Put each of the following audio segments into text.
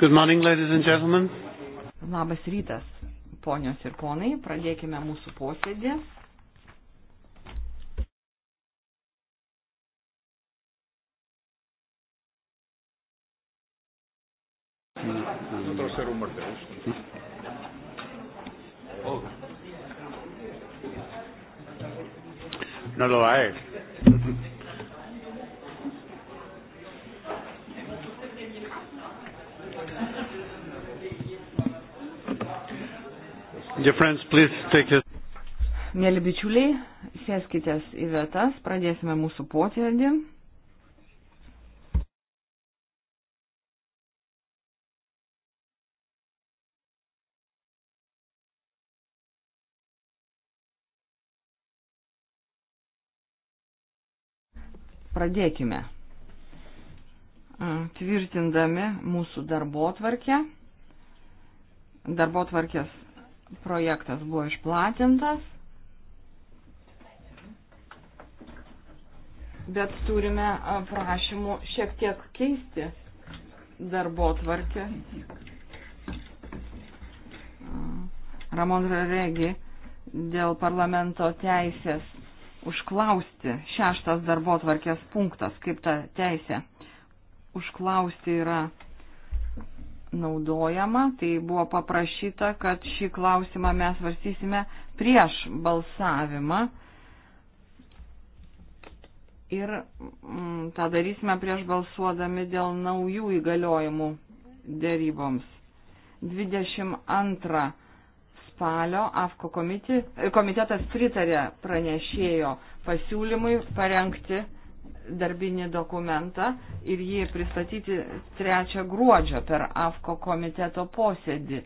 Good morning, ladies and gentlemen. Labas rytas, ponios ir ponai. Pradėkime mūsų posėdį. Nosotros ser un No lo va a él. Friends, a... Mėly bičiuliai, sėskitės į vietas, pradėsime mūsų potėdį. Pradėkime. Tvirtindami mūsų darbo tvarkę, darbo tvarkės Projektas buvo išplatintas, bet turime prašymų šiek tiek keisti darbo tvarkę. Ramon Raregi dėl parlamento teisės užklausti šeštas darbo tvarkės punktas, kaip ta teisė užklausti yra naudojama. Tai buvo paprašyta, kad šį klausimą mes varstysime prieš balsavimą. Ir mm, tą darysime prieš balsuodami dėl naujų įgaliojimų dėryboms. 22 spalio AFKO komitetas pritarė pranešėjo pasiūlymui parengti darbinį dokumentą ir jį pristatyti 3 gruodžio per AFKO komiteto posėdį,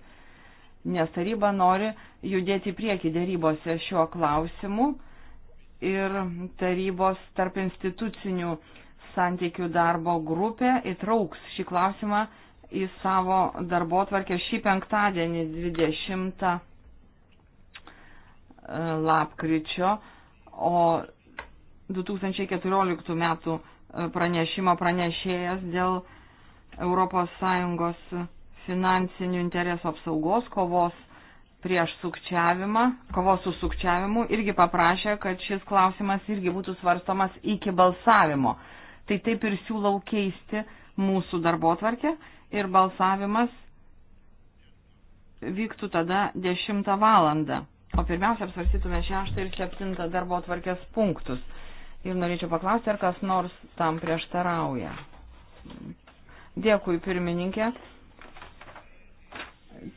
nes taryba nori judėti į priekį dėrybose šiuo klausimu ir tarybos tarp institucinių santykių darbo grupė įtrauks šį klausimą į savo darbo tvarkę šį penktadienį 20 e, lapkričio, o 2014 metų e, pranešimo pranešėjas dėl ES finansinių interesų apsaugos kovos prieš sukčiavimą, kovos su sukčiavimu irgi paprašė, kad šis klausimas irgi būtų svarstomas iki balsavimo. Tai taip ir siūlau keisti mūsų darbo tvarkę ir balsavimas vyktų tada 10 valandą. O pirmiausia, apsvarstytume 6 ir 7 darbo tvarkės punktus ir norėčiau paklausti, ar kas nors tam prieštarauja. Dėkui, pirmininkė.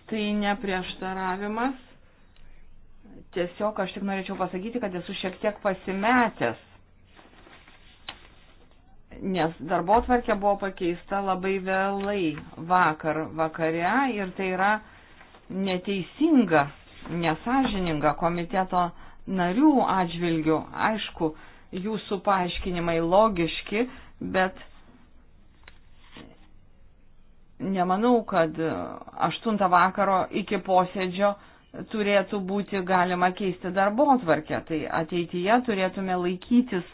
Tai neprieštaravimas. Tiesiog aš tik norėčiau pasakyti, kad esu šiek tiek pasimetęs, nes darbo tvarkė buvo pakeista labai vėlai vakar vakare ir tai yra neteisinga, nesažininga komiteto narių atžvilgių. Aišku, jūsų paaiškinimai logiški, bet nemanau, kad 8 vakaro iki posėdžio turėtų būti galima keisti darbo atvarkę. Tai ateityje turėtume laikytis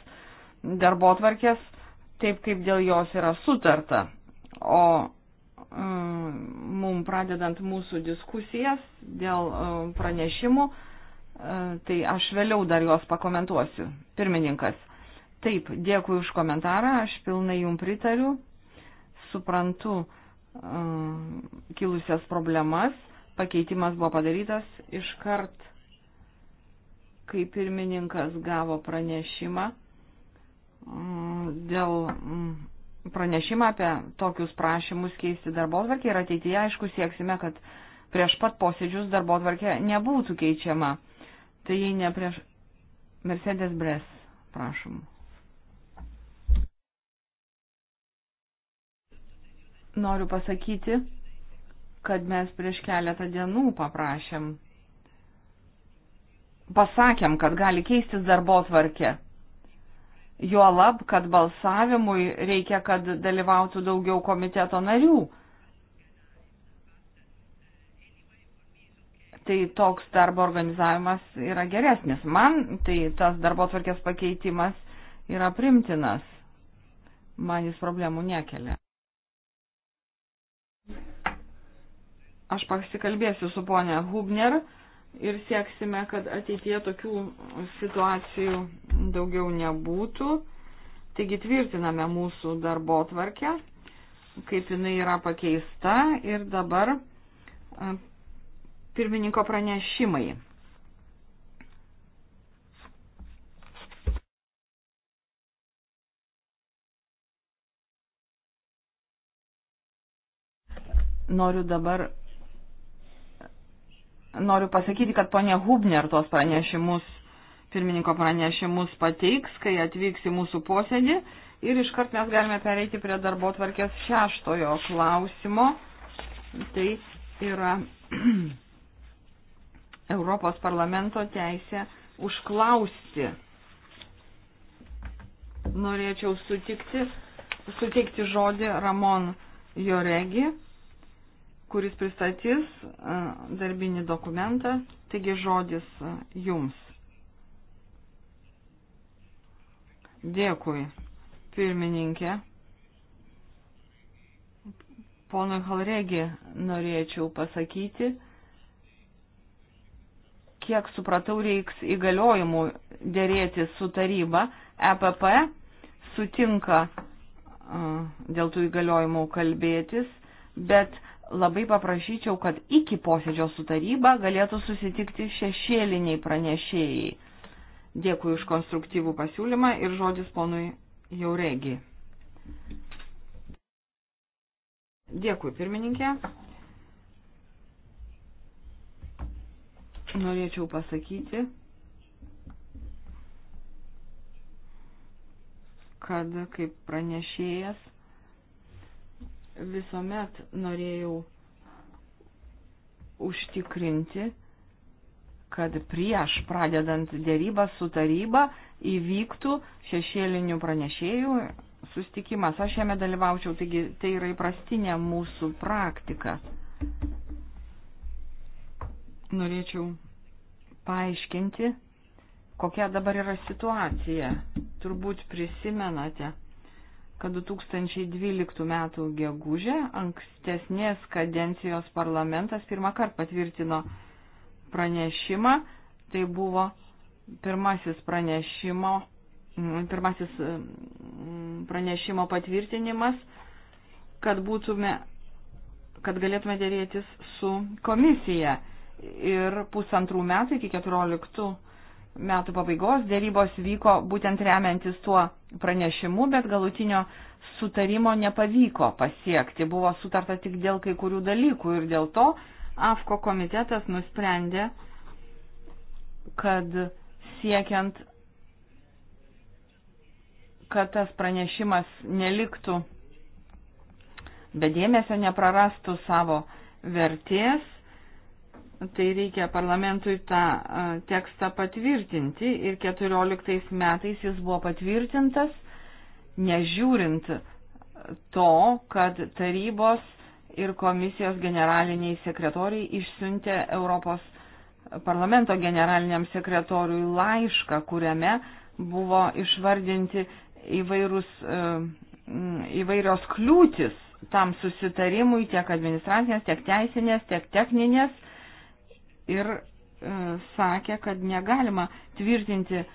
darbo atvarkės taip, kaip dėl jos yra sutarta. O mm, mum pradedant mūsų diskusijas dėl mm, pranešimų, E, tai aš vėliau dar jos pakomentuosiu. Pirmininkas. Taip, dėkui už komentarą, aš pilnai jum pritariu, suprantu uh, kilusias problemas, pakeitimas buvo padarytas iškart, kai pirmininkas gavo pranešimą um, dėl um, pranešimą apie tokius prašymus keisti darbo atvarkį ir ateityje, aišku, sieksime, kad prieš pat posėdžius darbo atvarkė nebūtų keičiama. Tai jei ne prieš Mercedes Bres, prašom. Noriu pasakyti, kad mes prieš keletą dienų paprašėm, pasakėm, kad gali keistis darbo tvarkė. Juolab, kad balsavimui reikia, kad dalyvautų daugiau komiteto narių tai toks darbo organizavimas yra geresnis. Man tai tas darbo tvarkės pakeitimas yra primtinas. Man jis problemų nekelia. Aš pasikalbėsiu su ponia Hubner ir sieksime, kad ateitie tokių situacijų daugiau nebūtų. Taigi tvirtiname mūsų darbo tvarkę, kaip jinai yra pakeista ir dabar pirmininko pranešimai. Noriu dabar noriu pasakyti, kad ponė Hubner tuos pranešimus, pirmininko pranešimus pateiks, kai atvyks į mūsų posėdį ir iškart mes galime pereiti prie darbo tvarkės šeštojo klausimo. Tai yra Europos parlamento teisę užklausti. Norėčiau sutikti, sutikti žodį Ramon Joregi, kuris pristatys darbinį dokumentą. Taigi žodis jums. Dėkui, pirmininkė. Ponui Halregi norėčiau pasakyti, kiek supratau, reiks įgaliojimų dėrėti su taryba. EPP sutinka dėl tų įgaliojimų kalbėtis, bet labai paprašyčiau, kad iki posėdžio su taryba galėtų susitikti šešėliniai pranešėjai. Dėkui už konstruktyvų pasiūlymą ir žodis ponui Jauregi. Dėkui, pirmininkė. norėčiau pasakyti, kad kaip pranešėjas visuomet norėjau užtikrinti, kad prieš pradedant dėrybą su taryba įvyktų šešėlinių pranešėjų sustikimas. Aš jame dalyvaučiau, taigi tai yra įprastinė mūsų praktika norėčiau paaiškinti, kokia dabar yra situacija. Turbūt prisimenate, kad 2012 m. gegužę ankstesnės kadencijos parlamentas pirmą kartą patvirtino pranešimą. Tai buvo pirmasis pranešimo, mm, pirmasis mm, pranešimo patvirtinimas, kad, būtume, kad galėtume dėrėtis su komisija ir pusantrų metų iki 14 metų pabaigos dėrybos vyko būtent remiantis tuo pranešimu, bet galutinio sutarimo nepavyko pasiekti. Buvo sutarta tik dėl kai kurių dalykų ir dėl to AFKO komitetas nusprendė, kad siekiant, kad tas pranešimas neliktų bedėmėsio, neprarastų savo vertės, tai reikia parlamentui tą tekstą patvirtinti ir 14 metais jis buvo patvirtintas, nežiūrint to, kad tarybos ir komisijos generaliniai sekretoriai išsiuntė Europos parlamento generaliniam sekretoriui laišką, kuriame buvo išvardinti įvairūs, įvairios kliūtis tam susitarimui, tiek administracinės, tiek teisinės, tiek techninės ir e, sakė, kad negalima tvirtinti e,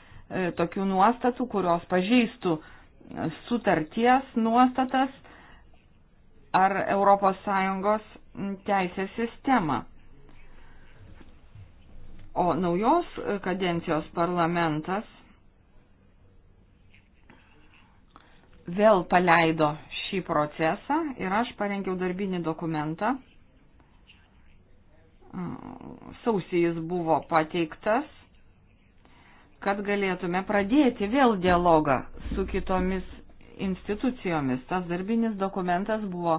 tokių nuostatų, kurios pažeistų e, sutarties nuostatas ar ES teisės sistemą. O naujos kadencijos parlamentas vėl paleido šį procesą ir aš parengiau darbinį dokumentą sausį jis buvo pateiktas, kad galėtume pradėti vėl dialogą su kitomis institucijomis. Tas darbinis dokumentas buvo,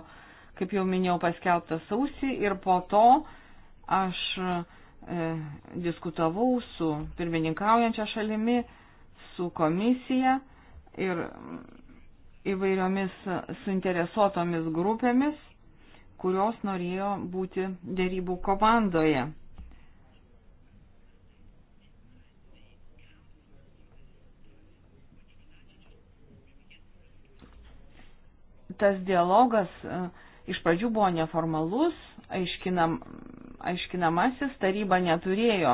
kaip jau minėjau, paskelbtas sausį ir po to aš e, diskutavau su pirmininkaujančia šalimi, su komisija ir įvairiomis suinteresuotomis grupėmis kurios norėjo būti dėrybų komandoje. Tas dialogas e, iš pradžių buvo neformalus, aiškinam, aiškinamasis, taryba neturėjo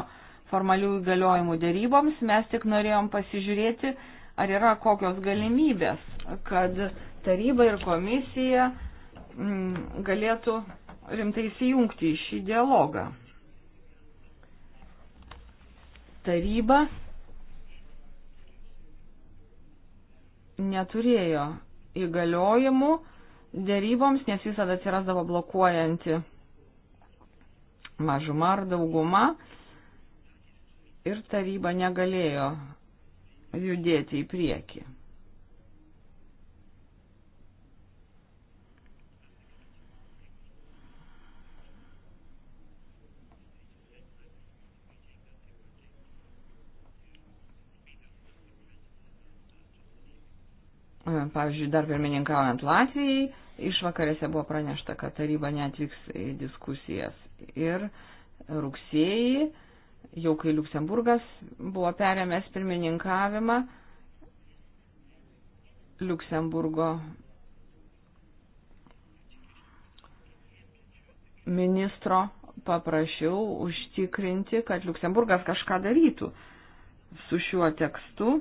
formalių įgaliojimų dėryboms, mes tik norėjom pasižiūrėti, ar yra kokios galimybės, kad taryba ir komisija Mm, galėtų rimtai įsijungti į šį dialogą. Taryba neturėjo įgaliojimų dėryboms, nes visada atsirasdavo blokuojanti mažuma ar dauguma ir taryba negalėjo judėti į priekį. Pavyzdžiui, dar pirmininkaujant Latvijai, išvakarėse buvo pranešta, kad taryba netvyks į diskusijas. Ir rugsėjai, jau kai Luksemburgas buvo perėmęs pirmininkavimą, Luksemburgo ministro paprašiau užtikrinti, kad Luksemburgas kažką darytų su šiuo tekstu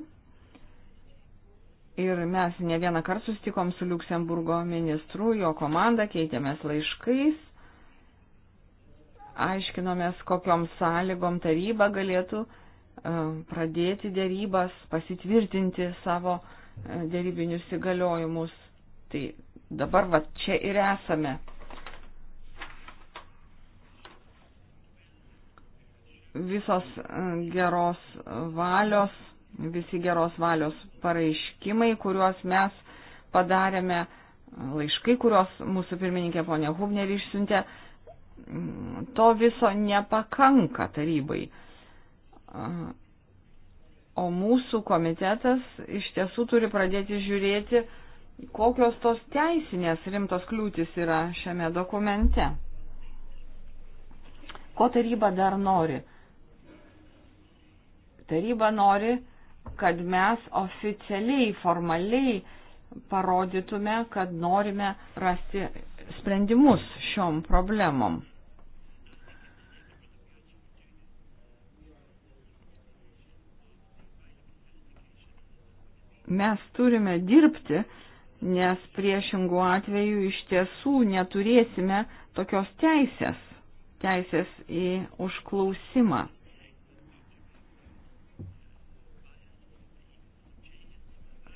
Ir mes ne vieną kartą sustikom su Luksemburgo ministru, jo komanda, keitėmės laiškais, aiškinomės, kokiom sąlygom taryba galėtų e, pradėti dėrybas, pasitvirtinti savo e, dėrybinius įgaliojimus. Tai dabar va čia ir esame. Visos e, geros valios visi geros valios pareiškimai, kuriuos mes padarėme, laiškai, kuriuos mūsų pirmininkė ponė Hubner išsiuntė, mm, to viso nepakanka tarybai. O mūsų komitetas iš tiesų turi pradėti žiūrėti, kokios tos teisinės rimtos kliūtis yra šiame dokumente. Ko taryba dar nori? Taryba nori kad mes oficialiai, formaliai parodytume, kad norime rasti sprendimus šiom problemom. mes turime dirbti, nes priešingų atveju iš tiesų neturėsime tokios teisės, teisės į užklausimą.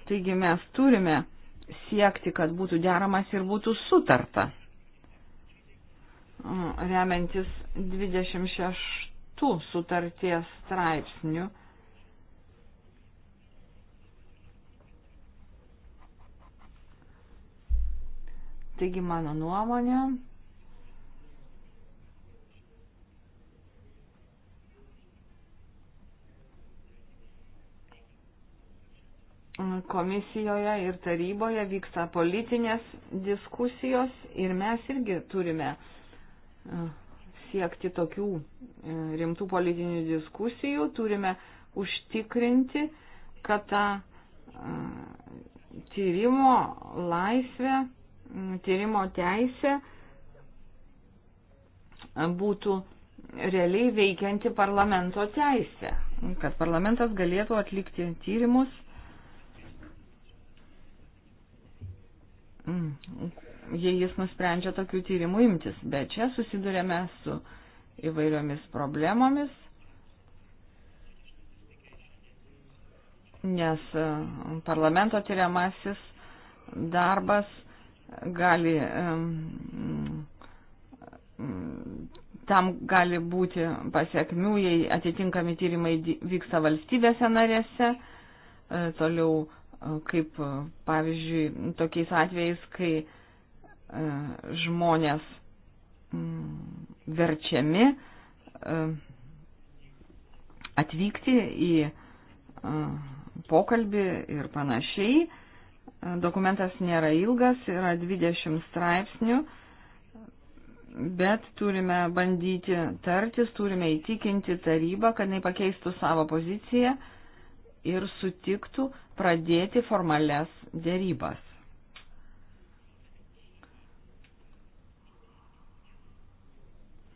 Taigi mes turime siekti, kad būtų deramas ir būtų sutarta. Mm, remiantis 26 sutarties straipsnių. Taigi mano nuomonė, komisijoje ir taryboje vyksta politinės diskusijos ir mes irgi turime e, siekti tokių e, rimtų politinių diskusijų, turime užtikrinti, kad ta e, tyrimo laisvė, tyrimo teisė būtų realiai veikianti parlamento teisė, kad parlamentas galėtų atlikti tyrimus Mm. jei jis nusprendžia tokių tyrimų imtis. Bet čia susidurėme su įvairiomis problemomis, nes mm, parlamento tyriamasis darbas gali, mm, tam gali būti pasiekmių, jei atitinkami tyrimai vyksta valstybėse narėse, e, toliau kaip e, pavyzdžiui tokiais atvejais, kai e, žmonės mm, verčiami e, atvykti į pokalbį ir panašiai. Dokumentas nėra ilgas, yra 20 straipsnių, bet turime bandyti tartis, turime įtikinti tarybą, kad jinai pakeistų savo poziciją ir sutiktų, pradėti formales dėrybas.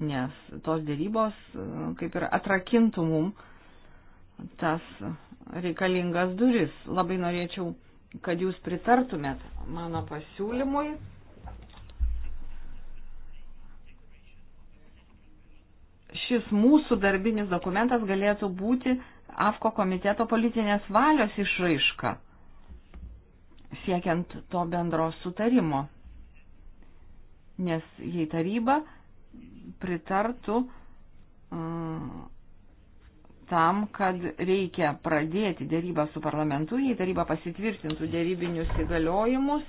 Nes tos dėrybos e, kaip ir atrakintų mum tas reikalingas duris. Labai norėčiau, kad jūs pritartumėt mano pasiūlymui. Šis mūsų darbinis dokumentas galėtų būti AFKO komiteto politinės valios išraiška, siekiant to bendro sutarimo. Nes jei taryba pritartų uh, tam, kad reikia pradėti dėrybą su parlamentu, jei taryba pasitvirtintų dėrybinius įgaliojimus,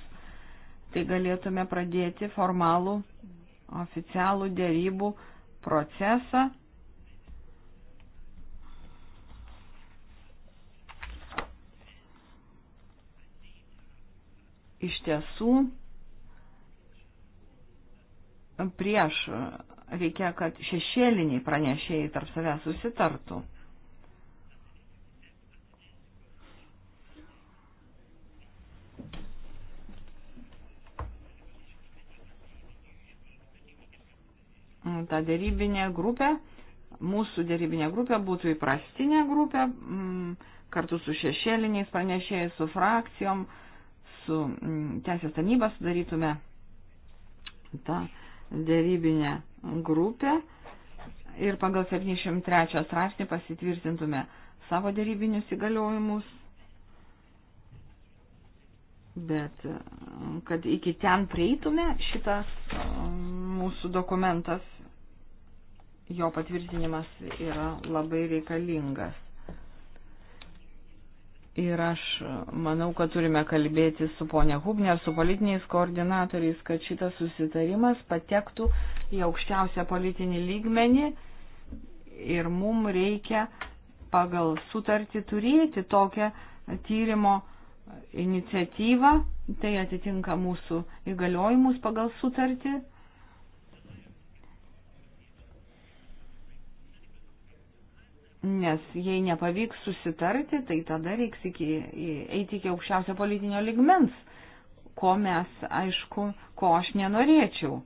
tai galėtume pradėti formalų oficialų dėrybų procesą iš tiesų prieš reikia, kad šešėliniai pranešėjai tarp savęs susitartų. Ta dėrybinė grupė, mūsų dėrybinė grupė būtų įprastinė grupė, mm, kartu su šešėliniais pranešėjais, su frakcijom, su mm, teisės tarnyba sudarytume tą dėrybinę grupę ir pagal 73 straipsnį pasitvirtintume savo dėrybinius įgaliojimus. Bet mm, kad iki ten prieitume, šitas mm, mūsų dokumentas, jo patvirtinimas yra labai reikalingas. Ir aš manau, kad turime kalbėti su ponia Hubner, su politiniais koordinatoriais, kad šitas susitarimas patektų į aukščiausią politinį lygmenį ir mums reikia pagal sutartį turėti tokią tyrimo iniciatyvą, tai atitinka mūsų įgaliojimus pagal sutartį Nes jei nepavyks susitarti, tai tada reiks iki, eiti iki aukščiausio politinio ligmens, ko mes, aišku, ko aš nenorėčiau.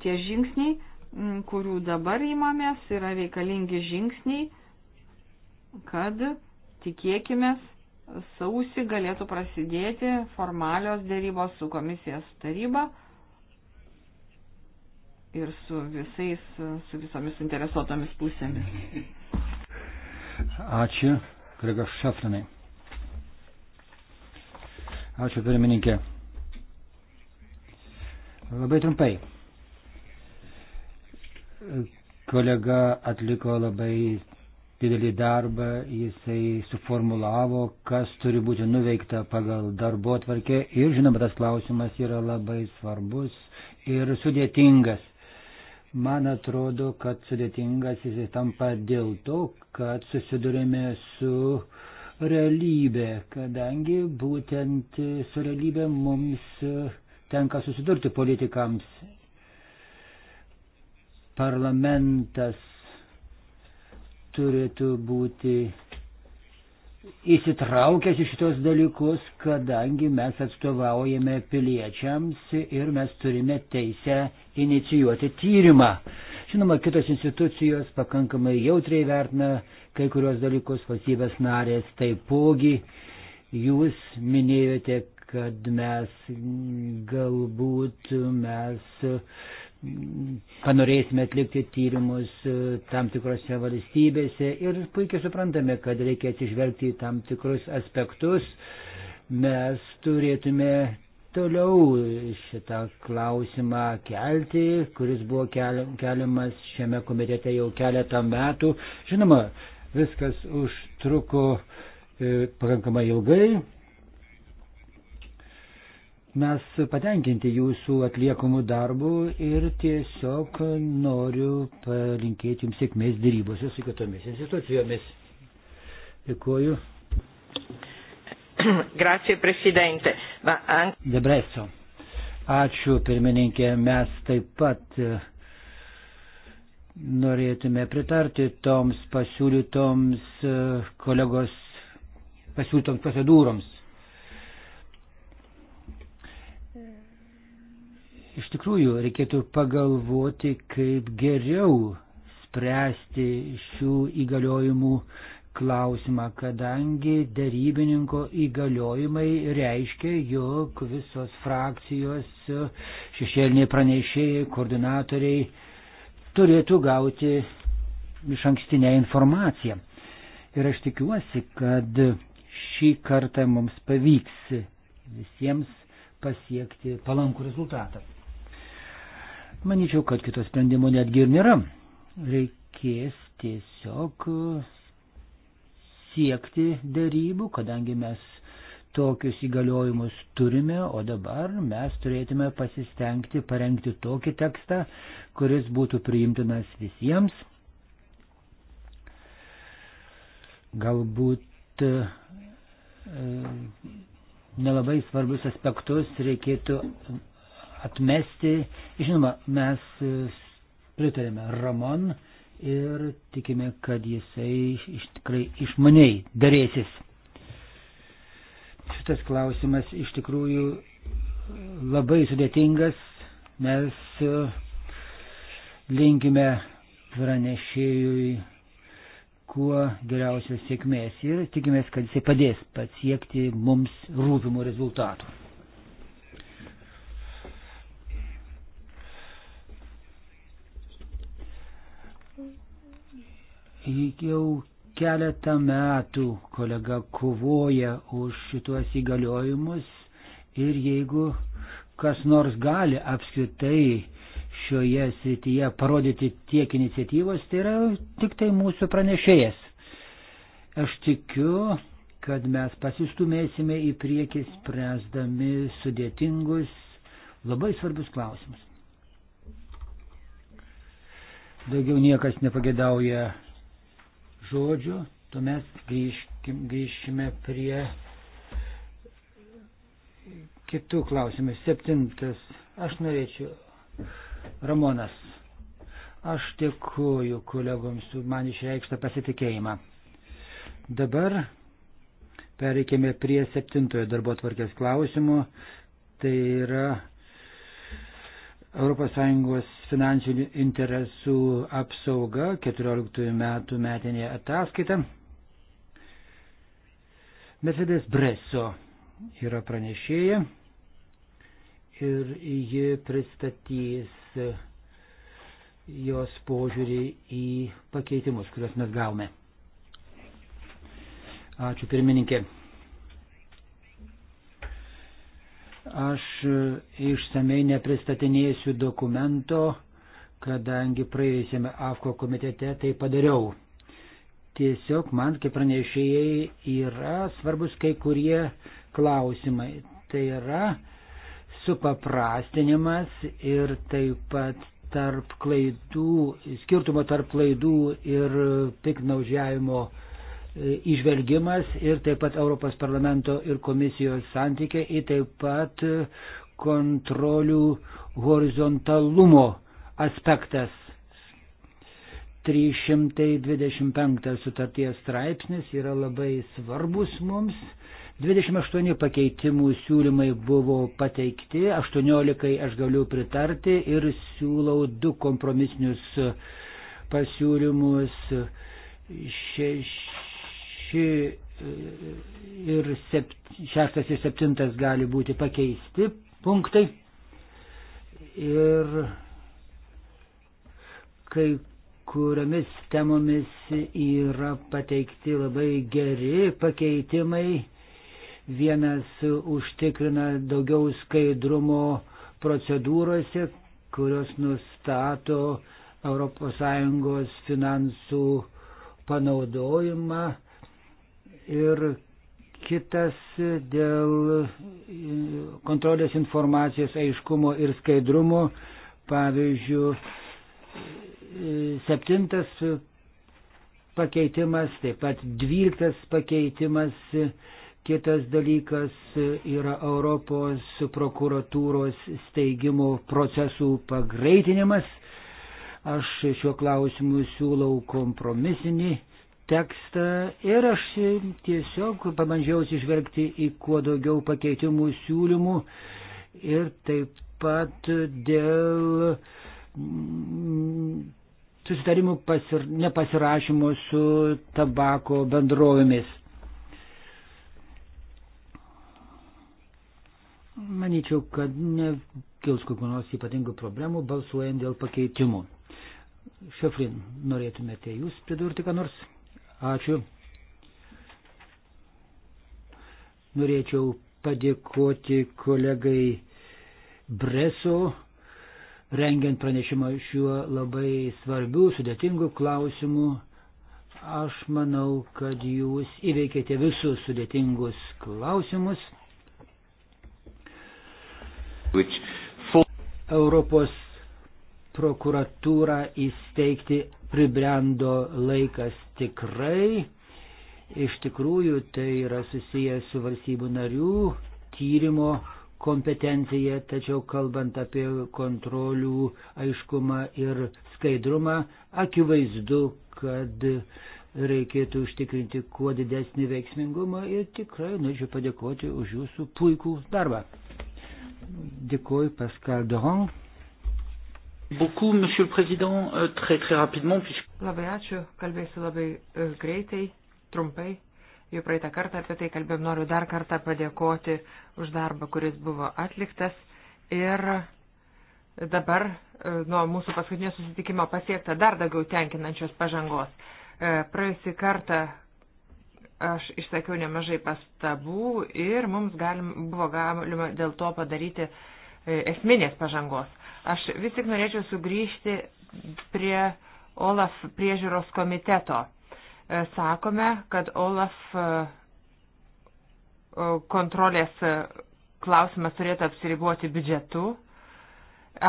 Tie žingsniai, kurių dabar įmamės, yra reikalingi žingsniai, kad tikėkime sausi galėtų prasidėti formalios dėrybos su komisijos taryba ir su visais, su visomis interesuotomis pusėmis. Ačiū, kolega Šafrinai. Ačiū, pirmininkė. Labai trumpai. Kolega atliko labai didelį darbą, jisai suformulavo, kas turi būti nuveikta pagal darbo atvarkę ir žinoma, tas klausimas yra labai svarbus ir sudėtingas. Man atrodo, kad sudėtingas jis tampa dėl to, kad susidurime su realybė, kadangi būtent su realybė mums tenka susidurti politikams. Parlamentas turėtų būti įsitraukęs į šitos dalykus, kadangi mes atstovaujame piliečiams ir mes turime teisę inicijuoti tyrimą. Žinoma, kitos institucijos pakankamai jautriai vertina kai kurios dalykus, valstybės narės taipogi. Jūs minėjote, kad mes galbūt mes panorėsime atlikti tyrimus e, tam tikrose valstybėse ir puikiai suprantame, kad reikia atsižvelgti į tam tikrus aspektus. Mes turėtume toliau šitą klausimą kelti, kuris buvo keliamas šiame komitete jau keletą metų. Žinoma, viskas užtruko e, pakankamai ilgai, Mes patenkinti jūsų atliekamų darbų ir tiesiog noriu palinkėti jums sėkmės dėrybose su kitomis institucijomis. Dėkuoju. Grazie, prezidente. An... Debreso. Ačiū, pirmininkė. Mes taip pat e, norėtume pritarti toms pasiūlytoms e, kolegos pasiūlytoms procedūroms Iš tikrųjų, reikėtų pagalvoti, kaip geriau spręsti šių įgaliojimų klausimą, kadangi darybininko įgaliojimai reiškia, jog visos frakcijos, šešėliniai pranešėjai, koordinatoriai turėtų gauti iš ankstinę informaciją. Ir aš tikiuosi, kad šį kartą mums pavyks visiems pasiekti palankų rezultatą. Manyčiau, kad kito sprendimo netgi ir nėra. Reikės tiesiog siekti darybų, kadangi mes tokius įgaliojimus turime, o dabar mes turėtume pasistengti parengti tokį tekstą, kuris būtų priimtinas visiems. Galbūt e, nelabai svarbius aspektus reikėtų atmesti. Žinoma, mes e, pritarėme Ramon ir tikime, kad jisai iš tikrai išmaniai darėsis. Šitas klausimas iš tikrųjų labai sudėtingas. Mes e, linkime pranešėjui kuo geriausios sėkmės ir tikimės, kad jisai padės pasiekti mums rūpimų rezultatų. Jau keletą metų kolega kovoja už šituos įgaliojimus ir jeigu kas nors gali apskritai šioje srityje parodyti tiek iniciatyvos, tai yra tik tai mūsų pranešėjas. Aš tikiu, kad mes pasistumėsime į priekį spręsdami sudėtingus, labai svarbius klausimus. Daugiau niekas nepagėdauja žodžio, tuomet grįžkim, grįžkime prie kitų klausimų. Septintas. Aš norėčiau. Ramonas. Aš dėkuoju kolegoms man išreikštą pasitikėjimą. Dabar pereikėme prie septintojo darbo tvarkės klausimo. Tai yra ES finansinių interesų apsauga 14 metų metinė ataskaita. Mercedes Breso yra pranešėja ir ji pristatys jos požiūrį į pakeitimus, kuriuos mes gavome. Ačiū pirmininkė. Aš e, išsamei nepristatinėsiu dokumento, kadangi praėjusiame AFKO komitete tai padariau. Tiesiog man, kaip pranešėjai, yra svarbus kai kurie klausimai. Tai yra supaprastinimas ir taip pat tarp klaidų, skirtumo tarp klaidų ir piknaužiavimo išvelgimas ir taip pat Europos parlamento ir komisijos santykiai, ir taip pat kontrolių horizontalumo aspektas. 325 sutarties straipsnis yra labai svarbus mums. 28 pakeitimų siūlymai buvo pateikti, 18 aš galiu pritarti ir siūlau du kompromisinius pasiūlymus. 6 6 ir 6 ir 7 gali būti pakeisti punktai. Ir kai kuriomis temomis yra pateikti labai geri pakeitimai. Vienas užtikrina daugiau skaidrumo procedūrose, kurios nustato ES finansų panaudojimą ir kitas dėl e, kontrolės informacijos aiškumo ir skaidrumo. Pavyzdžiui, e, septintas pakeitimas, taip pat dvyliktas pakeitimas, kitas dalykas yra Europos prokuratūros steigimo procesų pagreitinimas. Aš šiuo klausimu siūlau kompromisinį tekstą ir aš tiesiog pabandžiau atsižvelgti į kuo daugiau pakeitimų siūlymų ir taip pat dėl mm, susitarimų pasir, nepasirašymo su tabako bendrovėmis. Manyčiau, kad nekils kokių nors ypatingų problemų balsuojant dėl pakeitimų. Šefrin, norėtumėte jūs pridurti ką nors? Ačiū. Norėčiau padėkoti kolegai Breso, rengiant pranešimą šiuo labai svarbiu, sudėtingu klausimu. Aš manau, kad jūs įveikėte visus sudėtingus klausimus. Which... Europos prokuratūrą įsteigti pribrendo laikas tikrai. Iš tikrųjų tai yra susijęs su valstybių narių tyrimo kompetencija, tačiau kalbant apie kontrolių aiškumą ir skaidrumą, akivaizdu, kad reikėtų užtikrinti kuo didesnį veiksmingumą ir tikrai norėčiau padėkoti už jūsų puikų darbą. Dėkuoju Pascal Doron. Beaucoup, Monsieur le Président, euh, très très rapidement. Puisque... Labai ačiū, kalbėsiu labai e, greitai, trumpai. Jau praeitą kartą apie tai kalbėjom, noriu dar kartą padėkoti už darbą, kuris buvo atliktas. Ir dabar e, nuo mūsų paskutinio susitikimo pasiekta dar daugiau tenkinančios pažangos. E, praėjusį kartą aš išsakiau nemažai pastabų ir mums galim, buvo galima dėl to padaryti esminės pažangos. Aš vis tik norėčiau sugrįžti prie OLAF priežiūros komiteto. E, sakome, kad OLAF e, kontrolės klausimas turėtų apsiriboti biudžetu.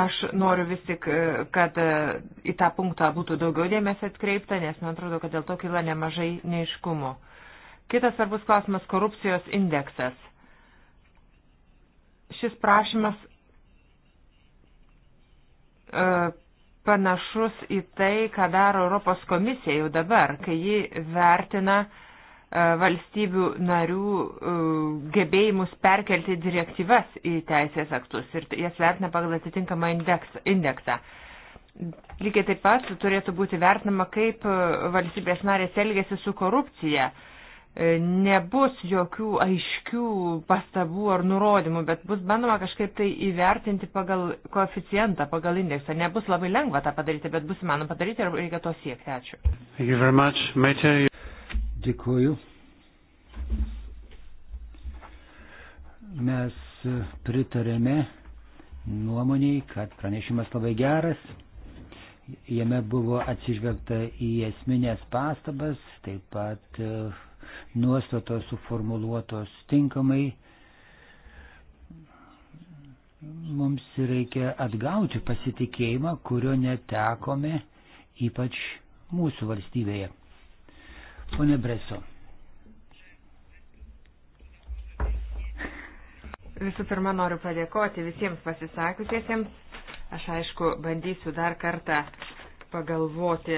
Aš noriu vis tik, e, kad į tą punktą būtų daugiau dėmesio atkreipta, nes man atrodo, kad dėl to kyla nemažai neiškumų. Kitas svarbus klausimas - korupcijos indeksas. Šis prašymas E, panašus į tai, ką daro Europos komisija jau dabar, kai ji vertina e, valstybių narių e, gebėjimus perkelti direktyvas į teisės aktus ir jas vertina pagal atitinkamą indeksą. Lygiai taip pat turėtų būti vertinama, kaip valstybės narės elgesi su korupcija E, nebus jokių aiškių pastabų ar nurodymų, bet bus bandoma kažkaip tai įvertinti pagal koeficientą, pagal indeksą. Nebus labai lengva tą padaryti, bet bus įmanoma padaryti ir reikia to siekti. Ačiū. Dėkuoju. Mes pritarėme nuomoniai, kad pranešimas labai geras. Jame buvo atsižvelgta į esminės pastabas, taip pat nuostatos suformuluotos tinkamai, mums reikia atgauti pasitikėjimą, kurio netekome ypač mūsų valstybėje. Pone Breso. Visų pirma, noriu padėkoti visiems pasisakiusiesiems. Aš aišku, bandysiu dar kartą pagalvoti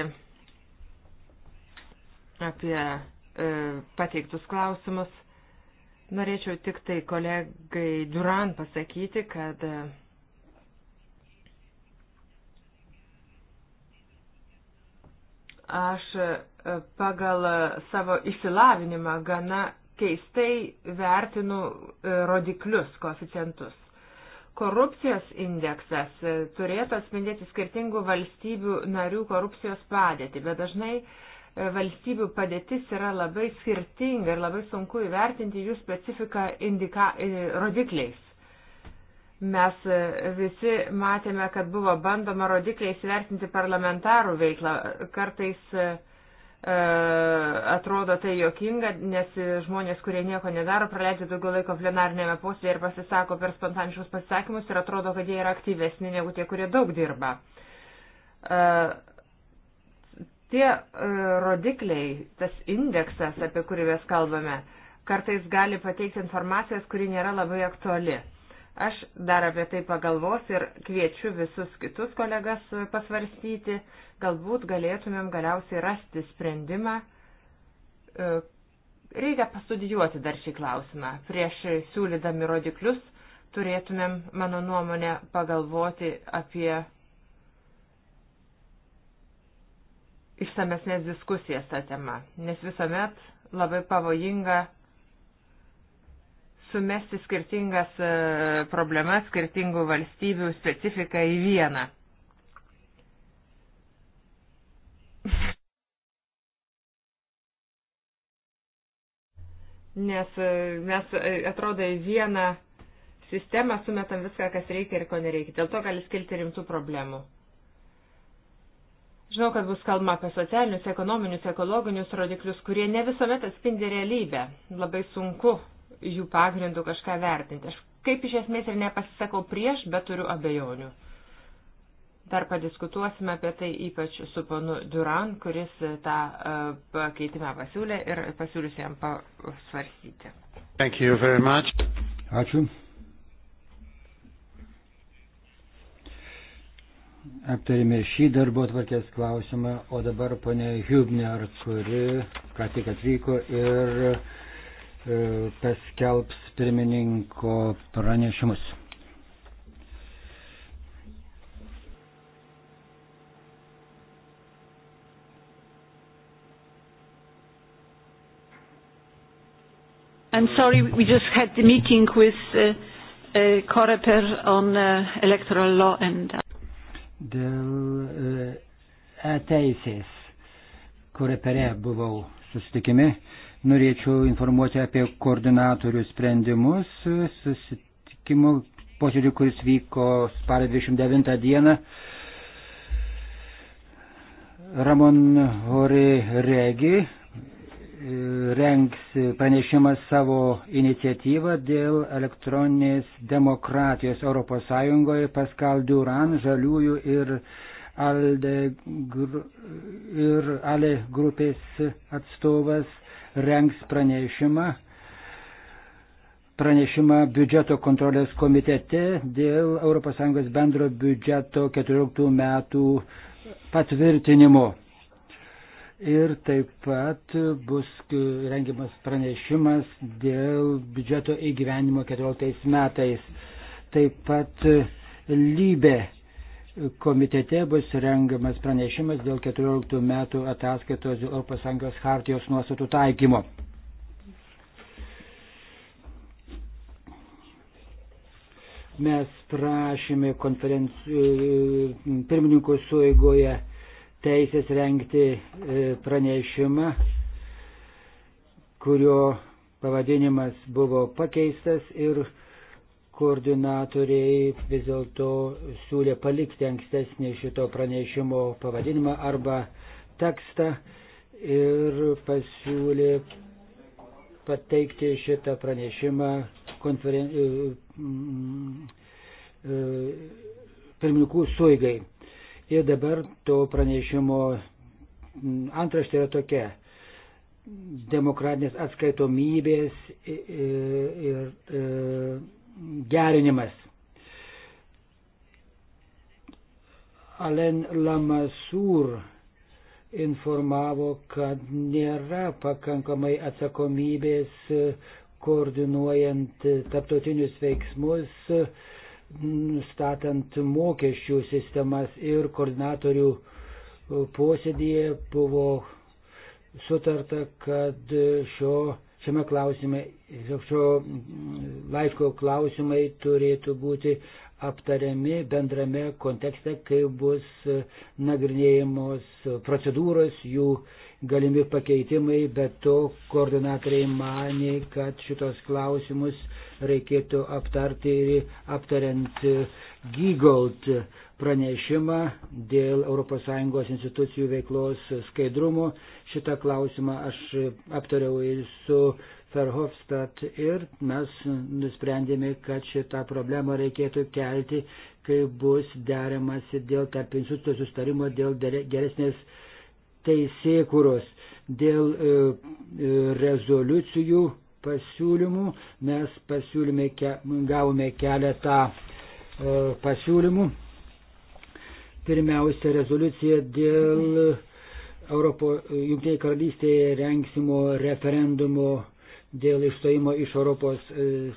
apie E, pateiktus klausimus. Norėčiau tik tai kolegai Duran pasakyti, kad e, aš e, pagal savo išsilavinimą gana keistai vertinu rodiklius, koeficientus. Korupcijos indeksas turėtų atspindėti skirtingų valstybių narių korupcijos padėtį, bet dažnai uh, valstybių padėtis yra labai skirtinga ir labai sunku įvertinti jų specifiką indika, e, rodikliais. Mes e, visi matėme, kad buvo bandoma rodikliais vertinti parlamentarų veiklą. Kartais e, e, atrodo tai jokinga, nes žmonės, kurie nieko nedaro, praleidžia daugiau laiko plenarnėme posėdėje ir pasisako per spontaniškus pasisakymus ir atrodo, kad jie yra aktyvesni negu tie, kurie daug dirba. E, Tie e, rodikliai, tas indeksas, apie kurį mes kalbame, kartais gali pateikti informacijos, kuri nėra labai aktuali. Aš dar apie tai pagalvos ir kviečiu visus kitus kolegas pasvarstyti, galbūt galėtumėm galiausiai rasti sprendimą. E, reikia pastudijuoti dar šį klausimą. Prieš siūlydami rodiklius turėtumėm, mano nuomonė, pagalvoti apie išsamesnės diskusijas tą temą, nes visuomet labai pavojinga sumesti skirtingas e, problemas, skirtingų valstybių specifiką į vieną. Nes e, mes e, atrodo į vieną sistemą sumetam viską, kas reikia ir ko nereikia. Dėl to gali skilti rimtų problemų. Žinau, kad bus kalbama apie socialinius, ekonominius, ekologinius rodiklius, kurie ne visuomet atspindi realybę. Labai sunku jų pagrindų kažką vertinti. Aš kaip iš esmės ir nepasisakau prieš, bet turiu abejonių. Dar padiskutuosime apie tai ypač su panu Duran, kuris tą e, pakeitimą pasiūlė ir pasiūlius jam pasvarstyti. Ačiū. aptarėme šį darbo atvarkės klausimą, o dabar ponė Hübner, kuri ką tik atvyko ir e, paskelbs pirmininko pranešimus. I'm sorry, we just had the meeting with uh, uh, Coreper on uh, electoral law and. Uh, dėl e, e-teisės, kuria pere buvau susitikimi. Norėčiau informuoti apie koordinatorių sprendimus e, susitikimo posėdį, kuris vyko spalio 29 dieną. Ramon Hori Regi rengs pranešimą savo iniciatyvą dėl elektroninės demokratijos ES Pascal Duran, Žaliųjų ir, Alde, ir Ale grupės atstovas rengs pranešimą pranešimą biudžeto kontrolės komitete dėl ES bendro biudžeto 14 metų patvirtinimo ir taip pat bus rengiamas pranešimas dėl biudžeto įgyvenimo 14 metais. Taip pat lybė komitete bus rengiamas pranešimas dėl 14 metų ataskaitos ES hartijos nuostatų taikymo. Mes prašėme konferencijų e, pirmininkų suėgoje teisės renkti e, pranešimą, kurio pavadinimas buvo pakeistas ir koordinatoriai vis dėlto siūlė palikti ankstesnį šito pranešimo pavadinimą arba tekstą ir pasiūlė pateikti šitą pranešimą konferen... E, e, pirmininkų suigai. Ir dabar to pranešimo mm, antraštė yra tokia demokratinės atskaitomybės ir e, gerinimas. Alen Lamasur informavo, kad nėra pakankamai atsakomybės e, koordinuojant e, taptautinius veiksmus nustatant mokesčių sistemas ir koordinatorių posėdėje buvo sutarta, kad šio, šiame klausime, šio laiško klausimai turėtų būti aptariami bendrame kontekste, kai bus nagrinėjamos procedūros, jų galimi pakeitimai, bet to koordinatoriai manė, kad šitos klausimus reikėtų aptarti ir aptariant Gygold pranešimą dėl ES institucijų veiklos skaidrumo. Šitą klausimą aš aptariau ir su Verhofstadt ir mes nusprendėme, kad šitą problemą reikėtų kelti, kai bus deramasi dėl tarp institucijų sustarimo, dėl geresnės teisėkuros. Dėl e, e, rezoliucijų pasiūlymų mes pasiūlyme, gavome keletą e, pasiūlymų. Pirmiausia, rezoliucija dėl Junktinėje karalystėje rengsimo referendumo dėl išstojimo iš Europos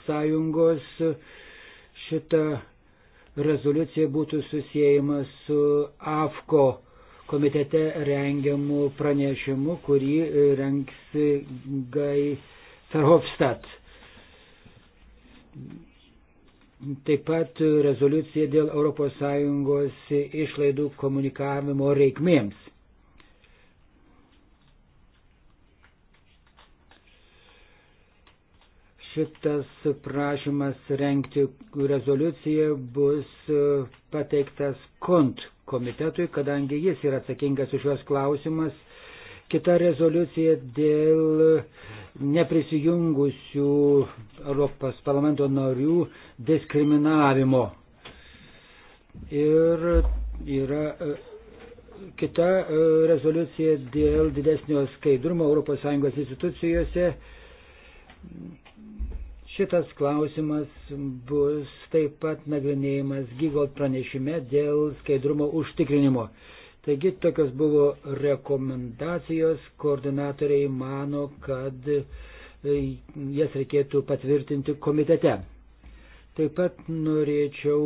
Sąjungos. Šita rezoliucija būtų susijęjama su AFKO komitete rengiamų pranešimų, kurį rengs Gai Ferhofstadt. Taip pat rezoliucija dėl ES išlaidų komunikavimo reikmėms. Šitas prašymas renkti rezoliuciją bus pateiktas KONT komitetui, kadangi jis yra atsakingas už šios klausimas. Kita rezoliucija dėl neprisijungusių Europos parlamento narių diskriminavimo. Ir yra e, kita e, rezoliucija dėl didesnio skaidrumo ES institucijose Šitas klausimas bus taip pat nagrinėjimas Gygold pranešime dėl skaidrumo užtikrinimo. Taigi tokios buvo rekomendacijos, koordinatoriai mano, kad e, jas reikėtų patvirtinti komitete. Taip pat norėčiau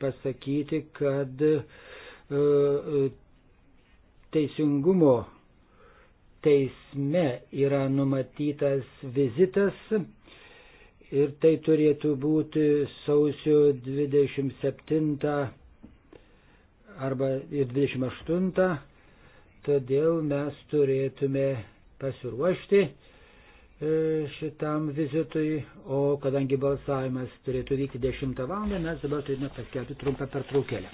pasakyti, kad e, e, teisingumo teisme yra numatytas vizitas ir tai turėtų būti sausio 27 arba 28, todėl mes turėtume pasiruošti e, šitam vizitui, o kadangi balsavimas turėtų vykti 10 val. mes dabar turime paskelbti trumpą pertraukėlę.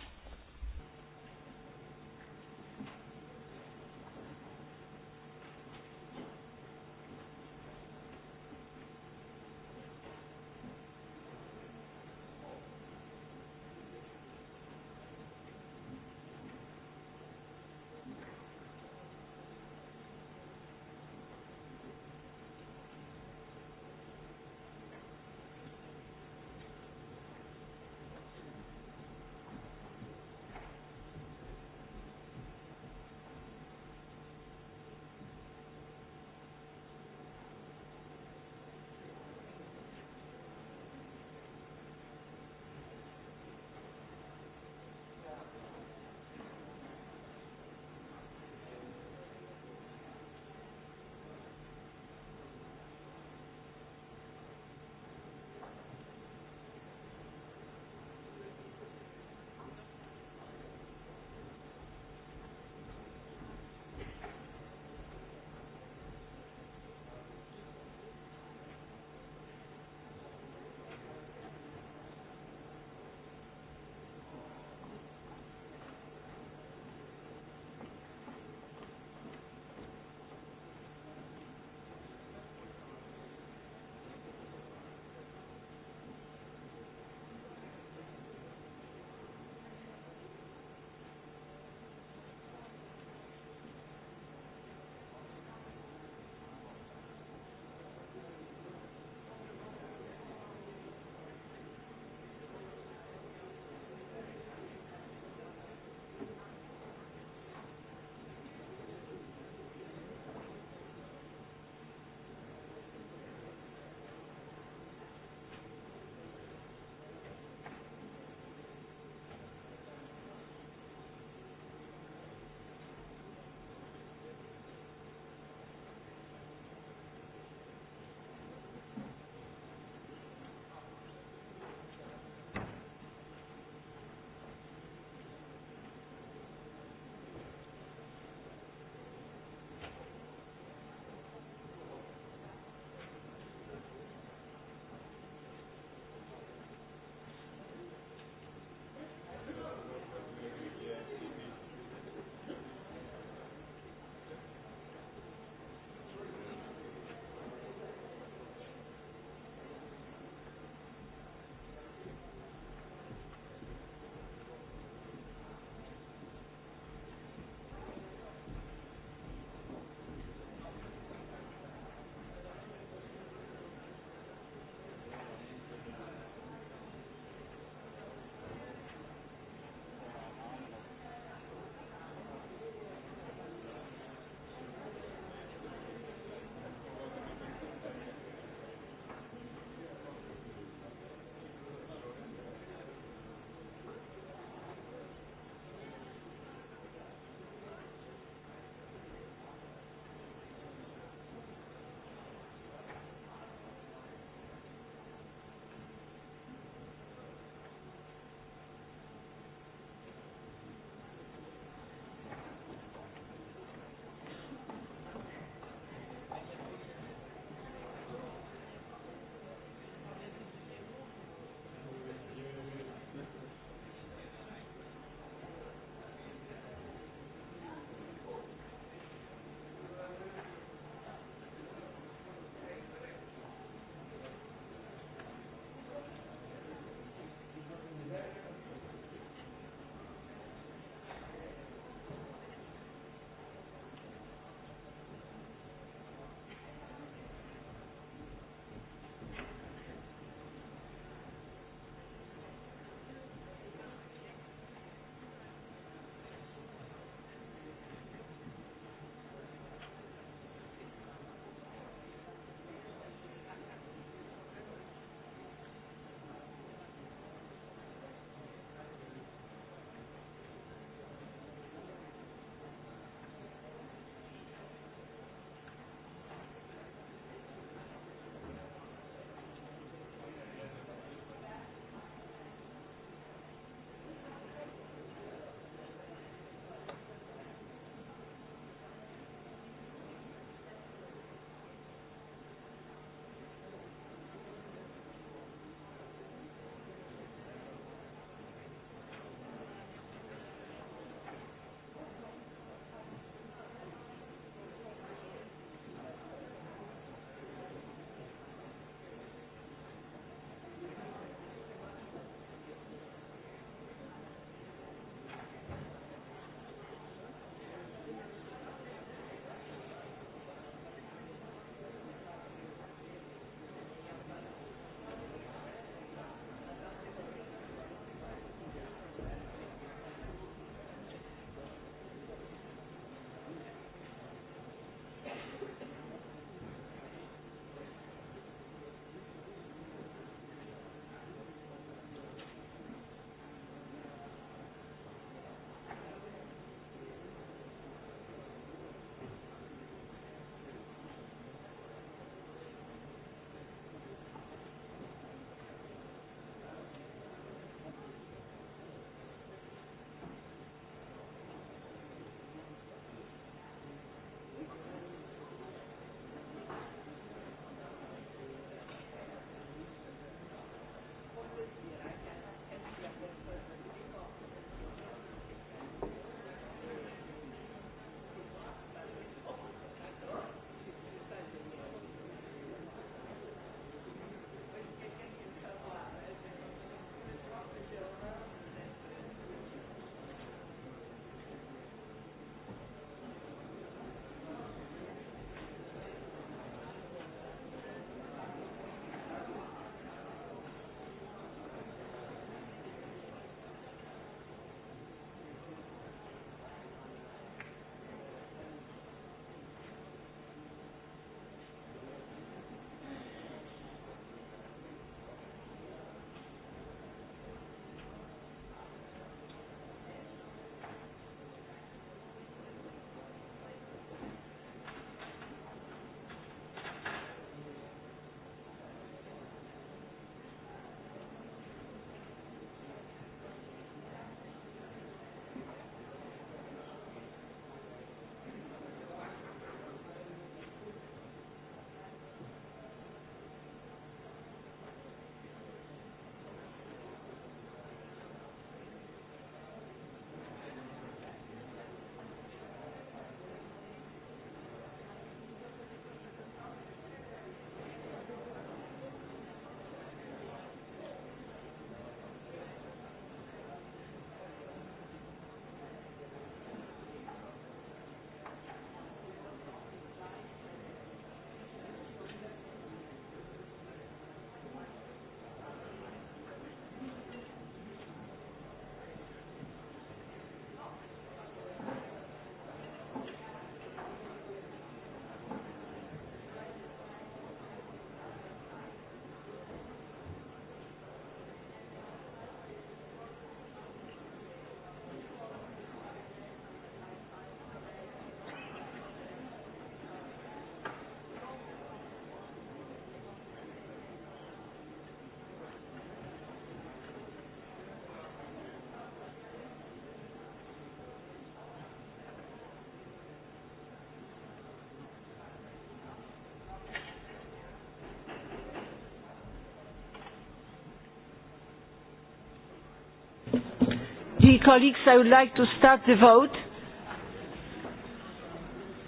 Dear colleagues, I would like to start the vote.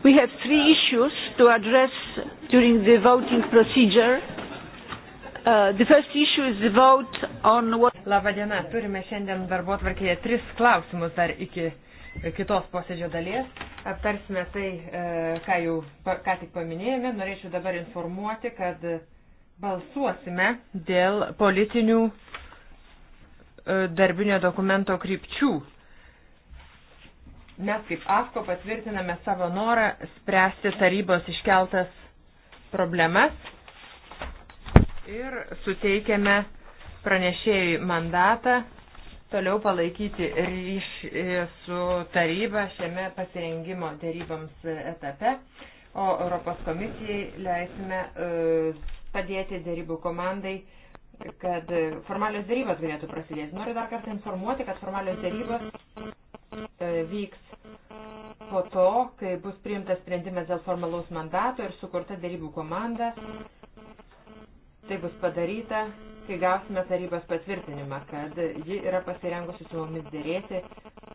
We have three issues to address during the voting procedure. Uh, the first issue is the vote on what... Labadiena, turime šiandien darbo tvarkėje tris klausimus dar iki kitos posėdžio dalies. Aptarsime tai, e, ką jau ką tik paminėjome. Norėčiau dabar informuoti, kad balsuosime dėl politinių E, darbinio dokumento krypčių. Mes kaip AFKO patvirtiname savo norą spręsti tarybos iškeltas problemas ir suteikiame pranešėjai mandatą toliau palaikyti ryšį su taryba šiame pasirengimo dėryboms etape, o Europos komisijai leisime e, padėti dėrybų komandai kad e, formalios dėrybos galėtų prasidėti. Noriu dar kartą informuoti, kad formalios dėrybos e, vyks po to, kai bus priimtas sprendimas dėl formalaus mandato ir sukurta dėrybų komanda. Tai bus padaryta, kai gausime tarybos patvirtinimą, kad ji yra pasirengusi su mumis dėrėti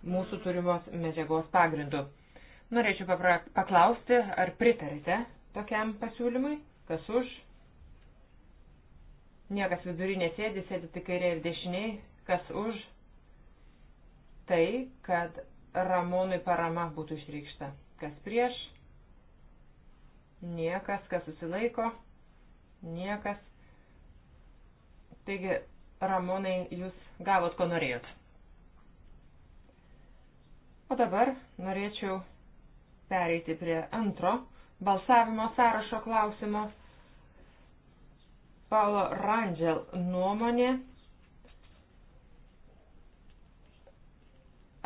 mūsų turimos medžiagos pagrindu. Norėčiau paklausti, ar pritarite tokiam pasiūlymui, kas už? Niekas vidury nesėdi, sėdi tik kairė ir dešiniai. Kas už tai, kad Ramūnui parama būtų išreikšta. Kas prieš? Niekas, kas susilaiko? Niekas. Taigi, Ramūnai, jūs gavot, ko norėjot. O dabar norėčiau pereiti prie antro balsavimo sąrašo klausimo. Paulo Rangel nuomonė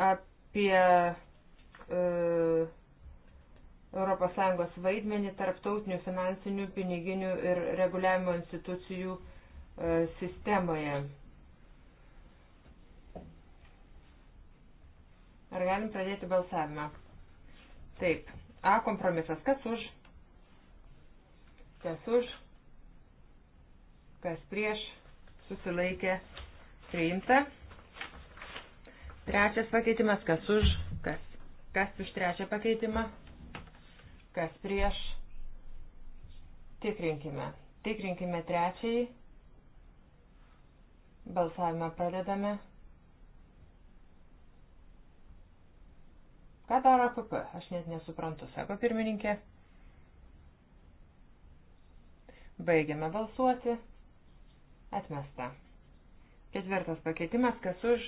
apie e, ES vaidmenį tarptautinių finansinių, piniginių ir reguliavimo institucijų e, sistemoje. Ar galim pradėti balsavimą? Taip. A kompromisas. Kas už? Kas už? kas prieš, susilaikė, priimta. Trečias pakeitimas, kas už, kas, kas už trečią pakeitimą, kas prieš. Tikrinkime. Tikrinkime trečiąjį. Balsavimą pradedame. Ką daro APP? Aš net nesuprantu, sako pirmininkė. Baigiame balsuoti. Atmesta. Ketvirtas pakeitimas, kas už,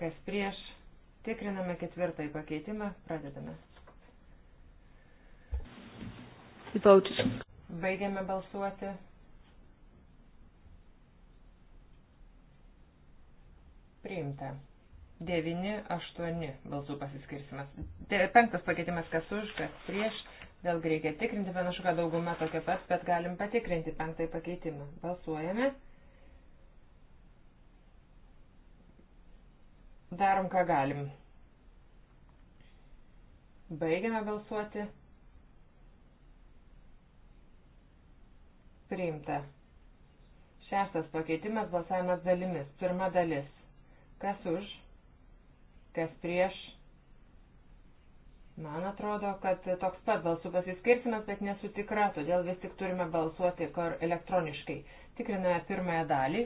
kas prieš. Tikriname ketvirtąjį pakeitimą, pradedame. Įpautis. Baigiame balsuoti. Priimta. 9, 8 balsų pasiskirsimas. De, penktas pakeitimas, kas už, kas prieš. Vėlgi reikia tikrinti, panašu, kad dauguma tokia pat, bet galim patikrinti penktąjį pakeitimą. Balsuojame. Darom, ką galim. Baigiame balsuoti. Priimta. Šeštas pakeitimas balsavimas dalimis. Pirma dalis. Kas už? Kas prieš? Man atrodo, kad toks pat balsų pasiskirsimas, bet nesu tikra, todėl vis tik turime balsuoti elektroniškai. Tikriname pirmąją dalį.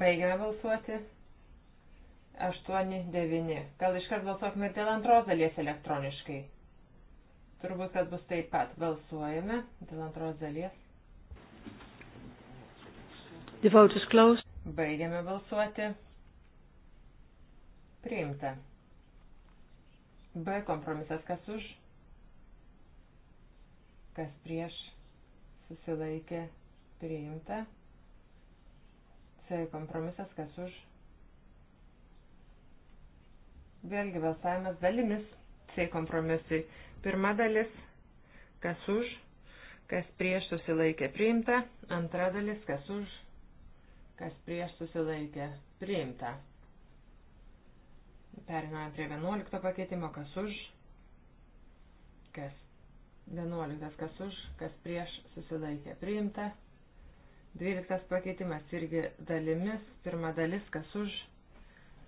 Baigiame balsuoti. 8, 9. Gal iškart balsuokime ir dėl antros dalies elektroniškai. Turbūt, kad bus taip pat. Balsuojame dėl antros dalies. Baigiame balsuoti. Priimta. B kompromisas kas už, kas prieš, susilaikė, priimta. C kompromisas kas už. Vėlgi balsavimas dalimis C kompromisui. Pirma dalis kas už, kas prieš susilaikė, priimta. Antra dalis kas už, kas prieš susilaikė, priimta. Perinojame prie 11 pakeitimo, kas už, kas 11, kas už, kas prieš susilaikė priimta. 12 pakeitimas irgi dalimis, pirma dalis, kas už,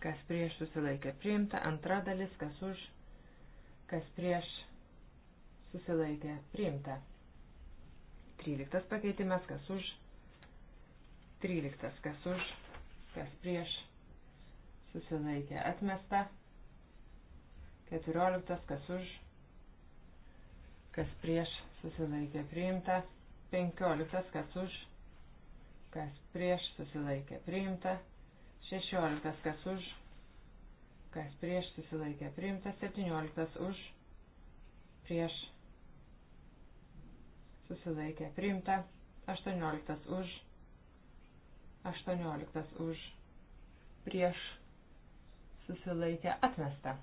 kas prieš susilaikė priimta, antra dalis, kas už, kas prieš susilaikė priimta. 13 pakeitimas, kas už, 13 kas už, kas prieš susilaikė atmesta, 14 kas už, kas prieš susilaikė priimta, 15 kas už, kas prieš susilaikė priimta, 16 kas už, kas prieš susilaikė priimta, 17 už, prieš susilaikė priimta, 18 už, 18 už, prieš susilaikė atmesta.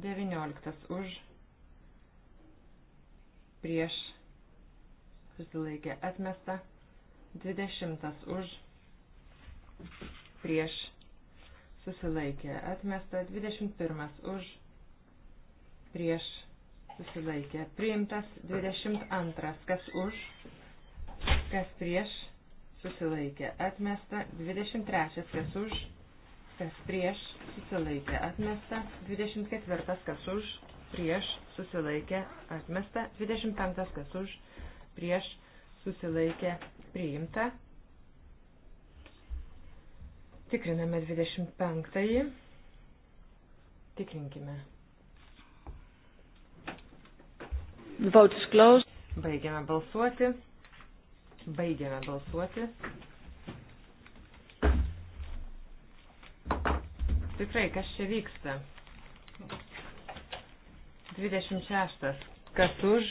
19 už prieš susilaikė atmesta. 20 už prieš susilaikė atmesta. 21 už prieš susilaikė priimtas. 22 kas už kas prieš susilaikė atmesta. 23 kas už kas prieš susilaikė atmesta, 24 kas už, prieš susilaikė atmesta, 25 kas už, prieš susilaikė priimta. Tikriname 25. Tikrinkime. Votes closed. Baigiame balsuoti. Baigiame balsuoti. Tikrai, kas čia vyksta? 26. Kas už?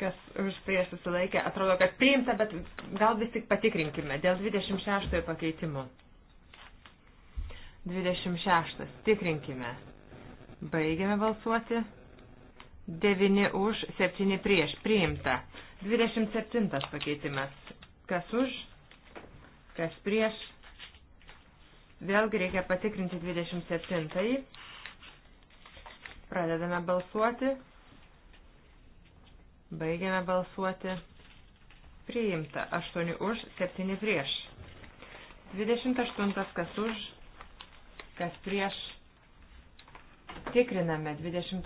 Kas už prieš susilaikė? Atrodo, kad priimta, bet gal vis tik patikrinkime dėl 26 pakeitimo. 26. Tikrinkime. Baigiame balsuoti. 9 už, 7 prieš. Priimta. 27 pakeitimas. Kas už? kas prieš. Vėlgi reikia patikrinti 27. Pradedame balsuoti. Baigiame balsuoti. Priimta 8 už, 7 prieš. 28 kas už, kas prieš. Tikriname 28.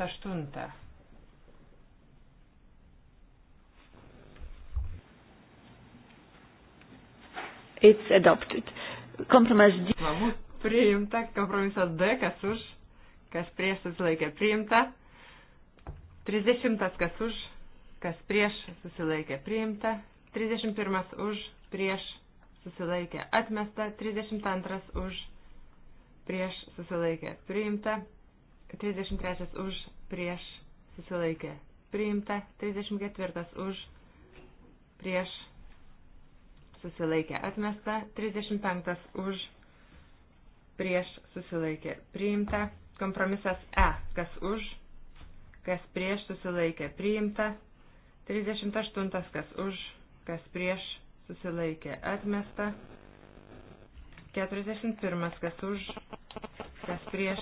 It's adopted. Compromise D. Priimta. Kompromisas D. Kas už? Kas prieš susilaikė? Priimta. 30. Kas už? Kas prieš susilaikė? Priimta. 31. Už. Prieš susilaikė. Atmesta. 32. Už. Prieš susilaikė. Priimta. 33. Už. Prieš susilaikė. Priimta. 34. Už. Prieš susilaikė atmesta, 35 už prieš susilaikė priimta, kompromisas E, kas už, kas prieš susilaikė priimta, 38 kas už, kas prieš susilaikė atmesta, 41 kas už, kas prieš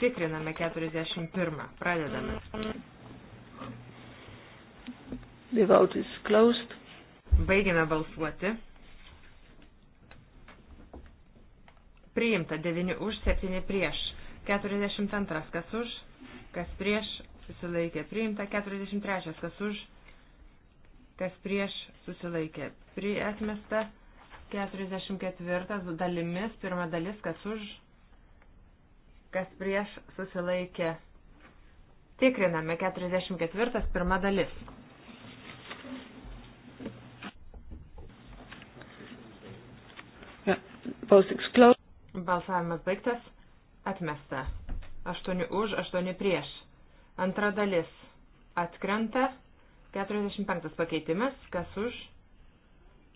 tikriname 41, pradedame. The vote is closed. Baigiame balsuoti. Priimta 9 už, 7 prieš. 42 kas už, kas prieš, susilaikė. Priimta 43 kas už, kas prieš, susilaikė. Pri atmesta 44 dalimis, pirma dalis kas už, kas prieš, susilaikė. Tikriname 44 pirma dalis. Balsavimas baigtas. Atmesta. 8 už, 8 prieš. Antra dalis. Atkrenta. 45 pakeitimas. Kas už?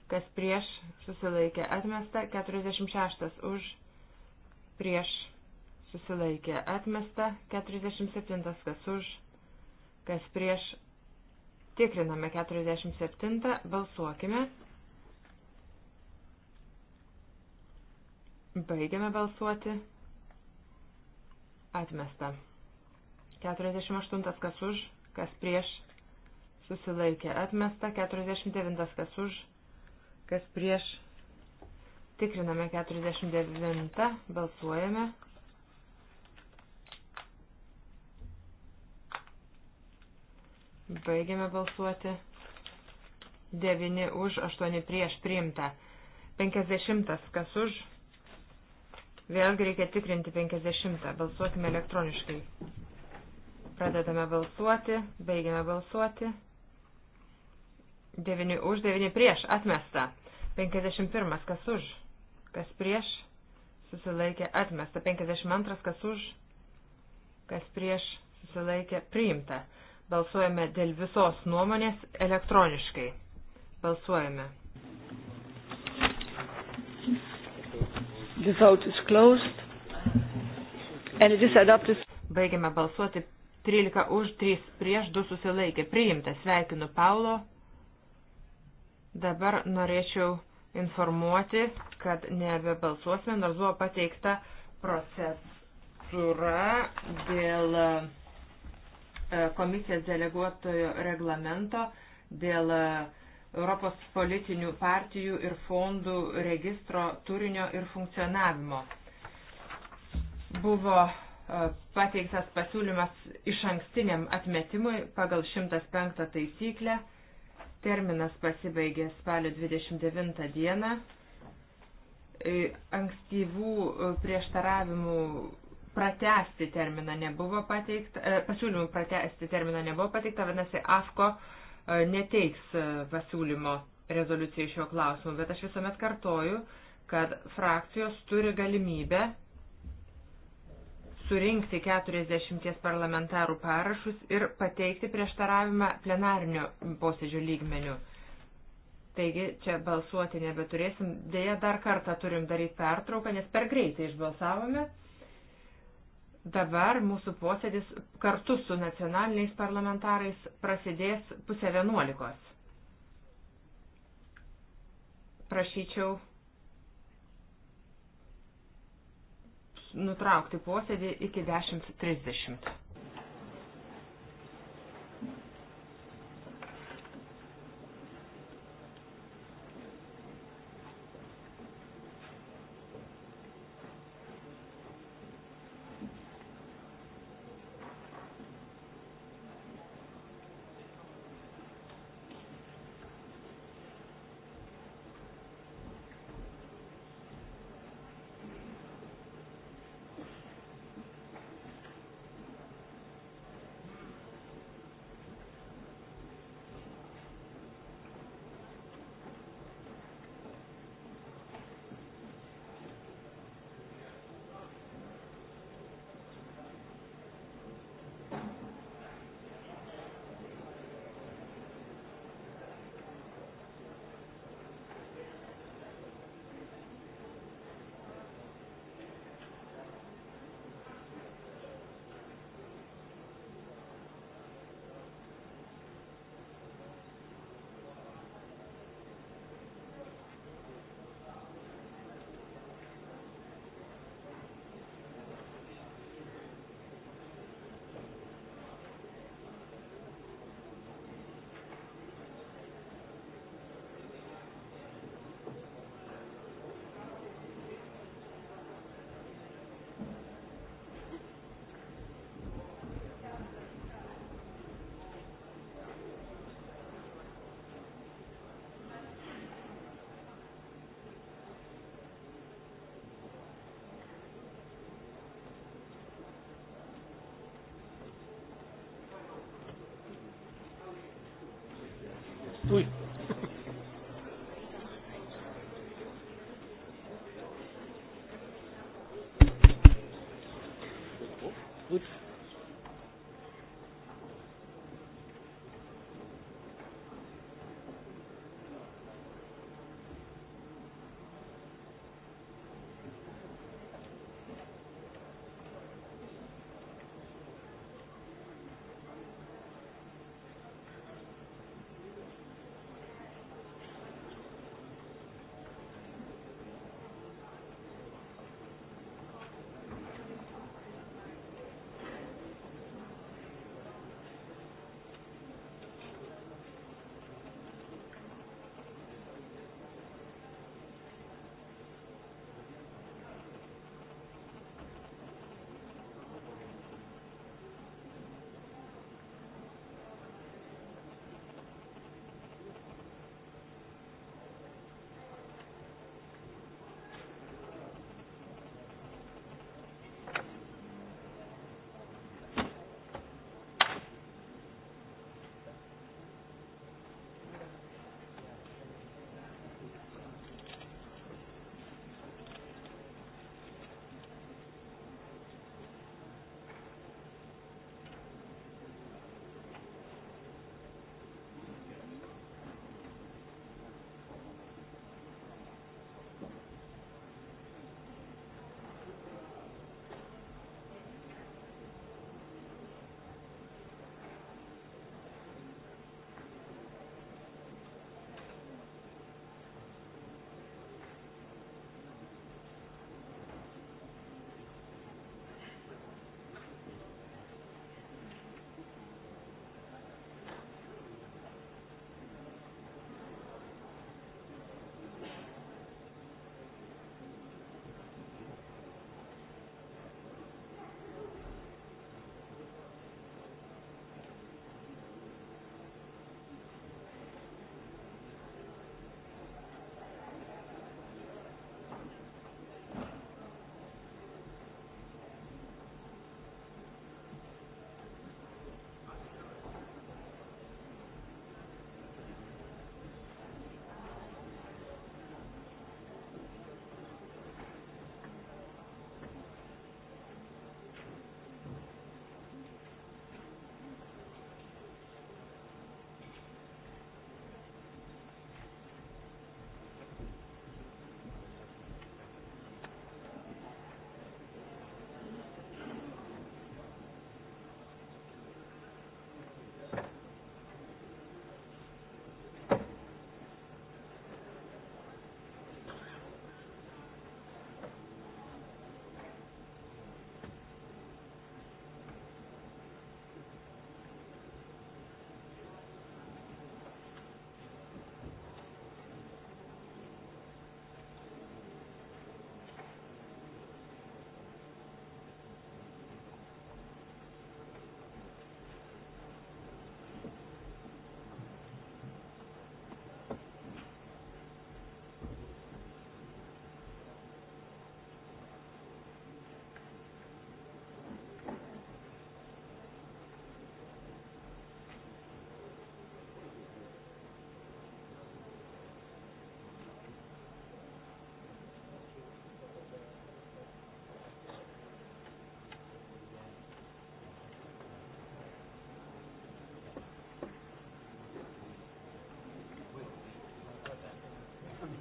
Kas prieš? Susilaikė. Atmesta. 46 už. Prieš. Susilaikė. Atmesta. 47 kas už. Kas prieš? Tikriname 47. Balsuokime. Baigiame balsuoti. Atmesta. 48 kas už, kas prieš, susilaikė. Atmesta. 49 kas už, kas prieš. Tikriname 49, balsuojame. Baigiame balsuoti. 9 už, 8 prieš priimta. 50 kas už Vėlgi reikia tikrinti 50. Balsuokime elektroniškai. Pradedame balsuoti, baigiame balsuoti. 9 už, 9 prieš, atmesta. 51. Kas už? Kas prieš? Susilaikė, atmesta. 52. Kas už? Kas prieš? Susilaikė, priimta. Balsuojame dėl visos nuomonės elektroniškai. Balsuojame. The vote is closed. And it is adopted. Baigiame balsuoti 13 už, 3 prieš, 2 susilaikė. Priimta. Sveikinu Paulo. Dabar norėčiau informuoti, kad nebebalsuosime, nors buvo pateikta procedūra dėl e, komisijos deleguotojo reglamento, dėl uh, Europos politinių partijų ir fondų registro turinio ir funkcionavimo. Buvo e, pateiktas pasiūlymas iš ankstiniam atmetimui pagal 105 taisyklę. Terminas pasibaigė spalio 29 dieną. E, ankstyvų e, prieštaravimų pratesti terminą nebuvo pateikta, pasiūlymų pratesti terminą nebuvo pateikta, vadinasi, AFKO E, neteiks e, pasiūlymo rezoliucijai šio klausimu, bet aš visuomet kartoju, kad frakcijos turi galimybę surinkti 40 parlamentarų parašus ir pateikti prieštaravimą plenarinio posėdžio lygmenių. Taigi čia balsuoti nebeturėsim. Deja, dar kartą turim daryti pertrauką, nes per greitai išbalsavome. Dabar mūsų posėdis kartu su nacionaliniais parlamentarais prasidės pusę vienuolikos. Prašyčiau nutraukti posėdį iki 10.30.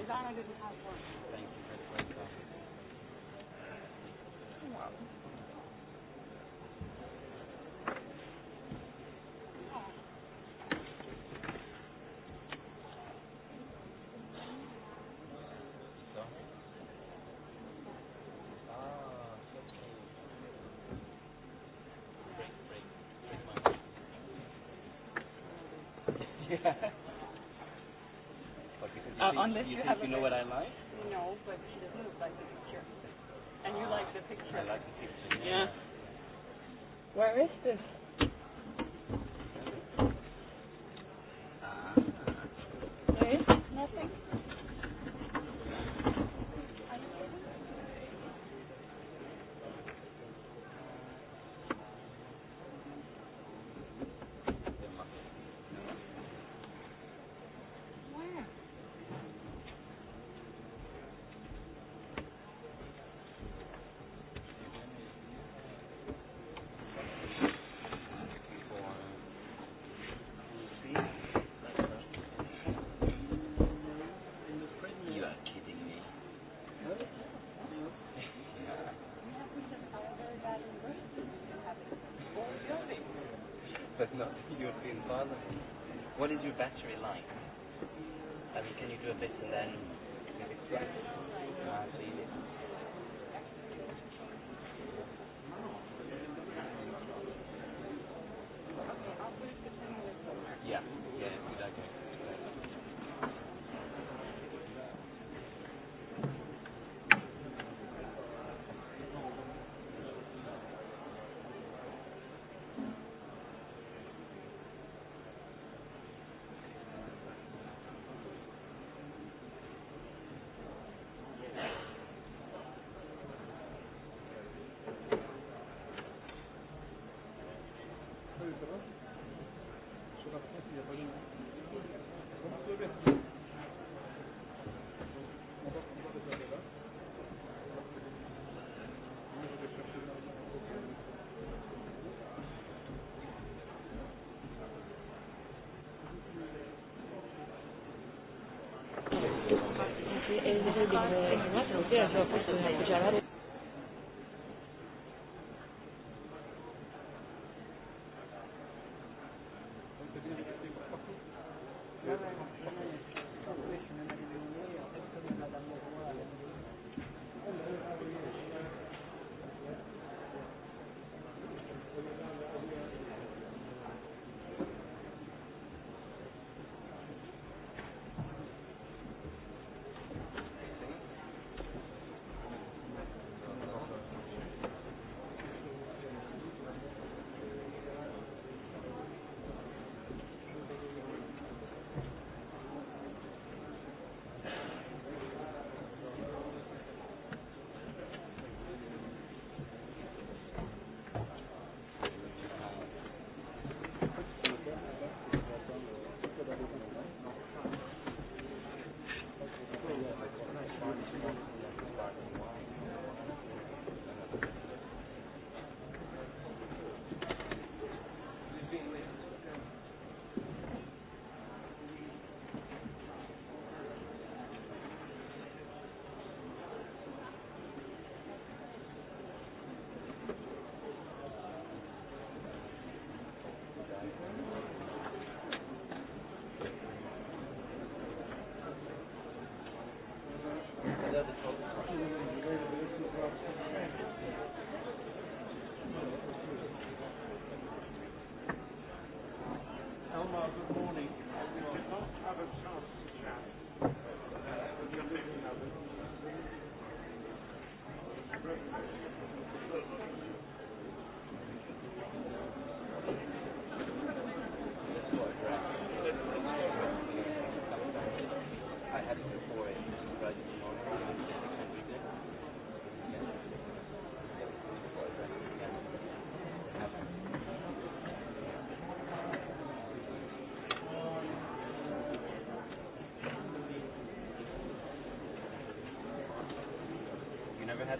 Ivana didn't have one. Yeah. But because uh, you uh, think, unless you, you, think you know what I like? No, but she doesn't look like the picture. And you uh, like the picture. I like the picture. Yeah. yeah. Where is this? What is your best Gracias.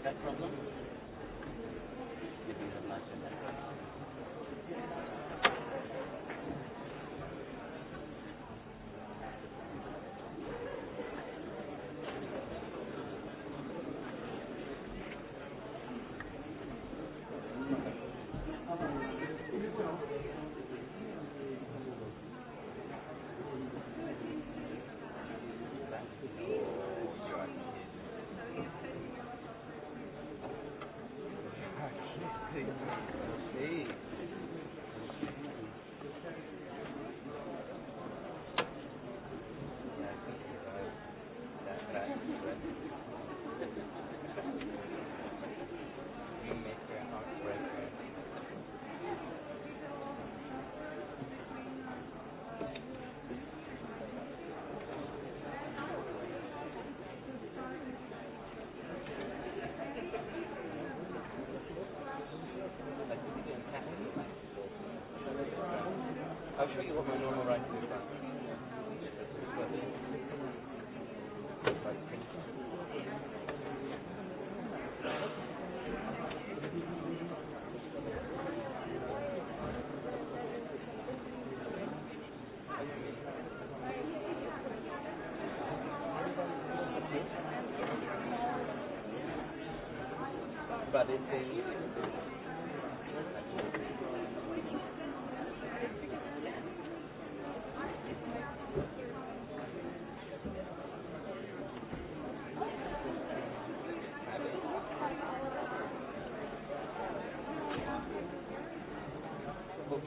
had that problem. I'll show you what my normal writing is like. But it's a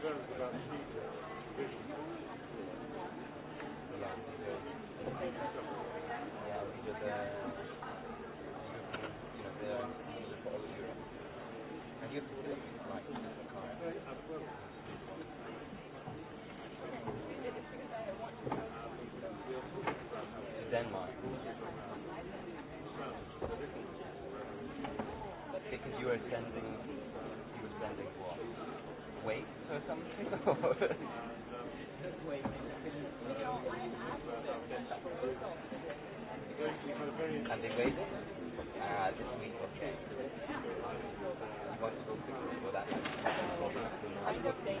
concerns about future vision. Yeah, we did that. Can they wait? Uh, this week, okay. You want to go quickly for that? I don't think.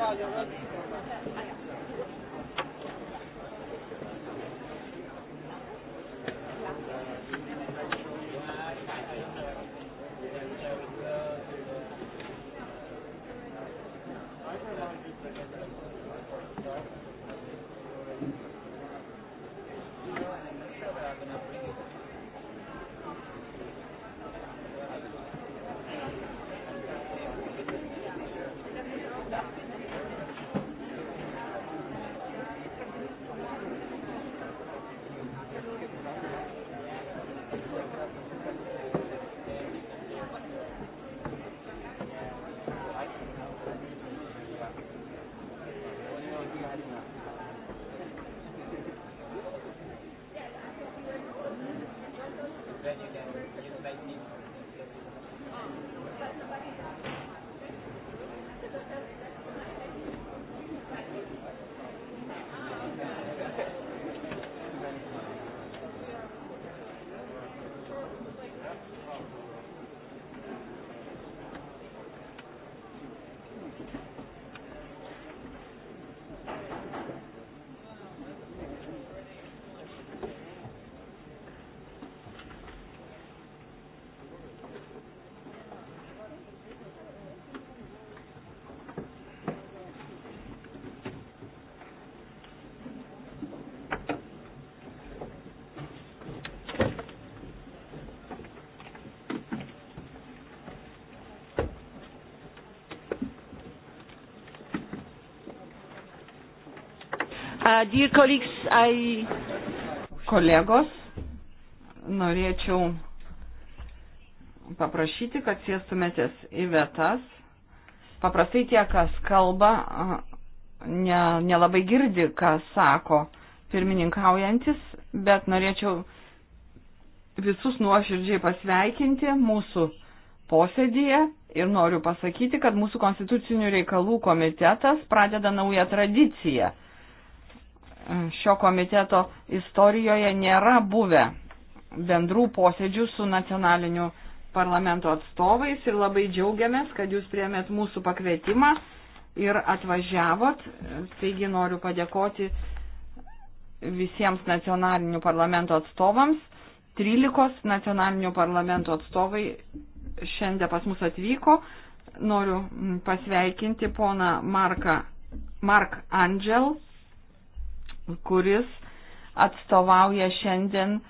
Gracias. Uh, dear colleagues, I... Kolegos, norėčiau paprašyti, kad sėstumėtės į vietas. Paprastai tie, kas kalba, uh, nelabai ne, ne girdi, ką sako pirmininkaujantis, bet norėčiau visus nuoširdžiai pasveikinti mūsų posėdėje ir noriu pasakyti, kad mūsų konstitucinių reikalų komitetas pradeda naują tradiciją šio komiteto istorijoje nėra buvę bendrų posėdžių su nacionaliniu parlamento atstovais ir labai džiaugiamės, kad jūs priemėt mūsų pakvietimą ir atvažiavot. Taigi noriu padėkoti visiems nacionalinių parlamento atstovams. 13 nacionalinių parlamento atstovai šiandien pas mus atvyko. Noriu pasveikinti poną Marką, Mark Angel, kuris atstovauja šiandien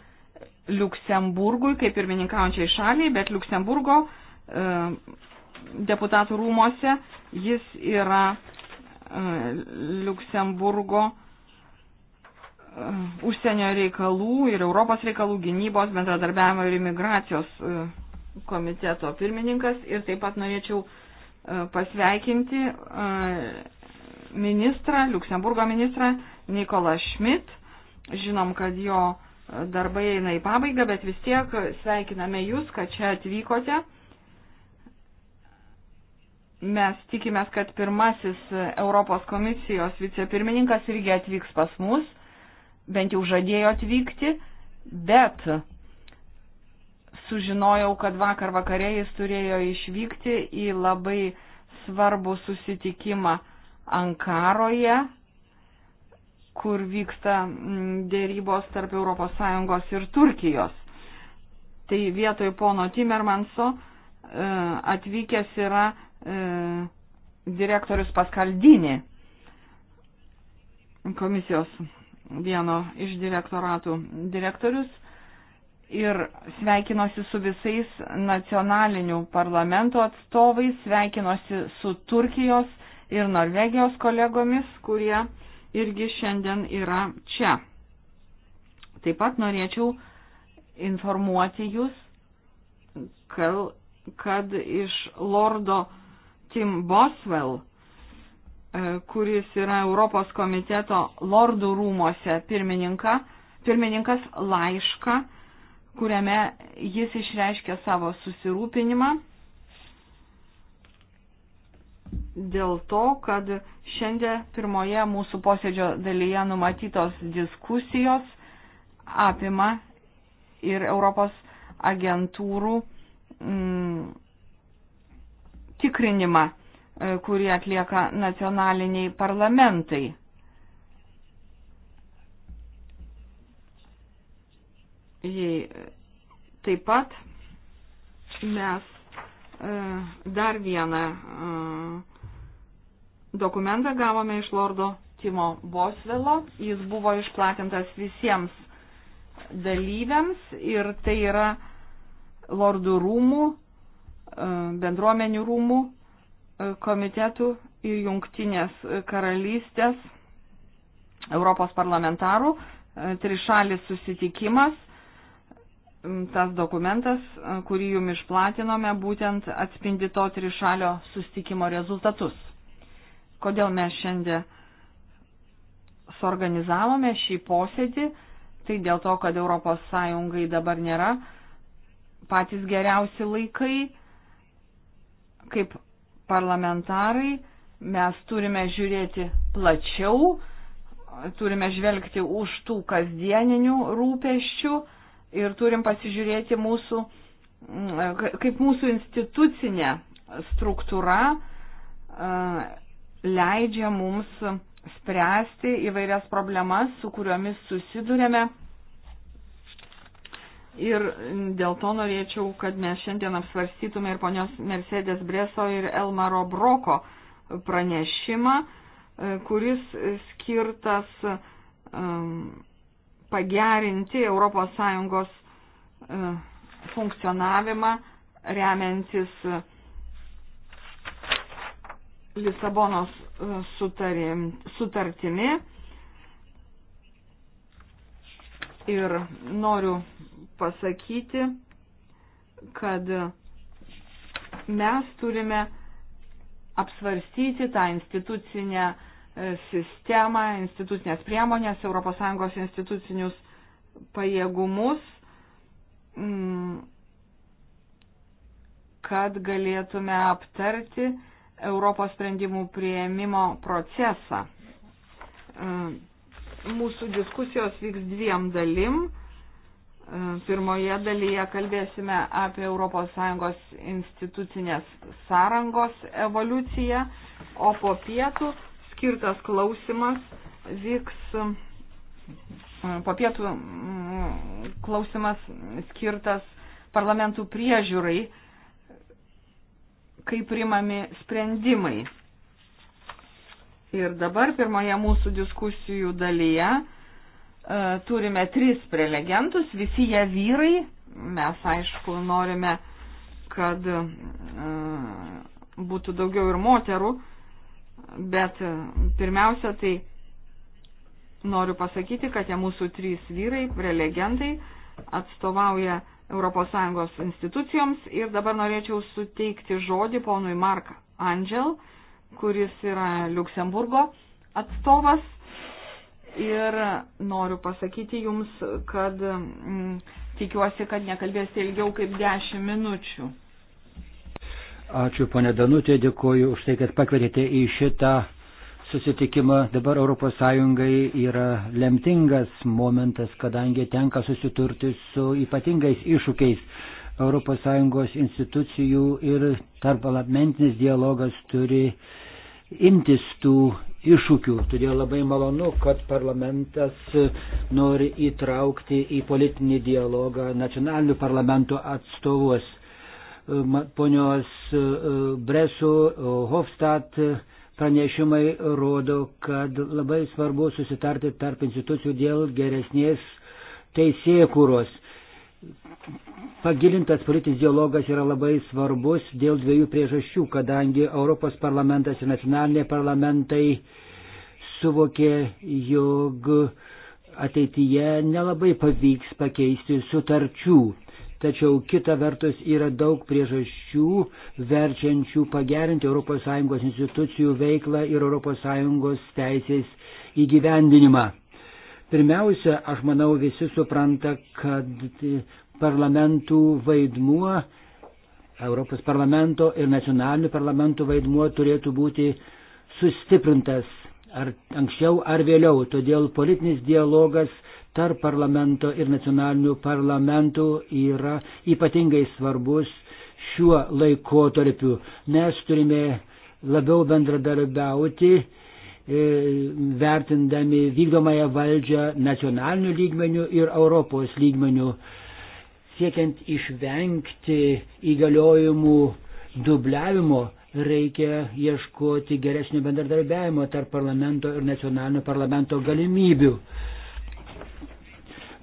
Luksemburgui, kaip ir mininkaujančiai šaliai, bet Luksemburgo e, deputatų rūmose jis yra e, Luksemburgo e, užsienio reikalų ir Europos reikalų gynybos bendradarbiavimo ir imigracijos e, komiteto pirmininkas ir taip pat norėčiau e, pasveikinti e, ministrą, Luksemburgo ministrą Nikola Šmit. Žinom, kad jo darbai eina į pabaigą, bet vis tiek sveikiname Jūs, kad čia atvykote. Mes tikimės, kad pirmasis Europos komisijos vicepirmininkas irgi atvyks pas mus, bent jau žadėjo atvykti, bet sužinojau, kad vakar vakarė jis turėjo išvykti į labai svarbų susitikimą Ankaroje kur vyksta mm, dėrybos tarp ES ir Turkijos. Tai vietoj pono Timermanso e, atvykęs yra e, direktorius Paskaldinį komisijos vieno iš direktoratų direktorius ir sveikinosi su visais nacionalinių parlamento atstovais, sveikinosi su Turkijos ir Norvegijos kolegomis, kurie uh, irgi šiandien yra čia. Taip pat norėčiau informuoti jūs, kad iš Lordo Tim Boswell, e, kuris yra Europos komiteto Lordų rūmose pirmininka, pirmininkas laišką, kuriame jis išreiškia savo susirūpinimą dėl to, kad šiandien pirmoje mūsų posėdžio dalyje numatytos diskusijos apima ir Europos agentūrų mm, tikrinimą, e, kurį atlieka nacionaliniai parlamentai. Jei e, taip pat mes E, dar vieną e, dokumentą gavome iš lordo Timo Bosvelo. Jis buvo išplatintas visiems dalyviams ir tai yra lordų rūmų, e, bendruomenių rūmų, komitetų ir jungtinės karalystės Europos parlamentarų trišalis susitikimas tas dokumentas, e, kurį jum išplatinome, būtent atspindi to trišalio sustikimo rezultatus. Kodėl mes šiandien suorganizavome šį posėdį, tai dėl to, kad ES dabar nėra patys geriausi laikai, kaip parlamentarai mes turime žiūrėti plačiau, turime žvelgti už tų kasdieninių rūpeščių, ir turim pasižiūrėti mūsų, kaip mūsų institucinė struktūra leidžia mums spręsti įvairias problemas, su kuriomis susidurėme. Ir dėl to norėčiau, kad mes šiandien apsvarstytume ir ponios Mercedes Breso ir Elmaro Broko pranešimą, kuris skirtas um, pagerinti ES e, funkcionavimą remiantis e, Lisabonos e, sutartimi. Ir noriu pasakyti, kad mes turime apsvarstyti tą institucinę E, sistemą, institucinės priemonės, ES institucinius pajėgumus, mm, kad galėtume aptarti Europos sprendimų prieimimo procesą. E, mūsų diskusijos vyks dviem dalim. E, pirmoje dalyje kalbėsime apie ES institucinės sąrangos evoliuciją, o po pietų skirtas klausimas vyks e, po pietų klausimas skirtas parlamentų priežiūrai, kaip primami sprendimai. Ir dabar pirmoje mūsų diskusijų dalyje e, turime tris prelegentus, visi jie vyrai. Mes, aišku, norime, kad e, būtų daugiau ir moterų Bet e, pirmiausia, tai noriu pasakyti, kad tie mūsų trys vyrai, prelegentai, atstovauja ES institucijoms ir dabar norėčiau suteikti žodį ponui Mark Angel, kuris yra Luksemburgo atstovas. Ir noriu pasakyti jums, kad m, mm, tikiuosi, kad nekalbėsite ilgiau kaip 10 minučių. Ačiū, ponė Danutė, dėkoju už tai, kad pakvietėte į šitą susitikimą. Dabar ES yra lemtingas momentas, kadangi tenka susiturti su ypatingais iššūkiais. ES institucijų ir tarpalapmentinis dialogas turi imtis tų iššūkių. Todėl labai malonu, kad parlamentas nori įtraukti į politinį dialogą nacionalinių parlamentų atstovus ponios e, e, Bresų, e, Hofstat pranešimai rodo, kad labai svarbu susitarti tarp institucijų dėl geresnės teisėkūros. Pagilintas politinis dialogas yra labai svarbus dėl dviejų priežasčių, kadangi Europos parlamentas ir nacionaliniai parlamentai suvokė, jog ateityje nelabai pavyks pakeisti sutarčių tačiau kita vertus yra daug priežasčių verčiančių pagerinti ES institucijų veiklą ir ES teisės įgyvendinimą. Pirmiausia, aš manau, visi supranta, kad parlamentų vaidmuo, Europos parlamento ir nacionalinių parlamentų vaidmuo turėtų būti sustiprintas ar anksčiau ar vėliau. Todėl politinis dialogas tarp parlamento ir nacionalinių parlamentų yra ypatingai svarbus šiuo laikotarpiu. Mes turime labiau bendradarbiauti, e, vertindami vykdomąją valdžią nacionalinių lygmenių ir Europos lygmenių, siekiant išvengti įgaliojimų dubliavimo reikia ieškoti geresnio bendradarbiavimo tarp parlamento ir nacionalinio parlamento galimybių.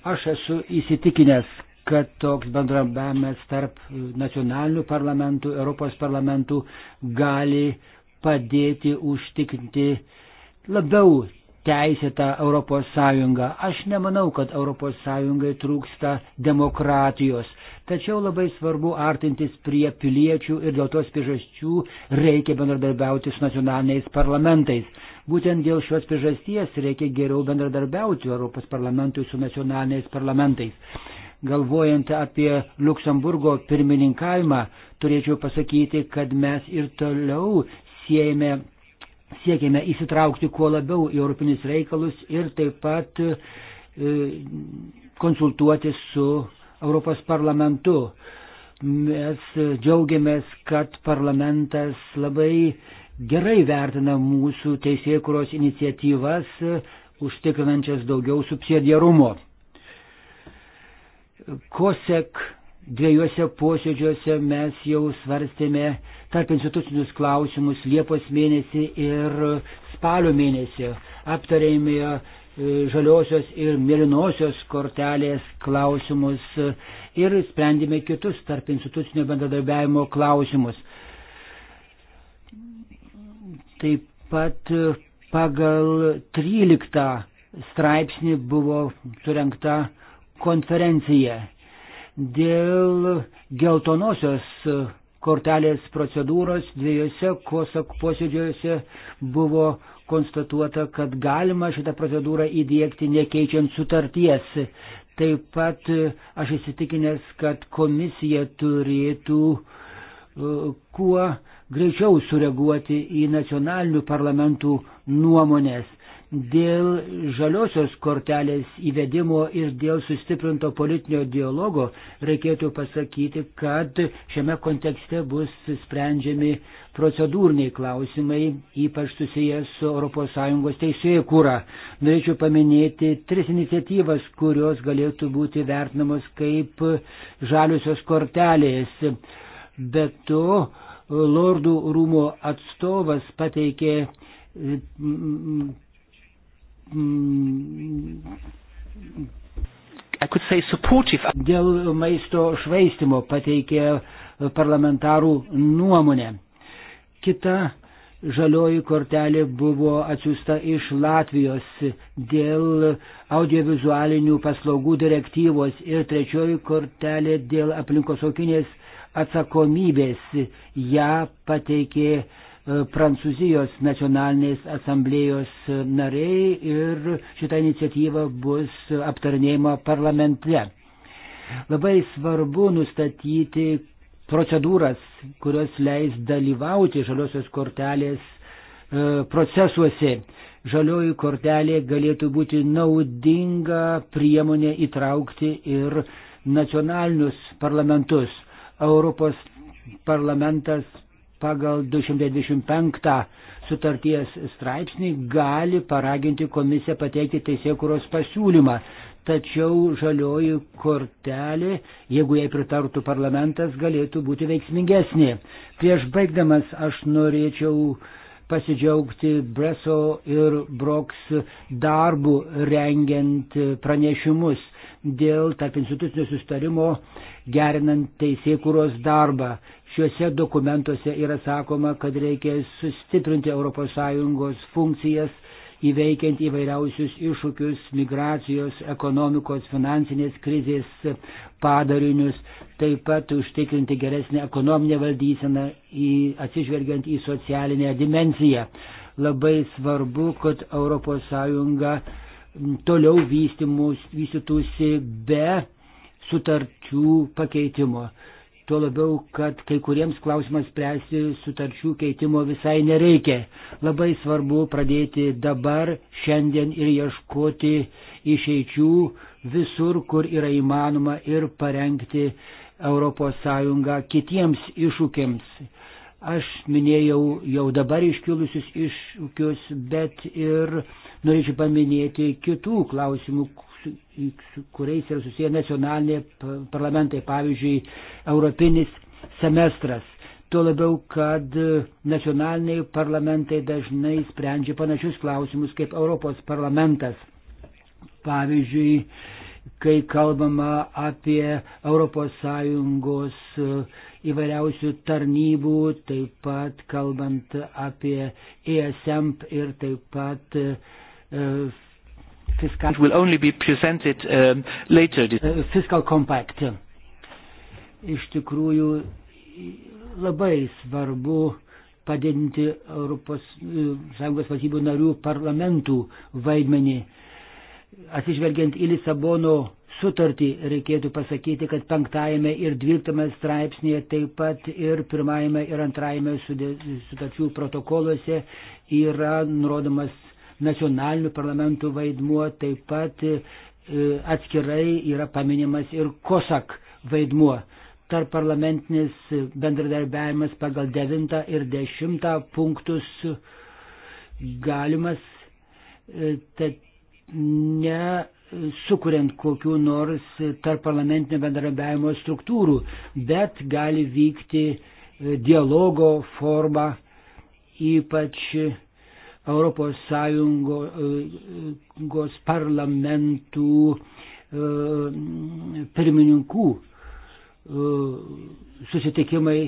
Aš esu įsitikinęs, kad toks bendrabiavimas tarp nacionalinių parlamentų, Europos parlamentų gali padėti užtikrinti labiau teisėtą Europos Sąjungą. Aš nemanau, kad Europos Sąjungai trūksta demokratijos, tačiau labai svarbu artintis prie piliečių ir dėl tos priežasčių reikia bendradarbiauti su nacionaliniais parlamentais. Būtent dėl šios priežasties reikia geriau bendradarbiauti Europos parlamentui su nacionaliniais parlamentais. Galvojant apie Luksemburgo pirmininkavimą, turėčiau pasakyti, kad mes ir toliau siejame, siekime įsitraukti kuo labiau į europinius reikalus ir taip pat e, konsultuoti su Europos parlamentu. Mes džiaugiamės, kad parlamentas labai gerai vertina mūsų teisėkuros iniciatyvas, užtikrinančias daugiau subsidiarumo. Kosek dviejose posėdžiuose mes jau svarstėme tarp institucinius klausimus Liepos mėnesį ir spalio mėnesį. Aptarėme e, žaliosios ir mėlynosios kortelės klausimus ir sprendėme kitus tarp institucinio bendradarbiavimo klausimus. Taip pat pagal 13 straipsnį buvo surinkta konferencija dėl geltonosios kortelės procedūros dviejose kosak posėdžiuose buvo konstatuota, kad galima šitą procedūrą įdėkti nekeičiant sutarties. Taip pat e, aš įsitikinęs, kad komisija turėtų e, kuo greičiau sureaguoti į nacionalinių parlamentų nuomonės dėl žaliosios kortelės įvedimo ir dėl sustiprinto politinio dialogo reikėtų pasakyti, kad šiame kontekste bus sprendžiami procedūriniai klausimai, ypač susijęs su ES teisėjų kūra. Norėčiau paminėti tris iniciatyvas, kurios galėtų būti vertinamos kaip žaliosios kortelės. Bet to, Lordų rūmų atstovas pateikė e, dėl maisto švaistimo pateikė parlamentarų nuomonę. Kita žalioji kortelė buvo atsiusta iš Latvijos dėl audiovizualinių paslaugų direktyvos ir trečioji kortelė dėl aplinkosaukinės atsakomybės. Ja pateikė e, Prancūzijos nacionalinės asamblėjos nariai ir šita iniciatyva bus aptarnėjama parlamente. Labai svarbu nustatyti procedūras, kurios leis dalyvauti žaliosios kortelės e, procesuose. Žalioji kortelė galėtų būti naudinga priemonė įtraukti ir nacionalinius parlamentus. Europos parlamentas pagal 225 sutarties straipsnį gali paraginti komisiją pateikti teisėkuros pasiūlymą. Tačiau žalioji kortelė, jeigu jai pritartų parlamentas, galėtų būti veiksmingesnė. Prieš baigdamas aš norėčiau pasidžiaugti Breso ir Broks darbų rengiant pranešimus dėl tarp institucinio sustarimo gerinant teisėkūros darbą. Šiuose dokumentuose yra sakoma, kad reikia sustiprinti ES funkcijas, įveikiant įvairiausius iššūkius, migracijos, ekonomikos, finansinės krizės padarinius, taip pat užtikrinti geresnę ekonominę valdyseną, į, atsižvelgiant į socialinę dimenciją. Labai svarbu, kad ES toliau vystytųsi be sutarčių pakeitimo. Tuo labiau, kad kai kuriems klausimams spręsti sutarčių keitimo visai nereikia. Labai svarbu pradėti dabar, šiandien ir ieškoti išeičių visur, kur yra įmanoma ir parengti ES kitiems iššūkiams. Aš minėjau jau dabar iškilusius iššūkius, bet ir norėčiau paminėti kitų klausimų, kuriais yra susiję nacionaliniai parlamentai, pavyzdžiui, europinis semestras. Tuo labiau, kad nacionaliniai parlamentai dažnai sprendžia panašius klausimus kaip Europos parlamentas. Pavyzdžiui, kai kalbama apie ES e, įvairiausių tarnybų, taip pat kalbant apie ESM ir taip pat e, fiscal, it will only be presented um, later. Uh, fiscal compact. Iš tikrųjų labai svarbu padidinti ES uh, valstybių narių parlamentų vaidmenį. Atsižvelgiant į Lisabono sutartį, reikėtų pasakyti, kad penktajame ir dvyliktame straipsnėje, taip pat ir pirmajame ir antrajame sutarčių protokoluose yra nurodomas nacionalinių parlamentų vaidmuo, taip pat e, atskirai yra paminimas ir COSAC vaidmuo. Tarp parlamentinis bendradarbiavimas pagal 9 ir 10 punktus galimas, e, tad ne sukuriant kokių nors tarp parlamentinio bendradarbiavimo struktūrų, bet gali vykti e, dialogo forma, ypač Europos Sąjungos parlamentų e, pirmininkų e, susitikimai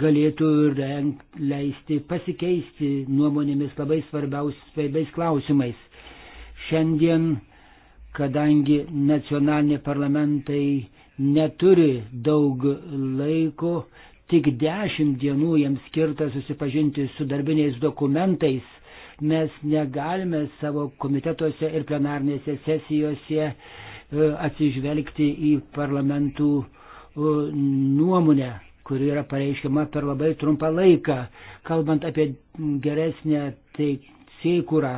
galėtų renk, leisti pasikeisti nuomonėmis labai svarbiais klausimais. Šiandien, kadangi nacionaliniai parlamentai neturi daug laiko, tik dešimt dienų jiems skirta susipažinti su darbiniais dokumentais, Mes negalime savo komitetuose ir plenarnėse sesijose e, atsižvelgti į parlamentų e, nuomonę, kuri yra pareiškima per labai trumpą laiką. Kalbant apie geresnę teisėkurą,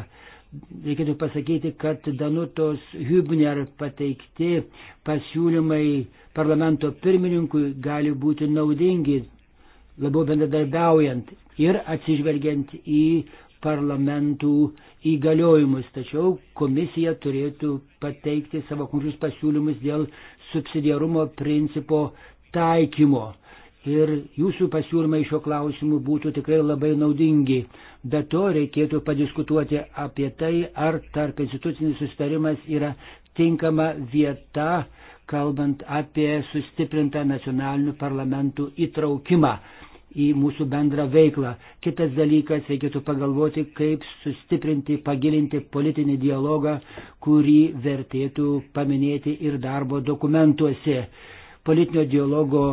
reikėtų pasakyti, kad Danutos Hübner pateikti pasiūlymai parlamento pirmininkui gali būti naudingi, labiau bendradarbiaujant ir atsižvelgiant į parlamentų įgaliojimus, tačiau komisija turėtų pateikti savo konkrečius pasiūlymus dėl subsidiarumo principo taikymo. Ir jūsų pasiūlymai šio klausimu būtų tikrai labai naudingi. Be to reikėtų padiskutuoti apie tai, ar tarp institucinis sustarimas yra tinkama vieta, kalbant apie sustiprintą nacionalinių parlamentų įtraukimą į mūsų bendrą veiklą. Kitas dalykas, reikėtų pagalvoti, kaip sustiprinti, pagilinti politinį dialogą, kurį vertėtų paminėti ir darbo dokumentuose. Politinio dialogo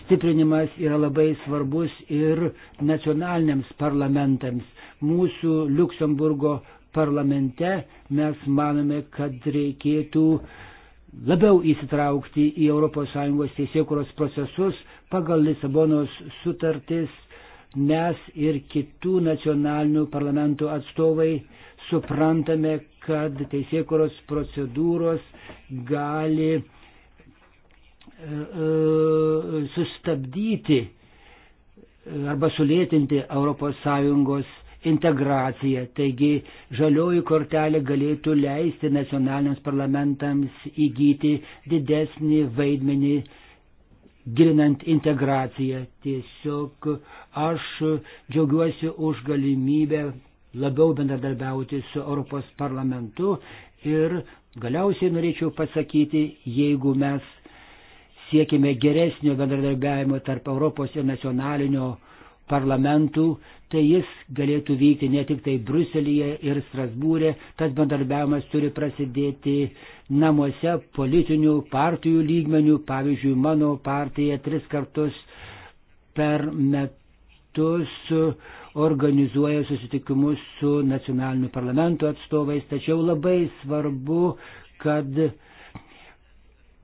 stiprinimas yra labai svarbus ir nacionaliniams parlamentams. Mūsų Luksemburgo parlamente mes manome, kad reikėtų labiau įsitraukti į ES teisėkuros procesus, pagal Lisabonos sutartis mes ir kitų nacionalinių parlamentų atstovai suprantame, kad teisėkuros procedūros gali e, e, sustabdyti e, arba sulėtinti ES integraciją. Taigi žalioji kortelė galėtų leisti nacionaliniams parlamentams įgyti didesnį vaidmenį gilinant integraciją. Tiesiog aš džiaugiuosi už galimybę labiau bendradarbiauti su Europos parlamentu ir galiausiai norėčiau pasakyti, jeigu mes siekime geresnio bendradarbiavimo tarp Europos ir nacionalinio parlamentų, tai jis galėtų vykti ne tik tai Bruselėje ir Strasbūrė, tas bendarbiavimas turi prasidėti namuose politinių partijų lygmenių, pavyzdžiui, mano partija tris kartus per metus organizuoja susitikimus su nacionaliniu parlamentu atstovais, tačiau labai svarbu, kad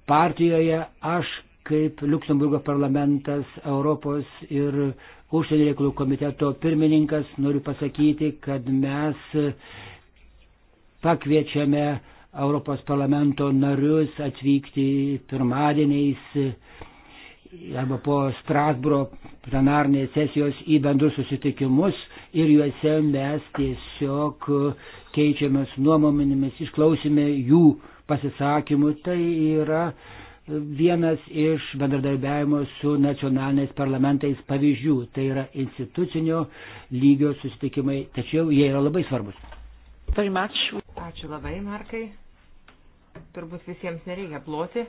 partijoje aš kaip Luksemburgo parlamentas, Europos ir užsienio reikalų komiteto pirmininkas, noriu pasakyti, kad mes pakviečiame Europos parlamento narius atvykti pirmadieniais arba po Strasbūro plenarnės sesijos į bendrus susitikimus ir juose mes tiesiog keičiamės nuomonėmis, išklausime jų pasisakymų. Tai yra uh, vienas iš bendradarbiavimo su nacionaliniais parlamentais pavyzdžių. Tai yra institucinio lygio susitikimai, tačiau jie yra labai svarbus. Ačiū labai, Markai. Turbūt visiems nereikia ploti.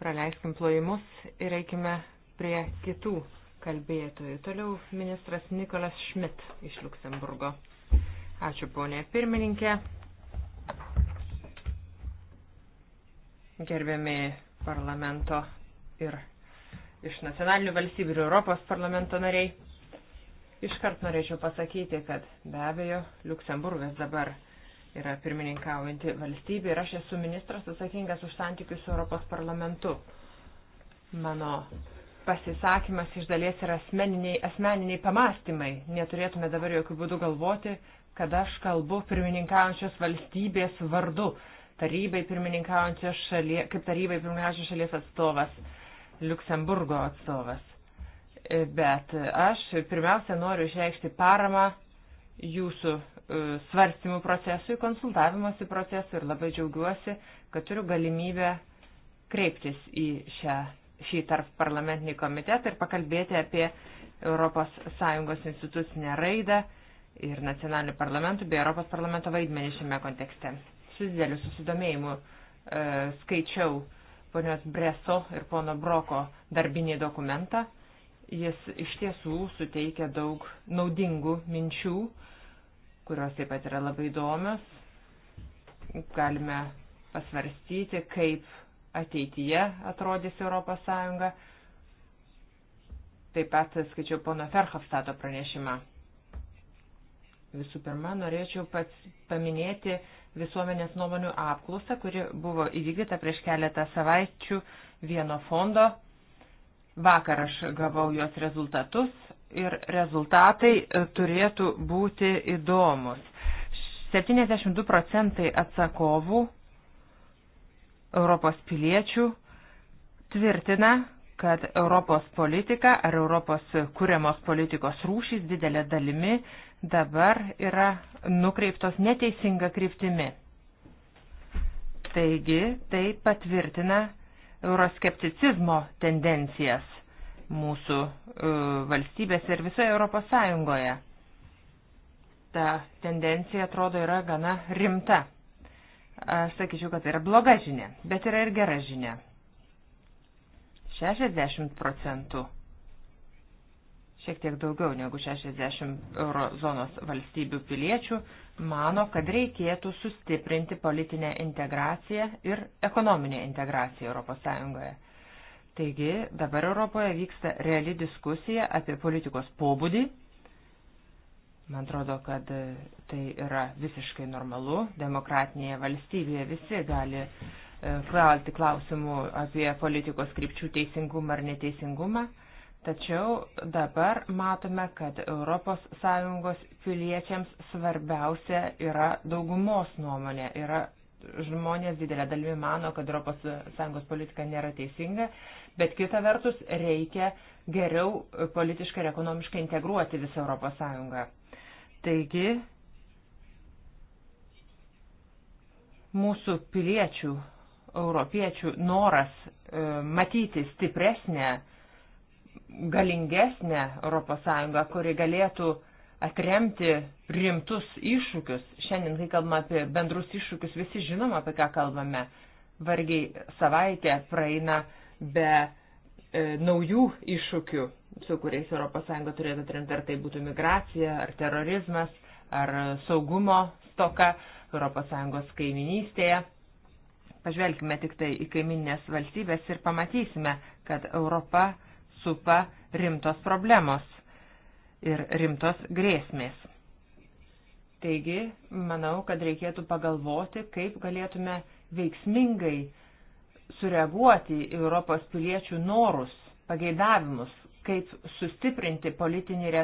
Praleiskim plojimus ir eikime prie kitų kalbėtojų. Toliau ministras Nikolas Šmit iš Luksemburgo. Ačiū ponė pirmininkė. gerbiami parlamento ir iš nacionalinių valstybių ir Europos parlamento nariai. Iškart norėčiau pasakyti, kad be abejo Luksemburgas dabar yra pirmininkaujanti valstybė ir aš esu ministras atsakingas už santykius su Europos parlamentu. Mano pasisakymas iš dalies yra asmeniniai, asmeniniai pamastymai. Neturėtume dabar jokių būdų galvoti, kad aš kalbu pirmininkaujančios valstybės vardu tarybai pirmininkaujančios šalies, kaip tarybai pirmininkaujančios šalies atstovas, Luksemburgo atstovas. E, bet aš pirmiausia noriu išreikšti paramą jūsų e, svarstymų procesui, konsultavimosi procesui ir labai džiaugiuosi, kad turiu galimybę kreiptis į šią, šį tarp parlamentinį komitetą ir pakalbėti apie ES institucinę raidą ir nacionalinių parlamentų bei ES parlamento vaidmenį šiame kontekste su dideliu susidomėjimu e, skaičiau ponios Breso ir pono Broko darbinį dokumentą. Jis iš tiesų suteikia daug naudingų minčių, kurios taip pat yra labai įdomios. Galime pasvarstyti, kaip ateityje atrodys Europos Sąjunga. Taip pat skaičiau pono Ferhofstato pranešimą. Visų pirma, norėčiau pats paminėti visuomenės nuomonių apklausą, kuri buvo įvykdyta prieš keletą savaičių vieno fondo. Vakar aš gavau jos rezultatus ir rezultatai e, turėtų būti įdomus. 72 procentai atsakovų Europos piliečių tvirtina, kad Europos politika ar Europos kūriamos politikos rūšys didelė dalimi dabar yra nukreiptos neteisinga kryptimi. Taigi tai patvirtina euroskepticizmo tendencijas mūsų e, valstybėse ir visoje Europos Sąjungoje. Ta tendencija atrodo yra gana rimta. Aš sakyčiau, kad tai yra bloga žinia, bet yra ir gera žinia. 60 procentų šiek tiek daugiau negu 60 eurozonos valstybių piliečių mano, kad reikėtų sustiprinti politinę integraciją ir ekonominę integraciją ES. Taigi dabar Europoje vyksta reali diskusija apie politikos pobūdį. Man atrodo, kad tai yra visiškai normalu. Demokratinėje valstybėje visi gali e, kelti klausimų apie politikos krypčių teisingumą ar neteisingumą. Tačiau dabar matome, kad ES piliečiams svarbiausia yra daugumos nuomonė. Yra žmonės didelė dalimi mano, kad ES politika nėra teisinga, bet kita vertus reikia geriau politiškai ir ekonomiškai integruoti visą ES. Taigi, mūsų piliečių, europiečių noras e, matyti stipresnę galingesnę ES, kuri galėtų atremti rimtus iššūkius. Šiandien, kai kalbame apie bendrus iššūkius, visi žinom, apie ką kalbame. Vargiai savaitė praeina be e, naujų iššūkių, su kuriais ES turėtų atremti, ar tai būtų migracija, ar terorizmas, ar saugumo stoka ES kaiminystėje. Pažvelkime tik tai į kaiminės valstybės ir pamatysime, kad Europa supa rimtos problemos ir rimtos grėsmės. Taigi, manau, kad reikėtų pagalvoti, kaip galėtume veiksmingai sureaguoti į Europos piliečių norus, pageidavimus, kaip sustiprinti politinį ir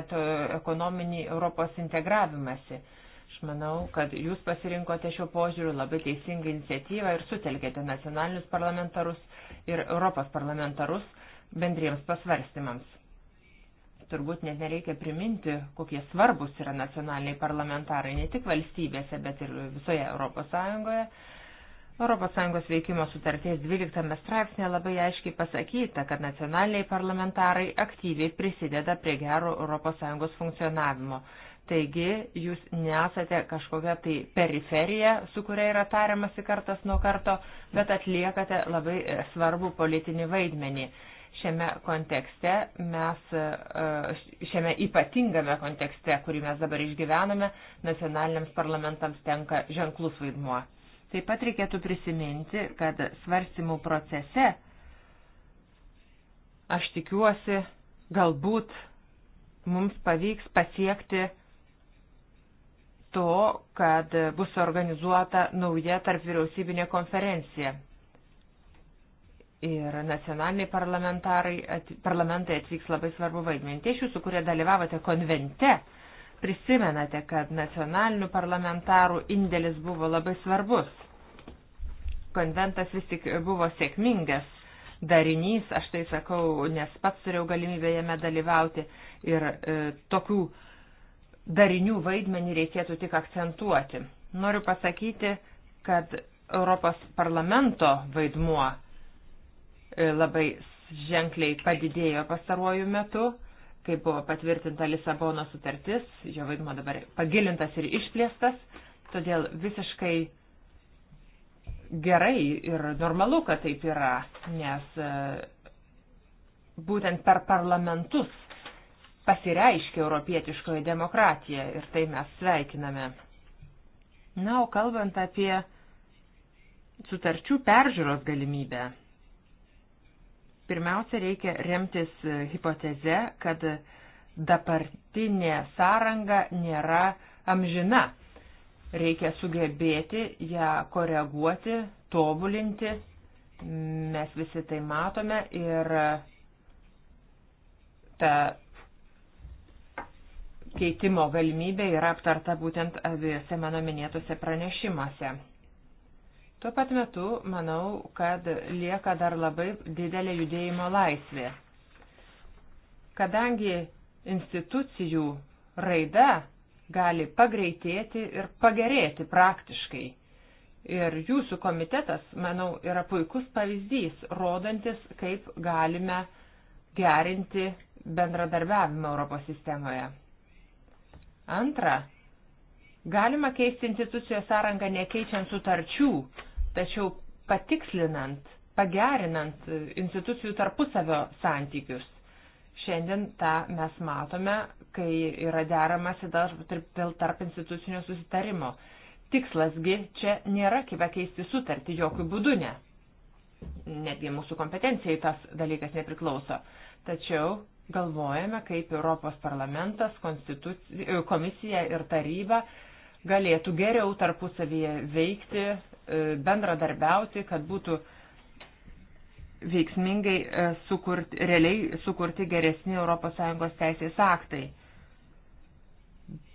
ekonominį Europos integravimąsi. Aš manau, kad jūs pasirinkote šio požiūriu labai teisingą iniciatyvą ir sutelkėte nacionalinius parlamentarus ir Europos parlamentarus bendriems pasvarstymams. Turbūt net nereikia priminti, kokie svarbus yra nacionaliniai parlamentarai ne tik valstybėse, bet ir visoje Europos Sąjungoje. Europos Sąjungos veikimo sutarties 12 straipsnė labai aiškiai pasakyta, kad nacionaliniai parlamentarai aktyviai prisideda prie gero Europos Sąjungos funkcionavimo. Taigi jūs nesate kažkokia tai periferija, su kuria yra tariamasi kartas nuo karto, bet atliekate labai svarbų politinį vaidmenį. Šiame kontekste mes, e, šiame ypatingame kontekste, kurį mes dabar išgyvename, nacionaliniams parlamentams tenka ženklus vaidmuo. Taip pat reikėtų prisiminti, kad svarstymų procese, aš tikiuosi, galbūt mums pavyks pasiekti to, kad bus organizuota nauja tarp vyriausybinė konferencija ir nacionaliniai parlamentarai, at, parlamentai atvyks labai svarbu vaidmenį. Tie iš jūsų, kurie dalyvavote konvente, prisimenate, kad nacionalinių parlamentarų indėlis buvo labai svarbus. Konventas vis tik buvo sėkmingas darinys, aš tai sakau, nes pats turėjau galimybę jame dalyvauti ir e, tokių darinių vaidmenį reikėtų tik akcentuoti. Noriu pasakyti, kad Europos parlamento vaidmuo E, labai ženkliai padidėjo pastaruoju metu, kai buvo patvirtinta Lisabono sutartis, jo vaidmo dabar pagilintas ir išplėstas, todėl visiškai gerai ir normalu, kad taip yra, nes e, būtent per parlamentus pasireiškia europietiškoji demokratija ir tai mes sveikiname. Na, o kalbant apie sutarčių peržiūros galimybę, Pirmiausia, reikia remtis e, hipoteze, kad dabartinė sąranga nėra amžina. Reikia sugebėti ją koreguoti, tobulinti. Mes visi tai matome ir ta keitimo galimybė yra aptarta būtent abiejose mano minėtose pranešimuose. Tuo pat metu manau, kad lieka dar labai didelė judėjimo laisvė. Kadangi institucijų raida gali pagreitėti ir pagerėti praktiškai. Ir jūsų komitetas, manau, yra puikus pavyzdys, rodantis, kaip galime gerinti bendradarbiavimą Europos sistemoje. Antra, galima keisti institucijos sąrangą nekeičiant sutarčių, Tačiau patikslinant, pagerinant institucijų tarpusavio santykius, šiandien tą mes matome, kai yra deramasi dėl tarp institucinio susitarimo. Tikslasgi čia nėra kaip keisti sutartį, jokių būdų ne. Netgi mūsų kompetencijai tas dalykas nepriklauso. Tačiau galvojame, kaip Europos parlamentas, komisija ir taryba galėtų geriau tarpusavyje veikti, E, bendradarbiauti, kad būtų veiksmingai e, sukurti, realiai sukurti geresni ES teisės aktai.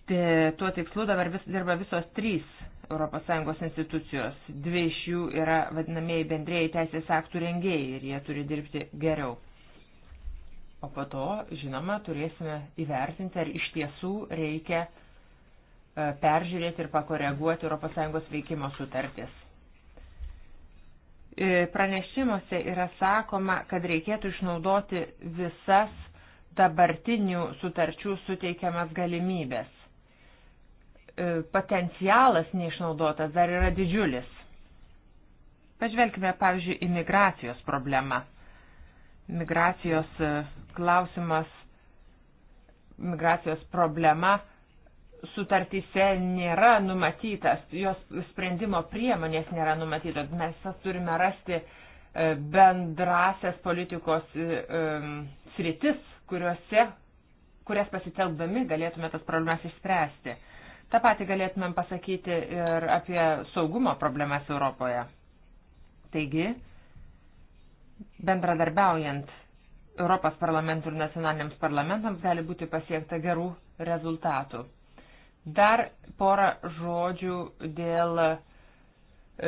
De, tuo tikslu dabar vis, dirba visos trys ES institucijos. Dvi iš jų yra vadinamieji bendrėjai teisės aktų rengėjai ir jie turi dirbti geriau. O po to, žinoma, turėsime įvertinti, ar iš tiesų reikia e, peržiūrėti ir pakoreguoti ES veikimo sutartis E, pranešimuose yra sakoma, kad reikėtų išnaudoti visas dabartinių sutarčių suteikiamas galimybės. E, potencialas neišnaudotas dar yra didžiulis. Pažvelkime, pavyzdžiui, imigracijos problemą. Migracijos e, klausimas, migracijos problema sutartyse nėra numatytas, jos sprendimo priemonės nėra numatytos. Mes turime rasti e, bendrasias politikos e, e, sritis, kuriuose, kurias pasitelkdami galėtume tas problemas išspręsti. Ta pati galėtumėm pasakyti ir apie saugumo problemas Europoje. Taigi, bendradarbiaujant Europos parlamentų ir nacionaliniams parlamentams gali būti pasiekta gerų rezultatų. Dar porą žodžių dėl e,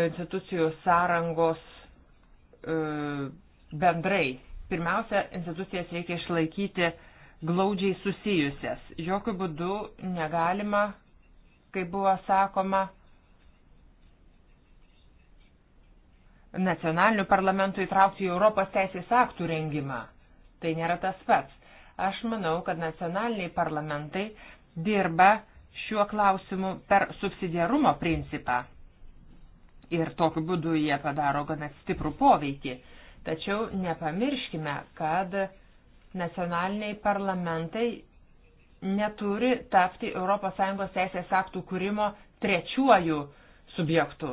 institucijų sąrangos e, bendrai. Pirmiausia, institucijas reikia išlaikyti glaudžiai susijusias. Jokių būdų negalima, kaip buvo sakoma, nacionalinių parlamentų įtraukti į Europos teisės aktų rengimą. Tai nėra tas pats. Aš manau, kad nacionaliniai parlamentai dirba šiuo klausimu per subsidiarumo principą. Ir tokiu būdu jie padaro gana stiprų poveikį. Tačiau nepamirškime, kad nacionaliniai parlamentai neturi tapti ES teisės aktų kūrimo trečiuoju subjektu,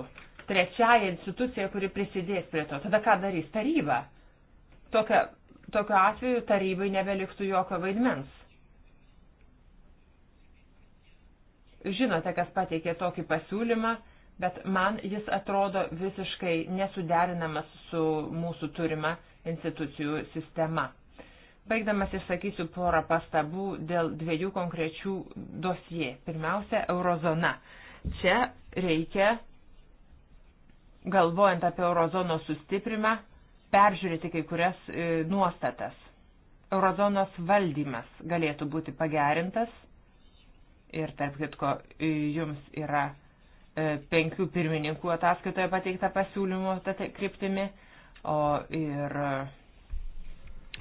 trečiaja institucija, kuri prisidės prie to. Tada ką darys taryba? Tokia, tokiu atveju tarybai nebeliktų jokio vaidmens. Žinote, kas pateikė tokį pasiūlymą, bet man jis atrodo visiškai nesuderinamas su mūsų turima institucijų sistema. Baigdamas išsakysiu porą pastabų dėl dviejų konkrečių dosie. Pirmiausia, eurozona. Čia reikia, galvojant apie eurozonos sustiprimą, peržiūrėti kai kurias e, nuostatas. Eurozonos valdymas galėtų būti pagerintas ir tarp kitko e, jums yra e, penkių pirmininkų ataskaitoje pateikta pasiūlymų kryptimi, o ir e,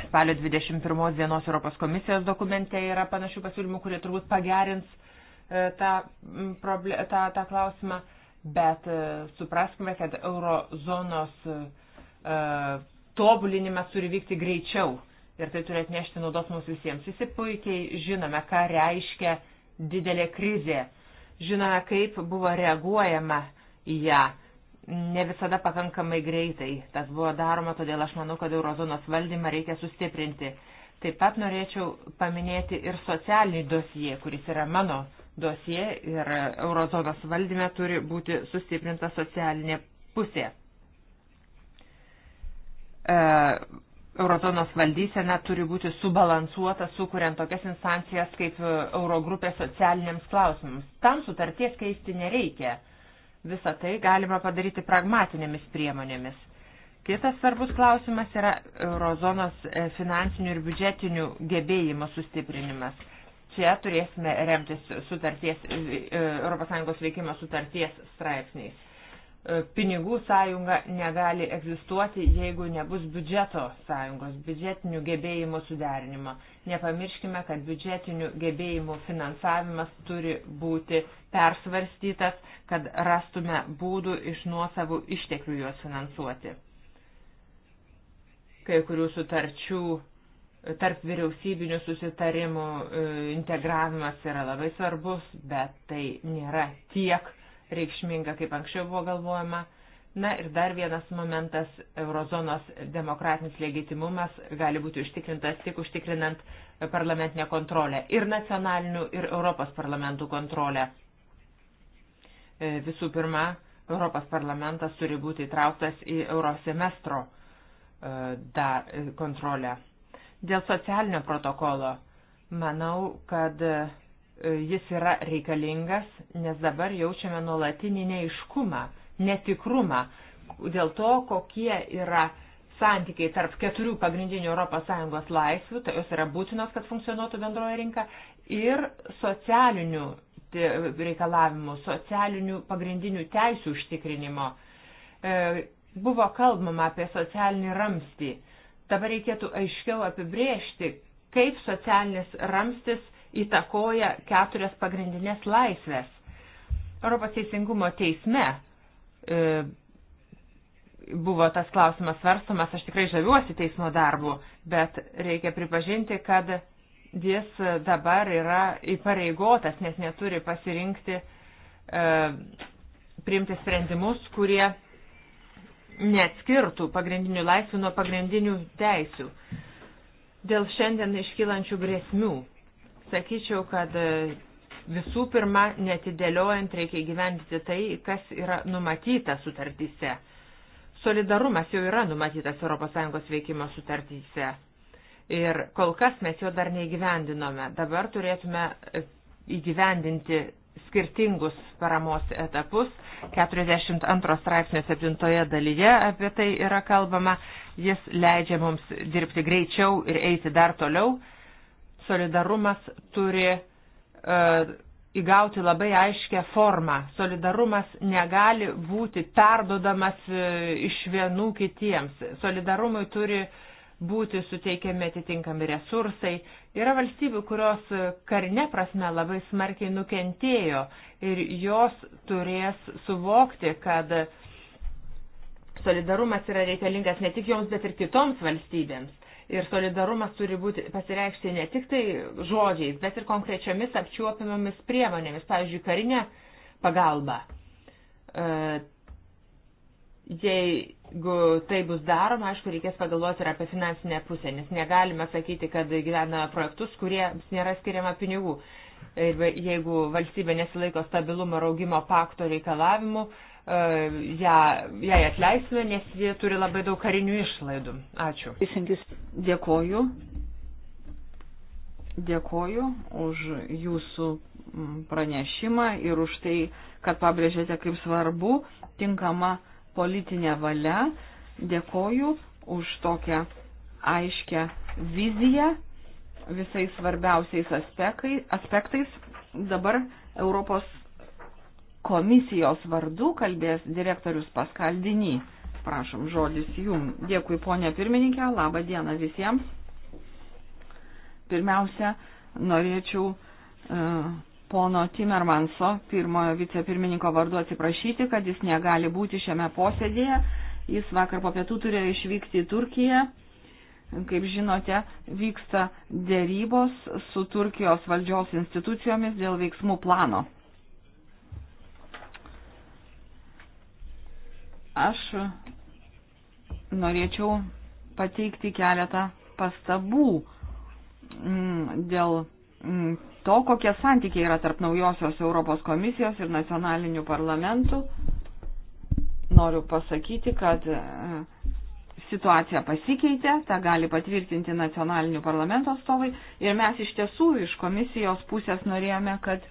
spalio 21 dienos Europos komisijos dokumente yra panašių pasiūlymų, kurie turbūt pagerins tą, tą, tą klausimą, bet supraskime, kad eurozonos tobulinimas turi vykti greičiau ir tai turi atnešti naudos mums visiems. Visi puikiai žinome, ką reiškia didelė krizė. Žinome, kaip buvo reaguojama į ją. Ne visada pakankamai greitai. Tas buvo daroma, todėl aš manau, kad eurozonos valdymą reikia sustiprinti. Taip pat norėčiau paminėti ir socialinį dosiją, kuris yra mano dosija ir eurozonos valdyme turi būti sustiprinta socialinė pusė. E, Eurotonos valdysena turi būti subalansuota, sukuriant tokias instancijas kaip e, Eurogrupė socialiniams klausimams. Tam sutarties keisti nereikia. Visą tai galima padaryti pragmatinėmis priemonėmis. Kitas svarbus klausimas yra eurozonos e, finansinių ir biudžetinių gebėjimų sustiprinimas. Čia turėsime remtis sutarties, ES e, veikimo sutarties straipsniais. E, pinigų sąjunga negali egzistuoti, jeigu nebus biudžeto sąjungos, biudžetinių gebėjimų suderinimo. Nepamirškime, kad biudžetinių gebėjimų finansavimas turi būti persvarstytas, kad rastume būdų iš nuosavų išteklių juos finansuoti. Kai kurių sutarčių tarp vyriausybinių susitarimų e, integravimas yra labai svarbus, bet tai nėra tiek reikšminga, kaip anksčiau buvo galvojama. Na ir dar vienas momentas - eurozonos demokratinis legitimumas gali būti užtikrintas tik užtikrinant parlamentinę kontrolę ir nacionalinių, ir Europos parlamentų kontrolę. E, visų pirma, Europos parlamentas turi būti įtrauktas į eurosemestro e, kontrolę. Dėl socialinio protokolo manau, kad E, jis yra reikalingas, nes dabar jaučiame nuolatinį neiškumą, netikrumą dėl to, kokie yra santykiai tarp keturių pagrindinių ES laisvių, tai jos yra būtinos, kad funkcionuotų bendroje rinka, ir socialinių reikalavimų, socialinių pagrindinių teisų užtikrinimo. E, buvo kalbama apie socialinį ramstį. Dabar reikėtų aiškiau apibriežti, kaip socialinis ramstis įtakoja keturias pagrindinės laisvės. Europos teisingumo teisme e, buvo tas klausimas svarstomas, aš tikrai žaviuosi teismo darbu, bet reikia pripažinti, kad jis dabar yra įpareigotas, nes neturi pasirinkti, e, priimti sprendimus, kurie neatskirtų pagrindinių laisvių nuo pagrindinių teisių dėl šiandien iškylančių grėsmių. Sakyčiau, kad e, visų pirma, netidėliojant reikia gyventi tai, kas yra numatyta sutartyse. Solidarumas jau yra numatytas ES veikimo sutartyse. Ir kol kas mes jo dar neįgyvendinome. Dabar turėtume e, įgyvendinti skirtingus paramos etapus. 42 straipsnio 7 dalyje apie tai yra kalbama. Jis leidžia mums dirbti greičiau ir eiti dar toliau solidarumas turi e, įgauti labai aiškę formą. Solidarumas negali būti perdodamas e, iš vienų kitiems. Solidarumui turi būti suteikiami atitinkami resursai. Yra valstybių, kurios karinė prasme labai smarkiai nukentėjo ir jos turės suvokti, kad solidarumas yra reikalingas ne tik joms, bet ir kitoms valstybėms. Ir solidarumas turi būti pasireikšti ne tik tai žodžiais, bet ir konkrečiamis apčiuopiamomis priemonėmis, pavyzdžiui, karinė pagalba. E, jeigu tai bus daroma, aišku, reikės pagalvoti ir apie finansinę pusę, nes negalime sakyti, kad gyvename projektus, kuriems nėra skiriama pinigų. Ir jeigu valstybė nesilaiko stabilumo ir augimo pakto reikalavimų, E, ją, jai atleisime, nes ji turi labai daug karinių išlaidų. Ačiū. Dėkoju. Dėkoju už jūsų pranešimą ir už tai, kad pabrėžėte, kaip svarbu tinkama politinė valia. Dėkoju už tokią aiškę viziją visais svarbiausiais aspektai, aspektais. Dabar Europos komisijos vardu kalbės direktorius Paskaldinys. Prašom, žodis jum. Dėkui, ponė pirmininkė, laba diena visiems. Pirmiausia, norėčiau uh, pono Timermanso, pirmojo vicepirmininko vardu atsiprašyti, kad jis negali būti šiame posėdėje. Jis vakar po pietų turėjo išvykti į Turkiją. Kaip žinote, vyksta dėrybos su Turkijos valdžios institucijomis dėl veiksmų plano Aš norėčiau pateikti keletą pastabų mm, dėl mm, to, kokie santykiai yra tarp naujosios Europos komisijos ir nacionalinių parlamentų. Noriu pasakyti, kad e, situacija pasikeitė, tą gali patvirtinti nacionalinių parlamento atstovai ir mes iš tiesų iš komisijos pusės norėjome, kad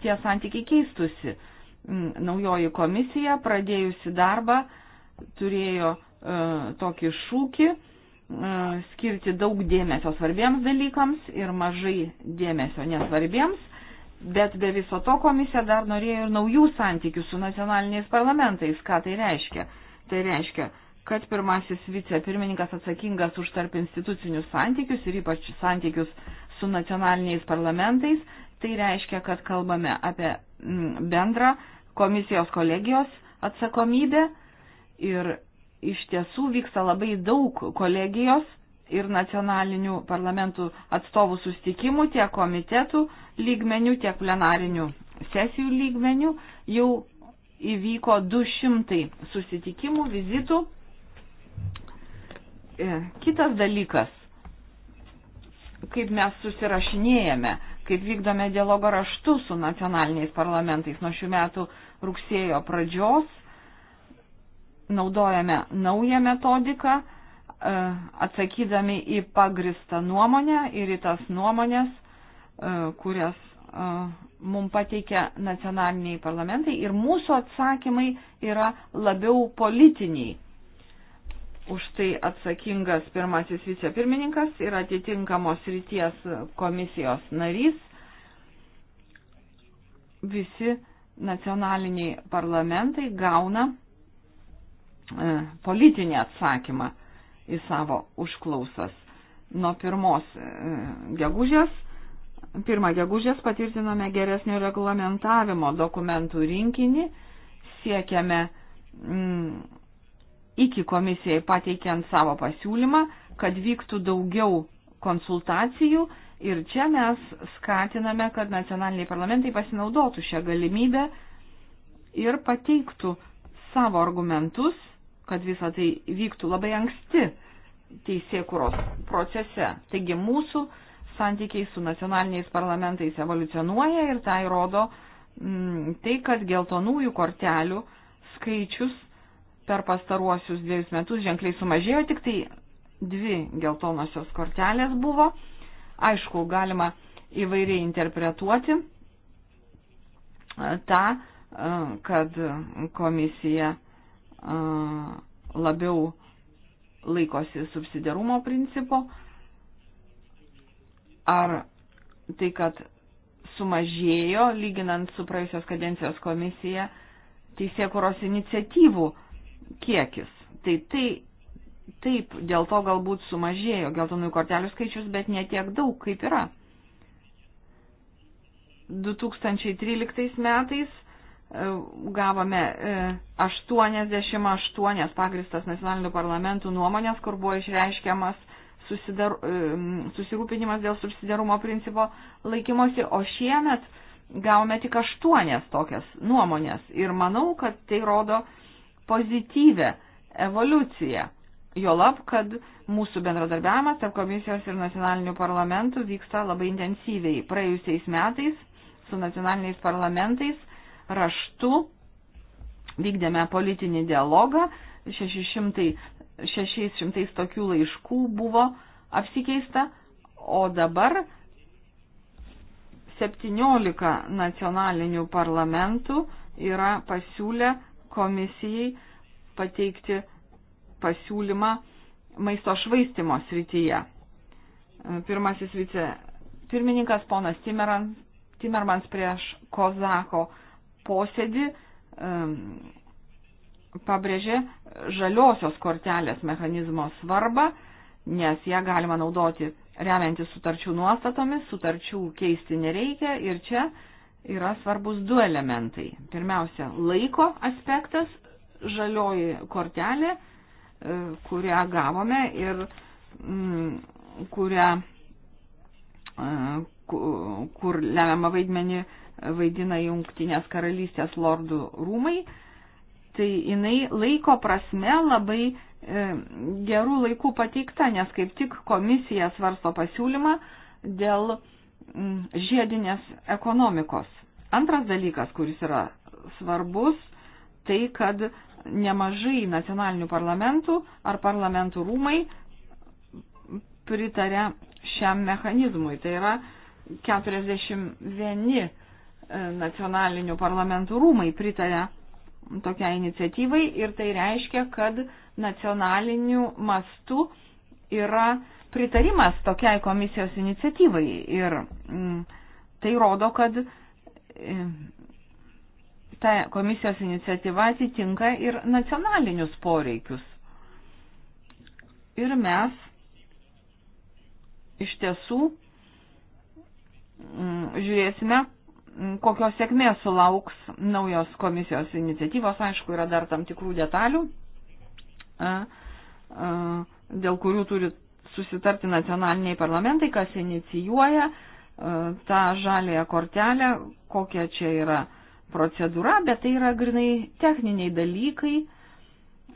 tie santykiai keistusi. Mm, naujoji komisija, pradėjusi darbą, turėjo e, tokį šūkį e, skirti daug dėmesio svarbiems dalykams ir mažai dėmesio nesvarbiems, bet be viso to komisija dar norėjo ir naujų santykių su nacionaliniais parlamentais. Ką tai reiškia? Tai reiškia, kad pirmasis vicepirmininkas atsakingas už tarp institucinius santykius ir ypač santykius su nacionaliniais parlamentais, tai reiškia, kad kalbame apie mm, bendrą komisijos kolegijos atsakomybė ir iš tiesų vyksta labai daug kolegijos ir nacionalinių parlamentų atstovų sustikimų tiek komitetų lygmenių, tiek plenarinių sesijų lygmenių. Jau įvyko 200 susitikimų, vizitų. E, kitas dalykas, kaip mes susirašinėjame kaip vykdome dialogo raštu su nacionaliniais parlamentais nuo šių metų rugsėjo pradžios. Naudojame naują metodiką, e, atsakydami į pagristą nuomonę ir į tas nuomonės, e, kurias e, mums pateikia nacionaliniai parlamentai. Ir mūsų atsakymai yra labiau politiniai už tai atsakingas pirmasis vicepirmininkas ir atitinkamos ryties komisijos narys. Visi nacionaliniai parlamentai gauna e, politinį atsakymą į savo užklausas. Nuo pirmos e, gegužės, pirmą gegužės patvirtinome geresnio reglamentavimo dokumentų rinkinį, siekiame mm, iki komisijai pateikiant savo pasiūlymą, kad vyktų daugiau konsultacijų ir čia mes skatiname, kad nacionaliniai parlamentai pasinaudotų šią galimybę ir pateiktų savo argumentus, kad visa tai vyktų labai anksti teisėkuros procese. Taigi mūsų santykiai su nacionaliniais parlamentais evoliucionuoja ir tai rodo m, mm, tai, kad geltonųjų kortelių skaičius per pastaruosius dviejus metus ženkliai sumažėjo, tik tai dvi geltonosios kortelės buvo. Aišku, galima įvairiai interpretuoti e, tą, e, kad komisija e, labiau laikosi subsidiarumo principo, ar tai, kad sumažėjo, lyginant su praėjusios kadencijos komisija, teisėkuros iniciatyvų kiekis. Tai, tai taip, dėl to galbūt sumažėjo geltonųjų kortelių skaičius, bet ne tiek daug, kaip yra. 2013 metais e, gavome 88 e, pagristas nacionalinių parlamentų nuomonės, kur buvo išreiškiamas susidar, e, susirūpinimas dėl subsidiarumo principo laikymosi, o šiemet gavome tik 8 tokias nuomonės. Ir manau, kad tai rodo, pozityvę evoliuciją. Jolab, kad mūsų bendradarbiavimas tarp komisijos ir nacionalinių parlamentų vyksta labai intensyviai. Praėjusiais metais su nacionaliniais parlamentais raštu vykdėme politinį dialogą, 600, 600 tokių laiškų buvo apsikeista, o dabar 17 nacionalinių parlamentų yra pasiūlę komisijai pateikti pasiūlymą maisto švaistimo srityje. Pirmasis vice pirmininkas ponas Timerans, Timermans prieš Kozako posėdį um, pabrėžė žaliosios kortelės mechanizmo svarbą, nes ją galima naudoti remiantis sutarčių nuostatomis, sutarčių keisti nereikia ir čia uh, yra svarbus du elementai. Pirmiausia, laiko aspektas, žalioji kortelė, e, kurią gavome ir mm, kurią, e, kur lemiamą vaidmenį vaidina Jungtinės karalystės lordų rūmai, tai jinai laiko prasme labai e, gerų laikų pateikta, nes kaip tik komisija svarsto pasiūlymą dėl Mm, žiedinės ekonomikos. Antras dalykas, kuris yra svarbus, tai kad nemažai nacionalinių parlamentų ar parlamentų rūmai pritarė šiam mechanizmui. Tai yra 41 e, nacionalinių parlamentų rūmai pritarė tokia iniciatyvai ir tai reiškia, kad nacionaliniu mastu yra pritarimas tokiai komisijos iniciatyvai ir mm, tai rodo, kad ta komisijos iniciatyva atitinka ir nacionalinius poreikius. Ir mes iš tiesų mm, žiūrėsime, mm, kokios sėkmės sulauks naujos komisijos iniciatyvos. Aišku, yra dar tam tikrų detalių, dėl kurių turi susitarti nacionaliniai parlamentai, kas inicijuoja e, tą žalėją kortelę, kokia čia yra procedūra, bet tai yra grinai techniniai dalykai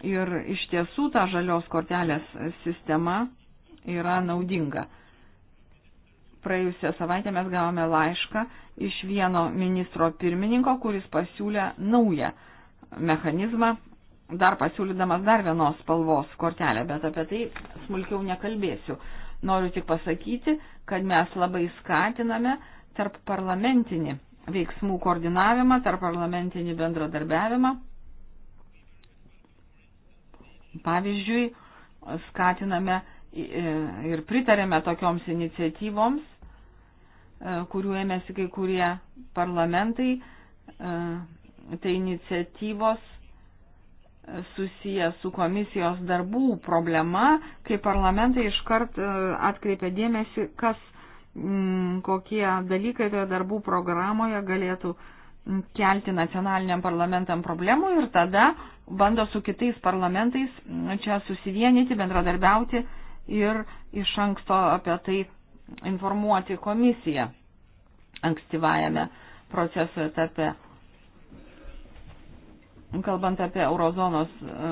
ir iš tiesų ta žalios kortelės sistema yra naudinga. Praėjusią savaitę mes gavome laišką iš vieno ministro pirmininko, kuris pasiūlė naują mechanizmą dar pasiūlydamas dar vienos spalvos kortelę, bet apie tai smulkiau nekalbėsiu. Noriu tik pasakyti, kad mes labai skatiname tarp parlamentinį veiksmų koordinavimą, tarp parlamentinį bendradarbiavimą. Pavyzdžiui, skatiname e, ir pritarėme tokioms iniciatyvoms, e, kurių ėmėsi kai kurie parlamentai. E, tai iniciatyvos susijęs su komisijos darbų problema, kai parlamentai iškart e, atkreipia dėmesį, kas m, mm, kokie dalykai toje darbų programoje galėtų mm, kelti nacionaliniam parlamentam problemų ir tada bando su kitais parlamentais mm, čia susivienyti, bendradarbiauti ir iš anksto apie tai informuoti komisiją ankstyvajame proceso etape kalbant apie eurozonos e,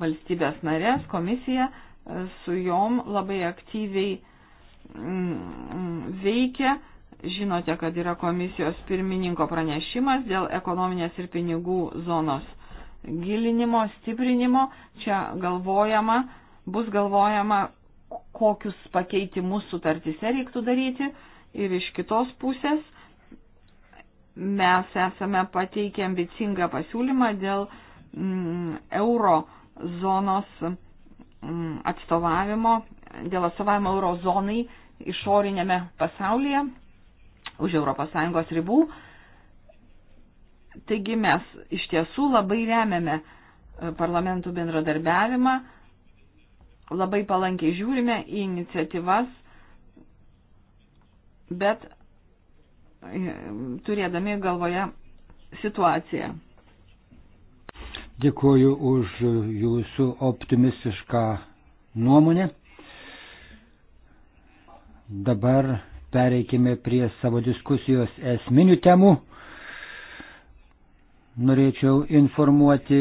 valstybės narės, komisija e, su jom labai aktyviai mm, mm, veikia. Žinote, kad yra komisijos pirmininko pranešimas dėl ekonominės ir pinigų zonos gilinimo, stiprinimo. Čia galvojama, bus galvojama, kokius pakeitimus sutartise reiktų daryti. Ir iš kitos pusės Mes esame pateikę ambicingą pasiūlymą dėl mm, euro zonos mm, atstovavimo, dėl atstovavimo euro zonai išorinėme pasaulyje už ES ribų. Taigi mes iš tiesų labai remiame e, parlamentų bendradarbiavimą, labai palankiai žiūrime į iniciatyvas, bet turėdami galvoje situaciją. Dėkuoju už jūsų optimistišką nuomonę. Dabar pereikime prie savo diskusijos esminių temų. Norėčiau informuoti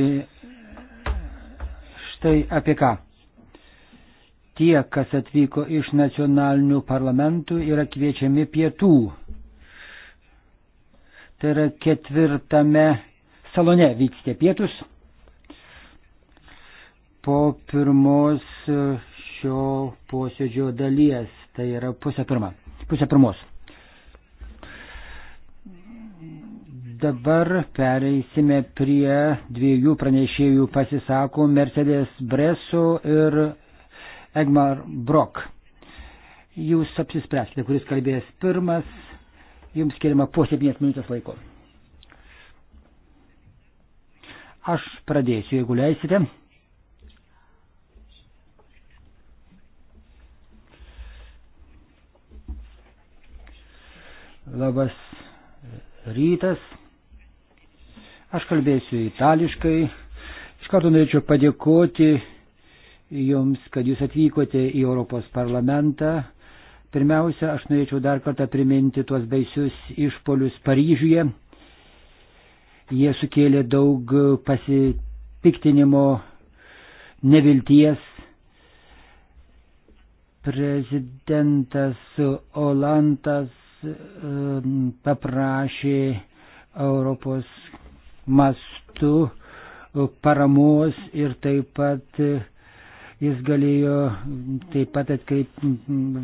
štai apie ką. Tie, kas atvyko iš nacionalinių parlamentų, yra kviečiami pietų Tai yra ketvirtame salone vyks tie pietus. Po pirmos šio posėdžio dalies, tai yra pusė pirma, pusė pirmos. Dabar pereisime prie dviejų pranešėjų pasisakų Mercedes Breso ir Egmar Brok. Jūs apsispręsite, kuris kalbės pirmas, jums skiriama po 7 minutės laiko. Aš pradėsiu, jeigu leisite. Labas rytas. Aš kalbėsiu itališkai. Iš karto norėčiau padėkoti Jums, kad Jūs atvykote į Europos parlamentą. Pirmiausia, aš norėčiau dar kartą priminti tuos baisius išpolius Paryžiuje. Jie sukėlė daug pasipiktinimo, nevilties. Prezidentas Olantas paprašė Europos mastu paramos ir taip pat jis galėjo taip pat atkreip,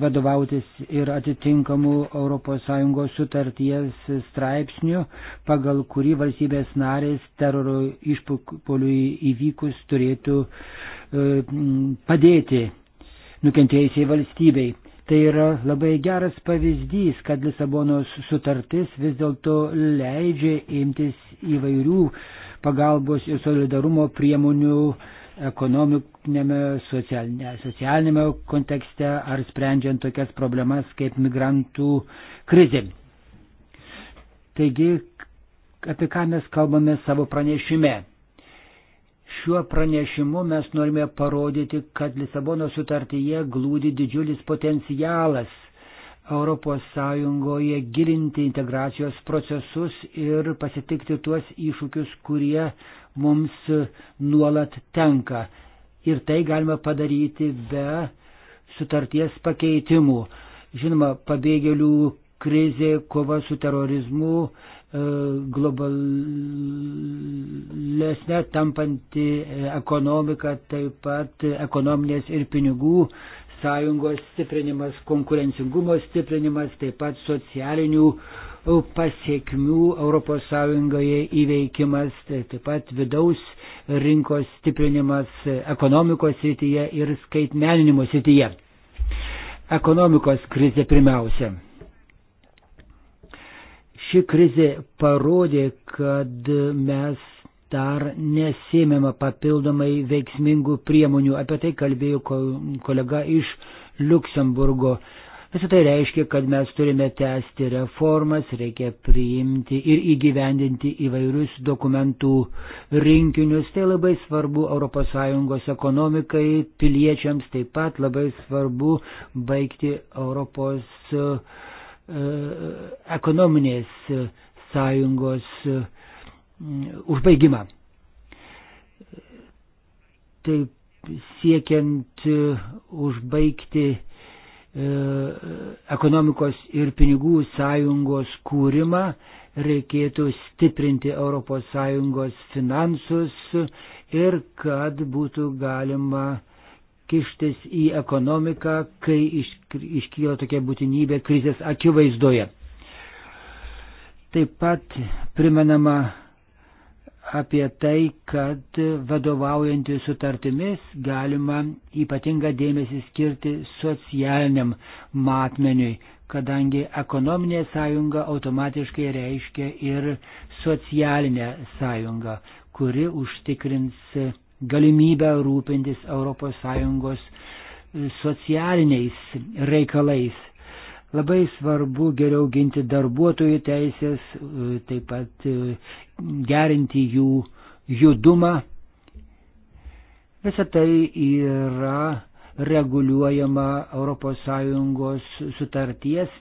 vadovautis ir atitinkamų ES sutarties straipsnių, pagal kurį valstybės narės teroro išpoliui įvykus turėtų e, padėti nukentėjusiai valstybei. Tai yra labai geras pavyzdys, kad Lisabonos sutartis vis dėlto leidžia imtis įvairių pagalbos ir solidarumo priemonių uh, ekonominėme, socialinė, socialinėme kontekste ar sprendžiant tokias problemas kaip migrantų krizė. Taigi, apie ką mes kalbame savo pranešime? Šiuo pranešimu mes norime parodyti, kad Lisabono sutartyje glūdi didžiulis potencialas ES gilinti integracijos procesus ir pasitikti tuos iššūkius, kurie uh, mums nuolat tenka. Ir tai galima padaryti be sutarties pakeitimų. Žinoma, pabėgėlių krizė, kova su terorizmu, e, globalesnė tampanti e, ekonomika, taip pat ekonominės ir pinigų sąjungos stiprinimas, konkurencingumo stiprinimas, taip pat socialinių uh, pasiekmių ES įveikimas, tai taip pat vidaus rinkos stiprinimas ekonomikos srityje ir skaitmeninimo srityje. Ekonomikos krizė pirmiausia. Ši krizė parodė, kad mes dar nesėmėme papildomai veiksmingų priemonių. Apie tai kalbėjo kolega iš Luksemburgo. Visą tai reiškia, kad mes turime tęsti reformas, reikia priimti ir įgyvendinti įvairius dokumentų rinkinius. Tai labai svarbu ES ekonomikai, piliečiams taip pat labai svarbu baigti Europos e, e ekonominės sąjungos e, užbaigimą. Taip siekiant e, užbaigti E, ekonomikos ir pinigų sąjungos kūrimą, reikėtų stiprinti ES finansus ir kad būtų galima kištis į ekonomiką, kai iškyla tokia būtinybė krizės akivaizdoje. Taip pat primenama apie tai, kad vadovaujantį sutartimis galima ypatingą dėmesį skirti socialiniam matmeniui, kadangi ekonominė sąjunga automatiškai reiškia ir socialinę sąjungą, kuri užtikrins galimybę rūpintis ES socialiniais reikalais Labai svarbu geriau ginti darbuotojų teisės, e, taip pat e, gerinti jų judumą. Visą tai yra reguliuojama ES sutarties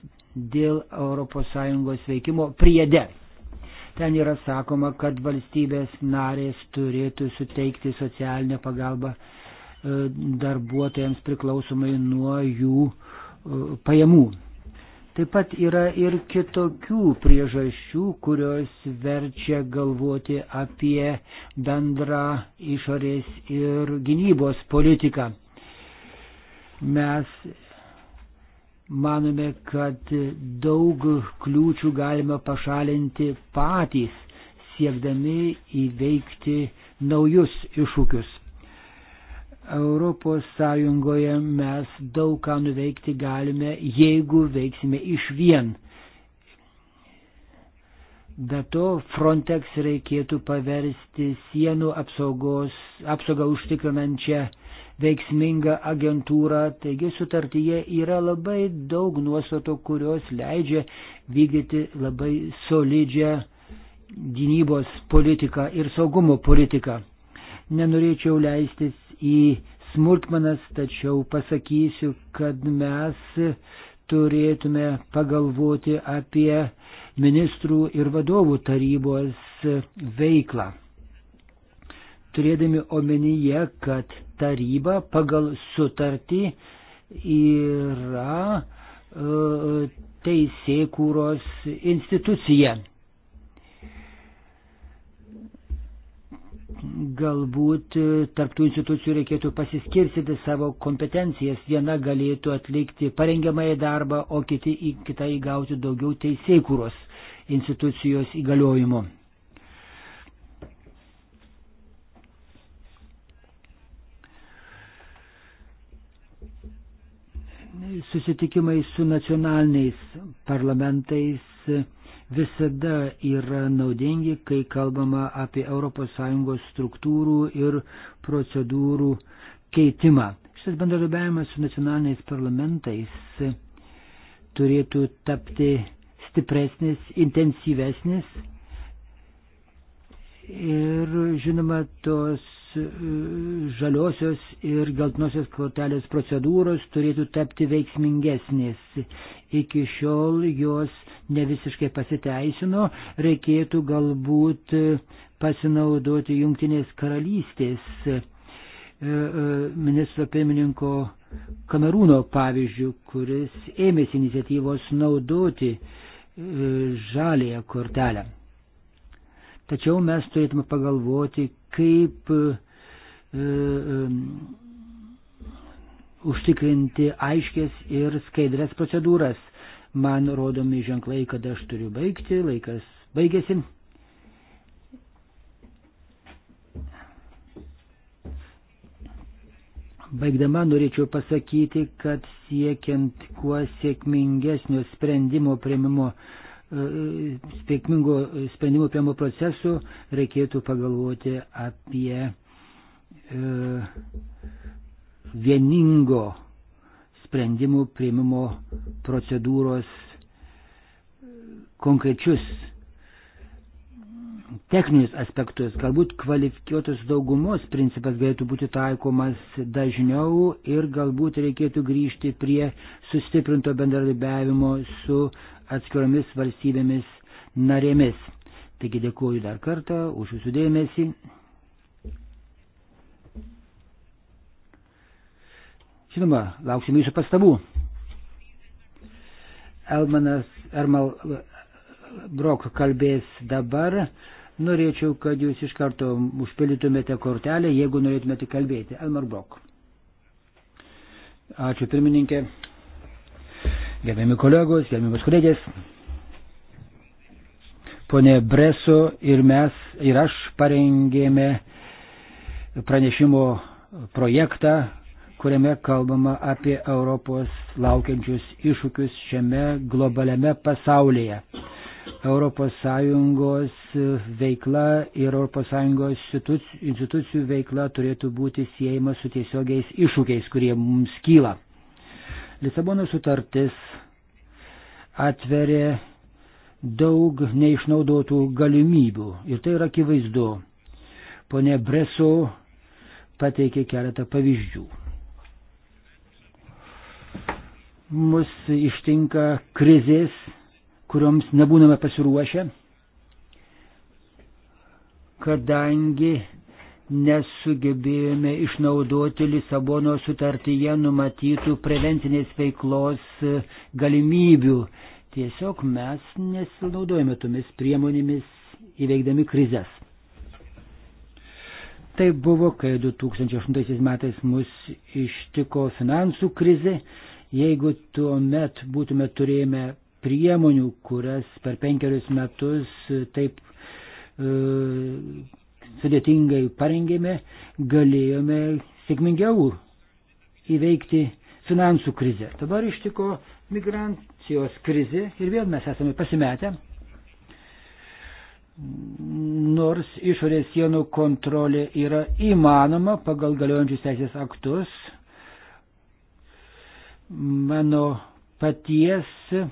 dėl ES veikimo priede. Ten yra sakoma, kad valstybės narės turėtų suteikti socialinę pagalbą e, darbuotojams priklausomai nuo jų pajamų. Taip pat yra ir kitokių priežasčių, kurios verčia galvoti apie bendrą išorės ir gynybos politiką. Mes manome, kad daug kliūčių galima pašalinti patys, siekdami įveikti naujus iššūkius. Europos Sąjungoje mes daug ką nuveikti galime, jeigu veiksime iš vien. Be to, Frontex reikėtų paversti sienų apsaugos, apsaugą užtikrinančią veiksmingą agentūrą. Taigi sutartyje yra labai daug nuostatų, kurios leidžia vykdyti labai solidžią gynybos politiką ir saugumo politiką. Nenorėčiau leistis į smulkmenas, tačiau pasakysiu, kad mes turėtume pagalvoti apie ministrų ir vadovų tarybos veiklą. Turėdami omenyje, kad taryba pagal sutartį yra e, teisėkūros institucija. galbūt e, tarptų institucijų reikėtų pasiskirstyti savo kompetencijas. Viena galėtų atlikti parengiamąją darbą, o kiti į kitą įgauti daugiau teisėkūros institucijos įgaliojimo. Susitikimai su nacionaliniais parlamentais visada yra naudingi, kai kalbama apie ES struktūrų ir procedūrų keitimą. Šitas bendradarbiavimas su nacionaliniais parlamentais turėtų tapti stipresnis, intensyvesnis ir, žinoma, tos e, žaliosios ir geltonosios kortelės procedūros turėtų tapti veiksmingesnės iki šiol jos ne visiškai pasiteisino, reikėtų galbūt pasinaudoti Junktinės karalystės e, e, ministro pirmininko Kamerūno pavyzdžių, kuris ėmėsi iniciatyvos naudoti e, žalėją kortelę. Tačiau mes turėtume pagalvoti, kaip užtikrinti aiškės ir skaidrės procedūras. Man rodomi ženklai, kad aš turiu baigti, laikas baigėsi. Baigdama norėčiau pasakyti, kad siekiant kuo sėkmingesnio sprendimo prieimimo, e, sėkmingo sprendimo prieimimo procesų, reikėtų pagalvoti apie e, vieningo sprendimų prieimimo procedūros konkrečius techninius aspektus. Galbūt kvalifikuotos daugumos principas galėtų būti taikomas dažniau ir galbūt reikėtų grįžti prie sustiprinto bendradarbiavimo su atskiromis valstybėmis narėmis. Taigi dėkuoju dar kartą už jūsų dėmesį. Žinoma, lauksim jūsų pastabų. Elmanas Ermal Brok kalbės dabar. Norėčiau, kad jūs iš karto užpildytumėte kortelę, jeigu norėtumėte kalbėti. Elmar Brok. Ačiū pirmininkė. Gerbiami kolegos, gerbiamas kolegės. Pone Breso ir mes, ir aš parengėme pranešimo projektą, kuriame kalbama apie Europos laukiančius iššūkius šiame globaliame pasaulyje. ES veikla ir ES institucijų veikla turėtų būti siejama su tiesiogiais iššūkiais, kurie mums kyla. Lisabono sutartis atveria daug neišnaudotų galimybių ir tai yra akivaizdu. Pone Breso pateikė keletą pavyzdžių mus ištinka krizės, kurioms nebūname pasiruošę, kadangi nesugebėjome išnaudoti Lisabono sutartyje numatytų prevencinės veiklos e, galimybių. Tiesiog mes nesinaudojame tomis priemonėmis įveikdami krizės. Tai buvo, kai 2008 metais mus ištiko finansų krizė, Jeigu tuo met būtume turėjome priemonių, kurias per penkerius metus taip e, sudėtingai parengėme, galėjome sėkmingiau įveikti finansų krizę. Dabar ištiko migracijos krizė ir vėl mes esame pasimetę. Nors išorės sienų kontrolė yra įmanoma pagal galiojančius teisės aktus, mano paties e,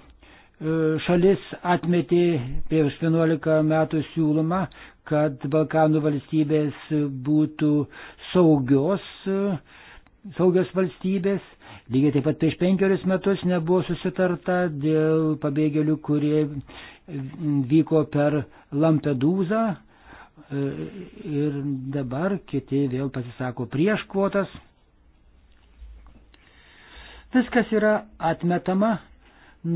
šalis atmetė prieš 11 metų siūlymą, kad Balkanų valstybės būtų saugios, e, saugios valstybės. Lygiai taip pat prieš penkerius metus nebuvo susitarta dėl pabėgėlių, kurie vyko per Lampedūzą. E, ir dabar kiti vėl pasisako prieš kvotas. Viskas yra atmetama,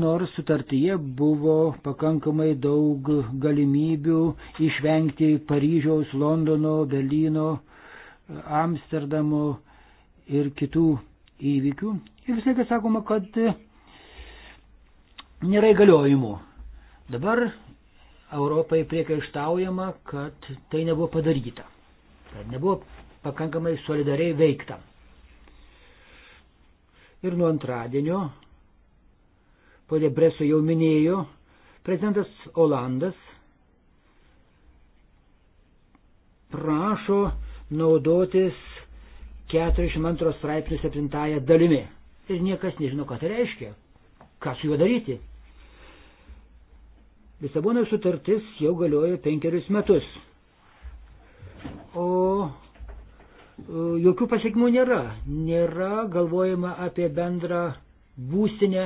nors sutartyje buvo pakankamai daug galimybių išvengti Paryžiaus, Londono, Berlyno, Amsterdamo ir kitų įvykių. Ir visai, kas sakoma, kad nėra įgaliojimų. Dabar Europai priekaištaujama, kad tai nebuvo padaryta, kad nebuvo pakankamai solidariai veikta ir nuo antradienio, ponė Breso jau minėjo, prezidentas Olandas prašo naudotis 42 straipsnių 7 dalimi. Ir niekas nežino, ką tai reiškia, ką su juo daryti. Lisabono sutartis jau galioja penkerius metus. O E, jokių pasiekmių nėra. Nėra galvojama apie bendrą būstinę,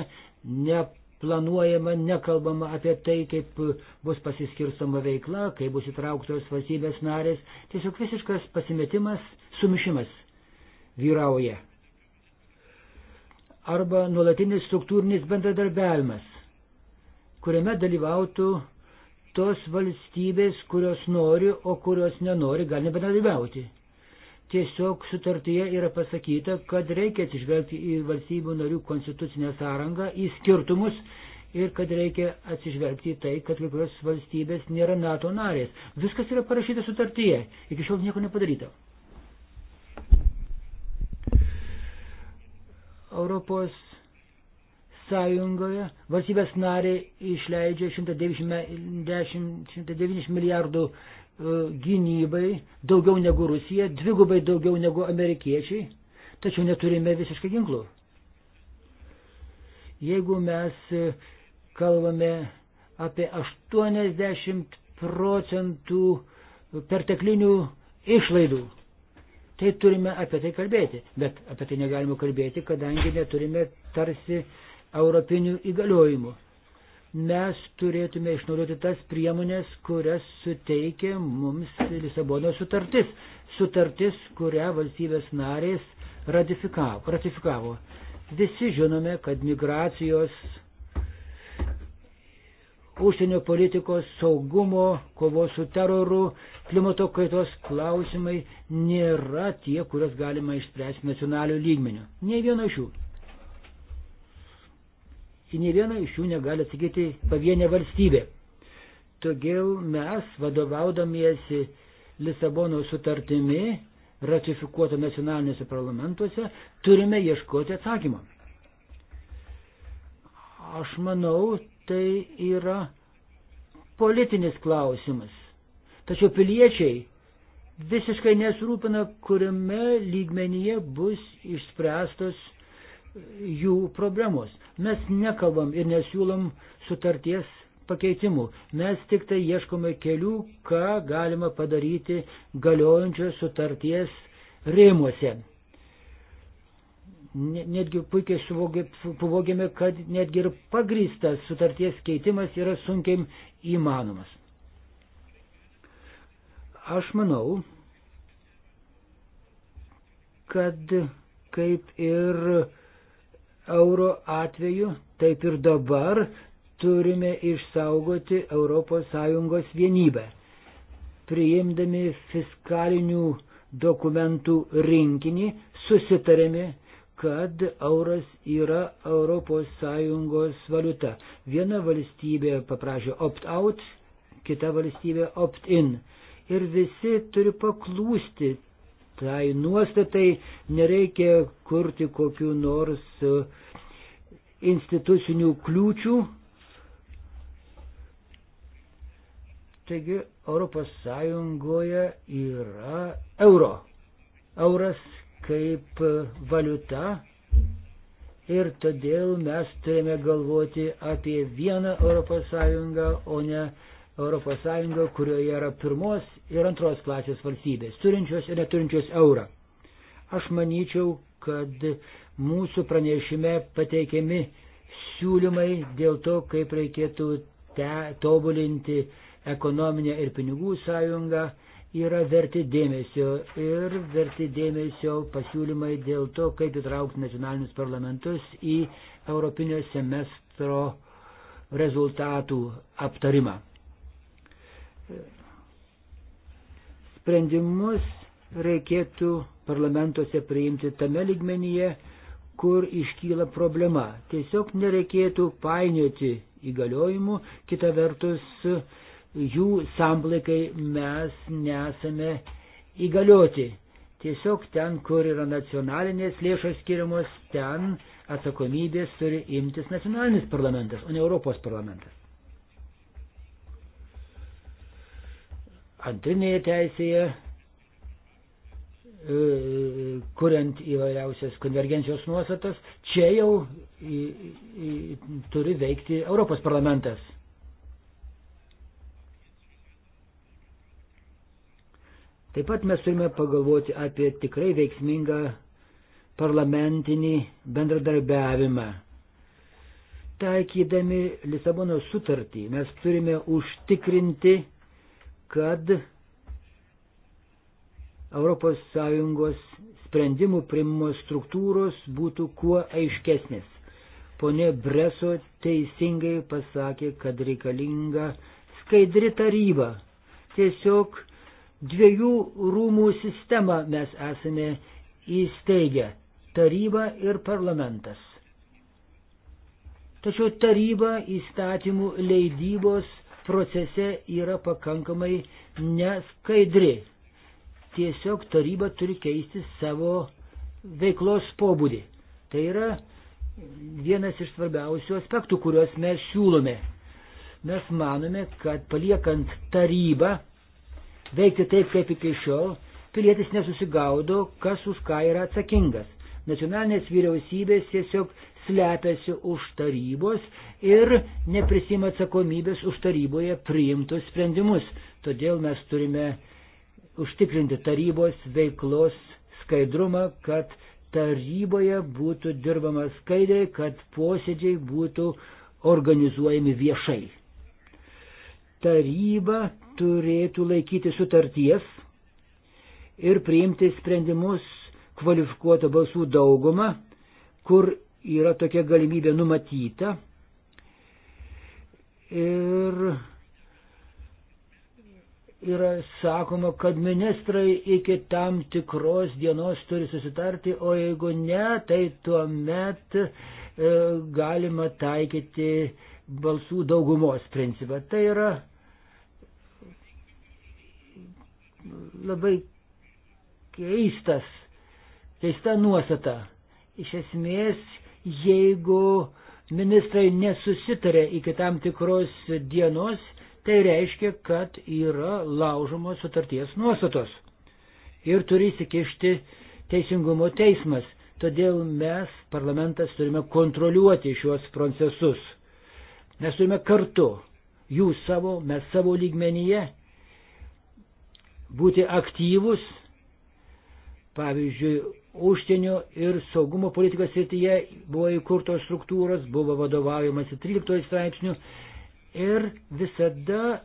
neplanuojama, nekalbama apie tai, kaip bus pasiskirstama veikla, kaip bus įtrauktos valstybės narės. Tiesiog visiškas pasimetimas, sumišimas vyrauja. Arba nuolatinis struktūrinis bendradarbiavimas, kuriame dalyvautų tos valstybės, kurios nori, o kurios nenori, gali nebendradarbiauti. Tiesiog sutartyje yra pasakyta, kad reikia atsižvelgti į valstybių narių konstitucinę sąrangą, į skirtumus ir kad reikia atsižvelgti į tai, kad kai kurios valstybės nėra NATO narės. Viskas yra parašyta sutartyje, iki šiol nieko nepadaryta. Europos sąjungoje valstybės narė išleidžia 190, 190 milijardų E, gynybai daugiau negu Rusija, dvigubai daugiau negu amerikiečiai, tačiau neturime visiškai ginklų. Jeigu mes e, kalbame apie 80 procentų perteklinių išlaidų, tai turime apie tai kalbėti. Bet apie tai negalime kalbėti, kadangi neturime tarsi europinių įgaliojimų mes turėtume išnaudoti tas priemonės, kurias suteikė mums Lisabono sutartis. Sutartis, kurią valstybės narės ratifikavo. ratifikavo. Visi žinome, kad migracijos, užsienio politikos, saugumo, kovos su teroru, klimato kaitos klausimai nėra tie, kuriuos galima išspręsti nacionalių lygmenių. Nei vieno iš jų į ne vieną iš jų negali atsakyti pavienė valstybė. Todėl mes, vadovaudamiesi Lisabono sutartimi, ratifikuota nacionalinėse parlamentuose, turime ieškoti atsakymą. Aš manau, tai yra politinis klausimas. Tačiau piliečiai visiškai nesirūpina, kuriame lygmenyje bus išspręstos jų problemos. Mes nekalbam ir nesiūlom sutarties pakeitimų. Mes tik tai ieškome kelių, ką galima padaryti galiojančios sutarties rėmuose. Netgi puikiai suvokėme, kad netgi ir pagristas sutarties keitimas yra sunkiai įmanomas. Aš manau, kad kaip ir uh, euro atveju, taip ir dabar turime išsaugoti ES vienybę. Priimdami fiskalinių dokumentų rinkinį susitarėme, kad euras yra ES valiuta. Viena valstybė paprašė opt-out, kita valstybė opt-in. Ir visi turi paklūsti tai nuostatai nereikia kurti kokiu nors e, institucinių kliūčių. Taigi Europos Sąjungoje yra euro. Euras kaip e, valiuta ir todėl mes turime galvoti apie vieną Europos Sąjungą, o ne ES, kurioje yra pirmos ir antros klasės valstybės, turinčios ir neturinčios eurą. Aš manyčiau, kad mūsų pranešime pateikiami siūlymai dėl to, kaip reikėtų te, tobulinti ekonominę ir pinigų sąjungą, yra verti dėmesio ir verti dėmesio pasiūlymai dėl to, kaip įtraukti nacionalinius parlamentus į Europinio semestro rezultatų aptarimą. Sprendimus reikėtų parlamentuose priimti tame ligmenyje, kur iškyla problema. Tiesiog nereikėtų painioti įgaliojimų, kita vertus jų samplaikai mes nesame įgalioti. Tiesiog ten, kur yra nacionalinės lėšos skiriamos, ten atsakomybės turi imtis nacionalinis parlamentas, o ne Europos parlamentas. antrinėje teisėje, e, kuriant įvairiausias konvergencijos nuostatas, čia jau į, į, turi veikti Europos parlamentas. Taip pat mes turime pagalvoti apie tikrai veiksmingą parlamentinį bendradarbiavimą. Taikydami Lisabono sutartį mes turime užtikrinti kad ES sprendimų primimo struktūros būtų kuo aiškesnės. Pone Breso teisingai pasakė, kad reikalinga skaidri taryba. Tiesiog dviejų rūmų sistemą mes esame įsteigę - taryba ir parlamentas. Tačiau taryba įstatymų leidybos procese yra pakankamai neskaidri. Tiesiog taryba turi keisti savo veiklos pobūdį. Tai yra vienas iš svarbiausių aspektų, kuriuos mes siūlome. Mes manome, kad paliekant tarybą veikti taip, kaip iki šiol, pilietis nesusigaudo, kas už ką yra atsakingas. Nacionalinės vyriausybės tiesiog slepiasi už tarybos ir neprisima atsakomybės už taryboje priimtus sprendimus. Todėl mes turime užtikrinti tarybos veiklos skaidrumą, kad taryboje būtų dirbama skaidriai, kad posėdžiai būtų organizuojami viešai. Taryba turėtų laikyti sutarties ir priimti sprendimus kvalifikuotą balsų daugumą, kur yra tokia galimybė numatyta. Ir yra sakoma, kad ministrai iki tam tikros dienos turi susitarti, o jeigu ne, tai tuomet e, galima taikyti balsų daugumos principą. Tai yra labai keistas, keista nuostata. Iš esmės Jeigu ministrai nesusitarė iki tam tikros dienos, tai reiškia, kad yra laužomos sutarties nuostatos. Ir turi įsikišti teisingumo teismas. Todėl mes, parlamentas, turime kontroliuoti šiuos procesus. Mes turime kartu, jūs savo, mes savo lygmenyje, būti aktyvus. Pavyzdžiui, užsienio ir saugumo politikos srityje buvo įkurtos struktūros, buvo vadovaujamasi 13 straipsnių ir visada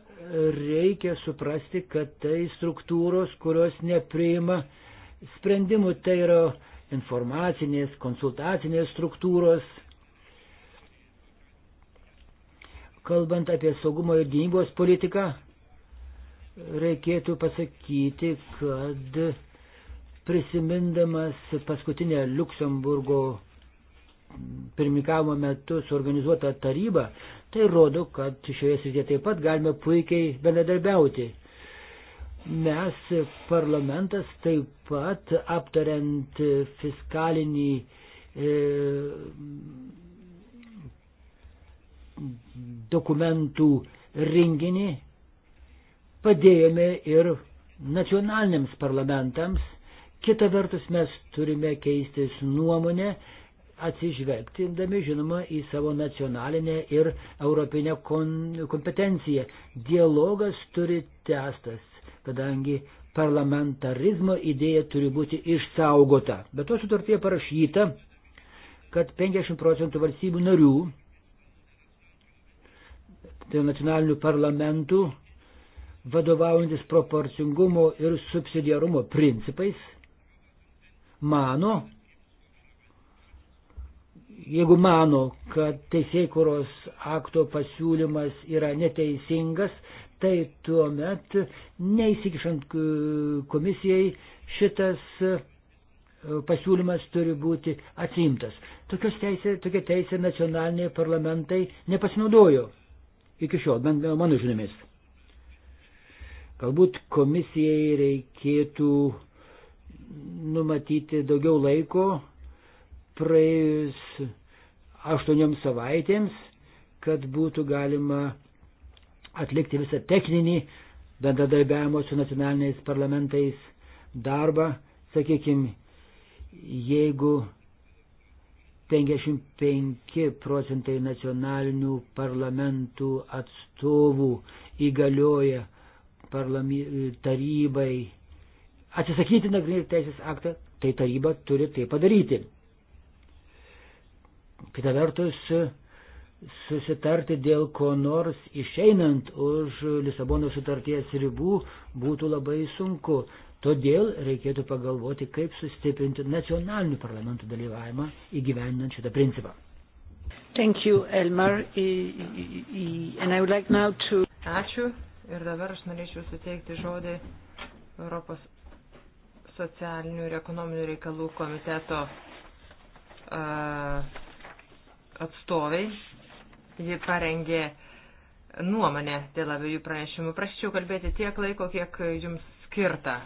reikia suprasti, kad tai struktūros, kurios nepriima sprendimų, tai yra informacinės, konsultacinės struktūros. Kalbant apie saugumo ir gynybos politiką, reikėtų pasakyti, kad prisimindamas paskutinę Luksemburgo pirmikavimo metu suorganizuotą tarybą, tai rodo, kad šioje srityje taip pat galime puikiai bendradarbiauti. Mes, parlamentas, taip pat aptariant fiskalinį e, dokumentų rinkinį, padėjome ir nacionaliniams parlamentams Kita vertus mes turime keistis nuomonę, atsižvelgtindami, žinoma, į savo nacionalinę ir europinę kompetenciją. Dialogas turi tęstas, kadangi parlamentarizmo idėja turi būti išsaugota. Bet to sutartyje parašyta, kad 50 procentų valstybių narių, tai nacionalinių parlamentų, vadovaujantis proporcingumo ir subsidiarumo principais, mano, jeigu mano, kad teisėkuros akto pasiūlymas yra neteisingas, tai tuomet neįsikišant komisijai šitas e, pasiūlymas turi būti atsimtas. Tokios teisė, tokia teisė nacionaliniai parlamentai nepasinaudojo iki šiol, bent mano žiniomis. Galbūt komisijai reikėtų numatyti daugiau laiko praėjus aštuonioms savaitėms, kad būtų galima atlikti visą techninį bendradarbiavimo su nacionaliniais parlamentais darbą, sakykime, jeigu 55 procentai nacionalinių parlamentų atstovų įgalioja tarybai atsisakyti nagrinėti teisės aktą, tai taryba turi tai padaryti. Kita vertus, susitarti dėl ko nors išeinant už Lisabono sutarties ribų būtų labai sunku. Todėl reikėtų pagalvoti, kaip sustiprinti nacionalinių parlamentų dalyvavimą įgyvendinant šitą principą. Thank you, Elmar. I, I, and I would like now to... Ačiū. Ir dabar aš norėčiau suteikti žodį Europos socialinių ir ekonominių reikalų komiteto atstovai. Ji parengė nuomonę dėl abiejų pranešimų. Prašyčiau kalbėti tiek laiko, kiek jums skirta.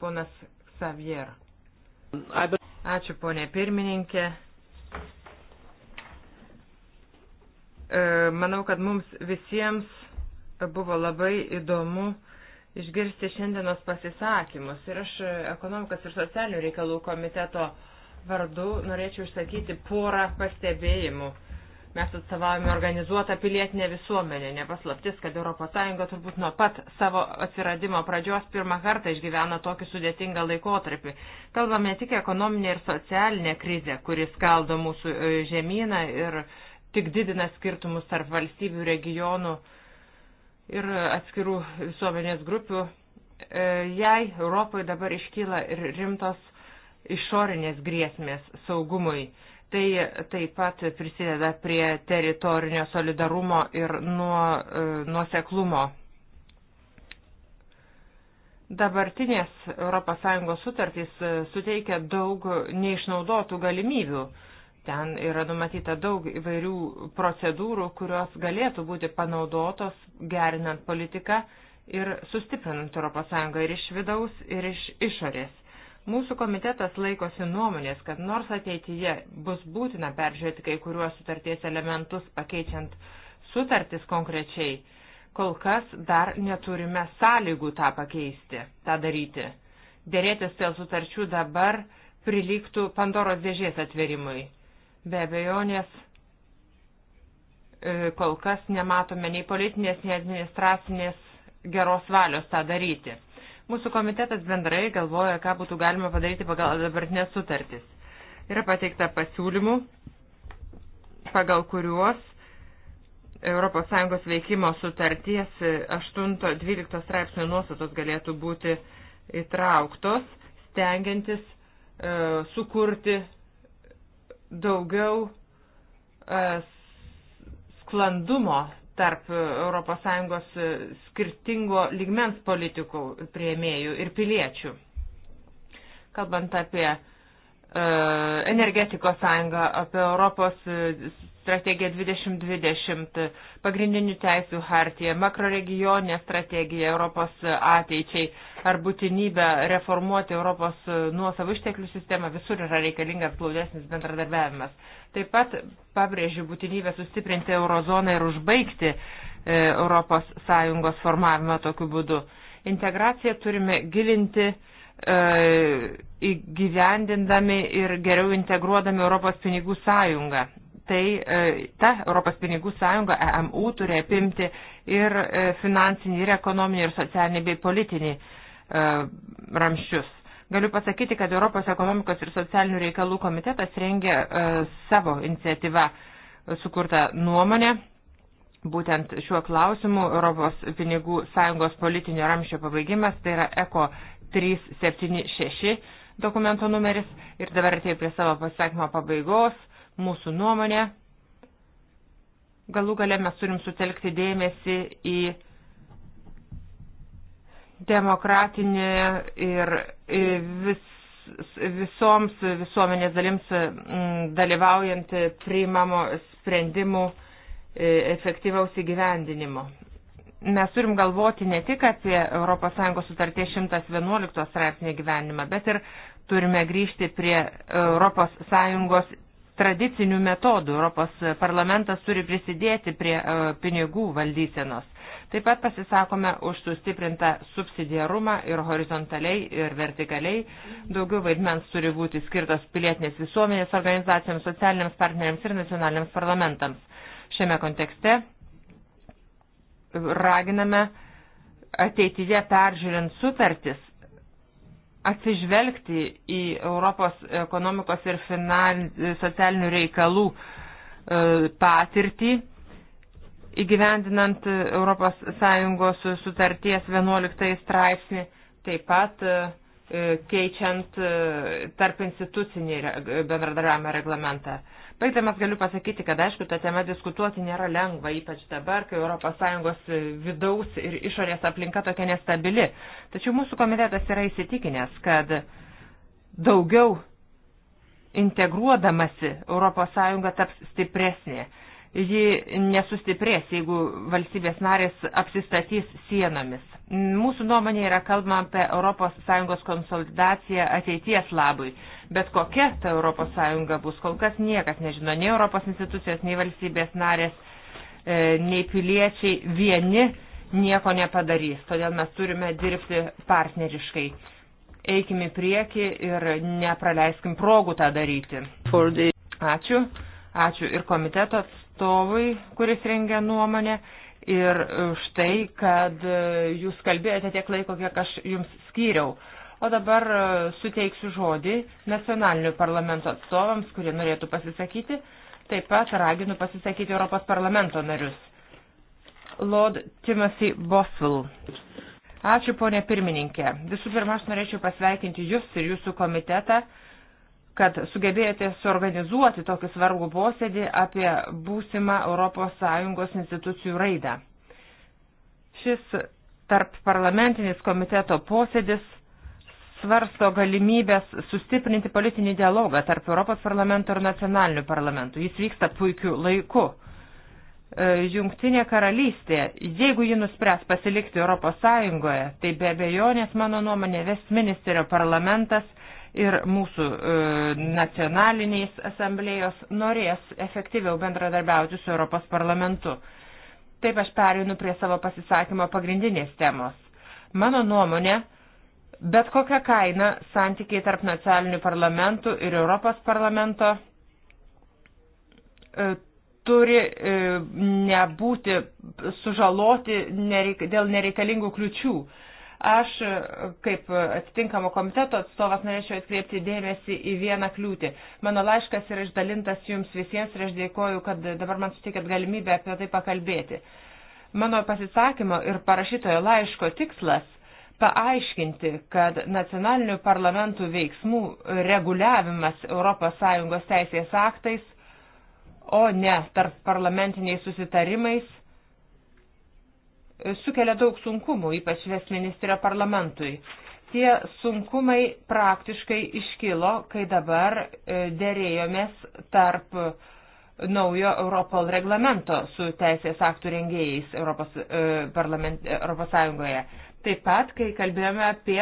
Ponas Xavier. Ačiū, ponė pirmininkė. E, manau, kad mums visiems buvo labai įdomu išgirsti šiandienos pasisakymus. Ir aš e, ekonomikos ir socialinių reikalų komiteto vardu norėčiau išsakyti porą pastebėjimų. Mes atstovavome organizuotą pilietinę visuomenę. Nepaslaptis, kad ES turbūt nuo pat savo atsiradimo pradžios pirmą kartą išgyvena tokį sudėtingą laikotarpį. Kalbame ne tik ekonominė ir socialinė krizė, kuris skaldo mūsų e, žemyną ir tik didina skirtumus tarp valstybių regionų uh, ir atskirų visuomenės grupių, e, jai Europoje dabar iškyla ir rimtos išorinės grėsmės saugumui. Tai taip pat prisideda prie teritorinio solidarumo ir nuo, e, nuoseklumo. Dabartinės ES sutartys e, suteikia daug neišnaudotų galimybių Ten yra numatyta daug įvairių procedūrų, kurios galėtų būti panaudotos gerinant politiką ir sustiprinant ES ir iš vidaus, ir iš išorės. Mūsų komitetas laikosi nuomonės, kad nors ateityje bus būtina peržiūrėti kai kuriuos sutarties elementus pakeičiant sutartis konkrečiai, kol kas dar neturime sąlygų tą pakeisti, tą daryti. Dėrėtis dėl sutarčių dabar prilygtų Pandoros dėžės atverimui. Be abejonės e, kol kas nematome nei politinės, nei administracinės geros valios tą daryti. Mūsų komitetas bendrai galvoja, ką būtų galima padaryti pagal dabartinės sutartis. Yra pateikta pasiūlymų, pagal kuriuos ES veikimo sutarties 8-12 straipsnių nuostatos galėtų būti įtrauktos, stengiantis e, sukurti daugiau e, sklandumo tarp ES skirtingo lygmens politikų prieimėjų ir piliečių. Kalbant apie E, energetikos sąjungą, apie Europos e, strategiją 2020, pagrindinių teisų hartiją, makroregionę strategiją Europos ateičiai ar būtinybę reformuoti Europos nuosavų išteklių sistemą, visur yra reikalingas glaudesnis bendradarbiavimas. Taip pat pabrėžiu būtinybę sustiprinti eurozoną ir užbaigti e, Europos Sąjungos formavimą tokiu būdu. Integraciją turime gilinti E, įgyvendindami ir geriau integruodami Europos pinigų sąjungą. Tai e, ta Europos pinigų sąjunga EMU turi apimti ir e, finansinį, ir ekonominį, ir socialinį bei politinį ramščius. Galiu pasakyti, kad Europos ekonomikos ir socialinių reikalų komitetas rengia savo iniciatyvą sukurtą nuomonę būtent šiuo klausimu Europos pinigų sąjungos politinio ramščio pabaigimas, tai yra eko 376 dokumento numeris ir dabar atėjau prie savo pasakymo pabaigos, mūsų nuomonė. Galų gale mes turim sutelkti dėmesį į demokratinį ir vis, visoms visuomenės dalims mm, dalyvaujant priimamo sprendimų e, efektyvaus įgyvendinimo mes turim galvoti ne tik apie ES sutarties 111 straipsnį gyvenimą, bet ir turime grįžti prie ES tradicinių metodų. Europos parlamentas turi prisidėti prie e, pinigų valdysenos. Taip pat pasisakome už sustiprintą subsidiarumą ir horizontaliai, ir vertikaliai. Daugiau vaidmens turi būti skirtos pilietinės visuomenės organizacijoms, socialiniams partneriams ir nacionaliniams parlamentams. Šiame kontekste raginame ateityje peržiūrint sutartis atsižvelgti į Europos ekonomikos ir finan... socialinių reikalų e, patirtį, įgyvendinant ES sutarties 11 straipsnį, taip pat e, keičiant e, tarp institucinį bendradarbiavimo reglamentą. Baigdamas tai galiu pasakyti, kad aišku, tą temą diskutuoti nėra lengva, ypač dabar, kai ES vidaus ir išorės aplinka tokia nestabili. Tačiau mūsų komitetas yra įsitikinęs, kad daugiau integruodamasi ES taps stipresnė ji nesustiprės, jeigu valstybės narės apsistatys sienomis. Mūsų nuomonė yra kalbama apie ES konsolidaciją ateities labui, bet kokia ta ES bus, kol kas niekas nežino, nei Europos institucijos, nei valstybės narės, e, nei piliečiai vieni nieko nepadarys, todėl mes turime dirbti partneriškai. Eikime į priekį ir nepraleiskim progų tą daryti. Ačiū. Ačiū ir komiteto atstovui, kuris rengia nuomonę ir už e, tai, kad e, jūs kalbėjote tiek laiko, kiek aš jums skyriau. O dabar e, suteiksiu žodį nacionalinių parlamento atstovams, kurie norėtų pasisakyti. Taip pat raginu pasisakyti Europos parlamento narius. Lord Timothy Boswell. Ačiū, ponė pirmininkė. Visų pirma, aš norėčiau pasveikinti Jūs ir Jūsų komitetą kad sugebėjote suorganizuoti tokį svarbų posėdį apie būsimą ES institucijų raidą. Šis tarp parlamentinis komiteto posėdis svarsto galimybės sustiprinti politinį dialogą tarp Europos parlamento ir nacionalinių parlamentų. Jis vyksta puikiu laiku. E, Jungtinė karalystė, jeigu ji nuspręs pasilikti Europos Sąjungoje, tai be abejonės, mano nuomonė, Vestministerio parlamentas ir mūsų e, nacionaliniais asamblėjos norės efektyviau bendradarbiauti su Europos parlamentu. Taip aš perinu prie savo pasisakymo pagrindinės temos. Mano nuomonė, bet kokia kaina santykiai tarp nacionalinių parlamentų ir Europos parlamento e, turi e, nebūti sužaloti nereik, dėl nereikalingų kliučių. Aš, e, kaip atitinkamo komiteto atstovas, norėčiau atkreipti dėmesį į vieną kliūtį. Mano laiškas yra išdalintas jums visiems ir aš dėkoju, kad dabar man suteikėt galimybę apie tai pakalbėti. Mano pasisakymo ir parašytojo laiško tikslas paaiškinti, kad nacionalinių parlamentų veiksmų reguliavimas ES teisės aktais, o ne tarp parlamentiniais susitarimais, sukelia daug sunkumų, ypač Vesministerio parlamentui. Tie sunkumai praktiškai iškilo, kai dabar e, dėrėjomės tarp e, naujo Europol reglamento su teisės aktų rengėjais Europos, e, Europos Sąjungoje. Taip pat, kai kalbėjome apie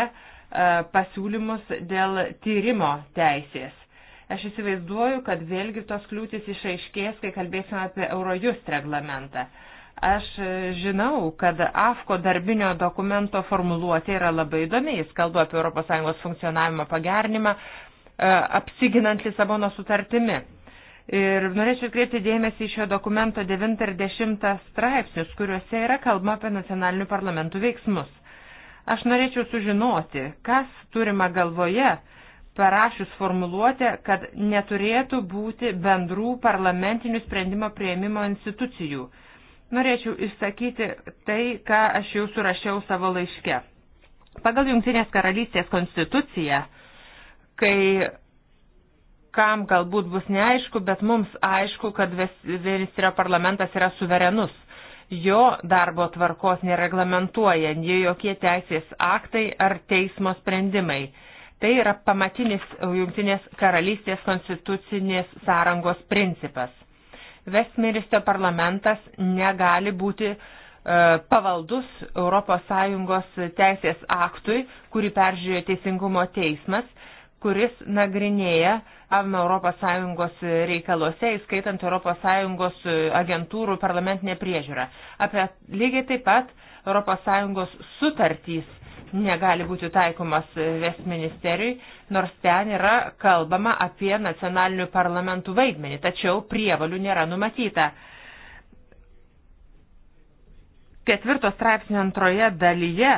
pasiūlymus dėl tyrimo teisės. Aš įsivaizduoju, kad vėlgi tos kliūtis išaiškės, kai kalbėsime apie Eurojust reglamentą. Aš e, žinau, kad AFKO darbinio dokumento formuluotė yra labai įdomi. Jis kalba apie ES funkcionavimo pagernimą, e, apsiginant Lisabono sutartimi. Ir norėčiau kreipti dėmesį į šio dokumento 9 ir 10 straipsnius, kuriuose yra kalba apie nacionalinių parlamentų veiksmus. Aš norėčiau sužinoti, kas turima galvoje, parašius formuluotę, kad neturėtų būti bendrų parlamentinių sprendimo prieimimo institucijų. Norėčiau išsakyti tai, ką aš jau surašiau savo laiške. Pagal Junktinės karalystės konstituciją, kai kam galbūt bus neaišku, bet mums aišku, kad Vestminsterio parlamentas yra suverenus. Jo darbo tvarkos nereglamentuoja nei jokie teisės aktai ar teismo sprendimai. Tai yra pamatinis Junktinės karalystės konstitucinės sąrangos principas. Vestmiristo parlamentas negali būti e, pavaldus ES teisės aktui, kurį peržiūrėjo Teisingumo teismas, kuris nagrinėja ES reikaluose, įskaitant ES agentūrų parlamentinę priežiūrą. Apie lygiai taip pat ES sutartys negali būti taikomas Vestministeriui, nors ten yra kalbama apie nacionalinių parlamentų vaidmenį, tačiau prievalių nėra numatyta. Ketvirto straipsnio antroje dalyje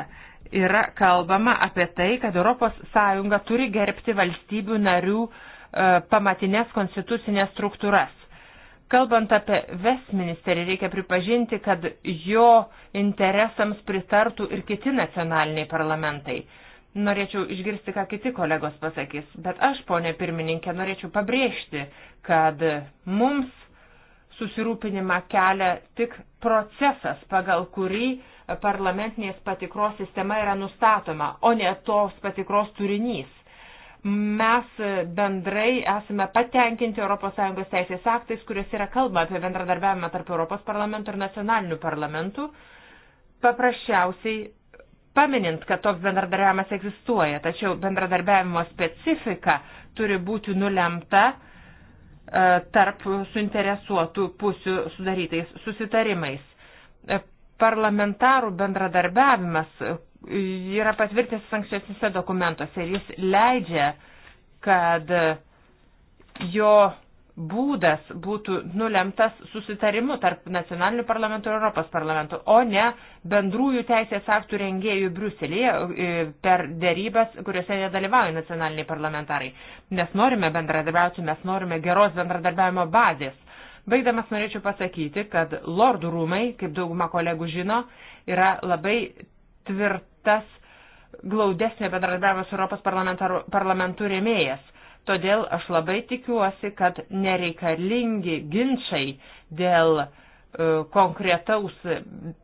yra kalbama apie tai, kad ES turi gerbti valstybių narių e, pamatinės konstitucinės struktūras. Kalbant apie Vesministerį, reikia pripažinti, kad jo interesams pritartų ir kiti nacionaliniai parlamentai. Norėčiau išgirsti, ką kiti kolegos pasakys, bet aš, ponė pirmininkė, norėčiau pabrėžti, kad mums susirūpinimą kelia tik procesas, pagal kurį parlamentinės patikros sistema yra nustatoma, o ne tos patikros turinys. Mes bendrai esame patenkinti ES teisės aktais, kuriuose yra kalba apie bendradarbiavimą tarp Europos parlamento ir nacionalinių parlamentų. Paprasčiausiai paminint, kad toks bendradarbiavimas egzistuoja, tačiau bendradarbiavimo specifika turi būti nulemta e, tarp suinteresuotų pusių sudarytais susitarimais. E, parlamentarų bendradarbiavimas yra patvirtintas ankstesniuose dokumentuose ir jis leidžia, kad jo būdas būtų nulemtas susitarimu tarp nacionalinių parlamentų ir Europos parlamentų, o ne bendrųjų teisės aktų rengėjų Briuselėje e, per dėrybas, kuriuose nedalyvauja nacionaliniai parlamentarai. Mes norime bendradarbiauti, mes norime geros bendradarbiavimo bazės. Baigdamas norėčiau pasakyti, kad lordų rūmai, kaip dauguma kolegų žino, yra labai tvirtas, glaudesnio bendradarbiavimo su Europos parlamentu rėmėjas. Todėl aš labai tikiuosi, kad nereikalingi ginčiai dėl e, konkretaus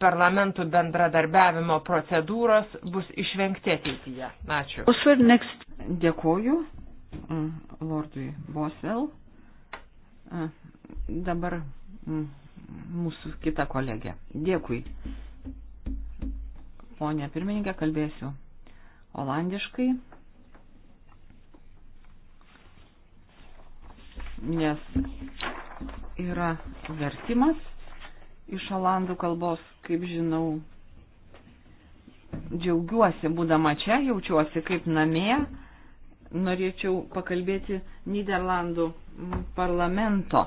parlamentų bendradarbiavimo procedūros bus išvengti ateityje. Ačiū. Dėkuoju mm, Lordui Boswell. E, dabar mm, mūsų kita kolegė. Dėkui ponė pirmininkė, kalbėsiu olandiškai, nes yra vertimas iš olandų kalbos, kaip žinau, džiaugiuosi būdama čia, jaučiuosi kaip namie, norėčiau pakalbėti Niderlandų parlamento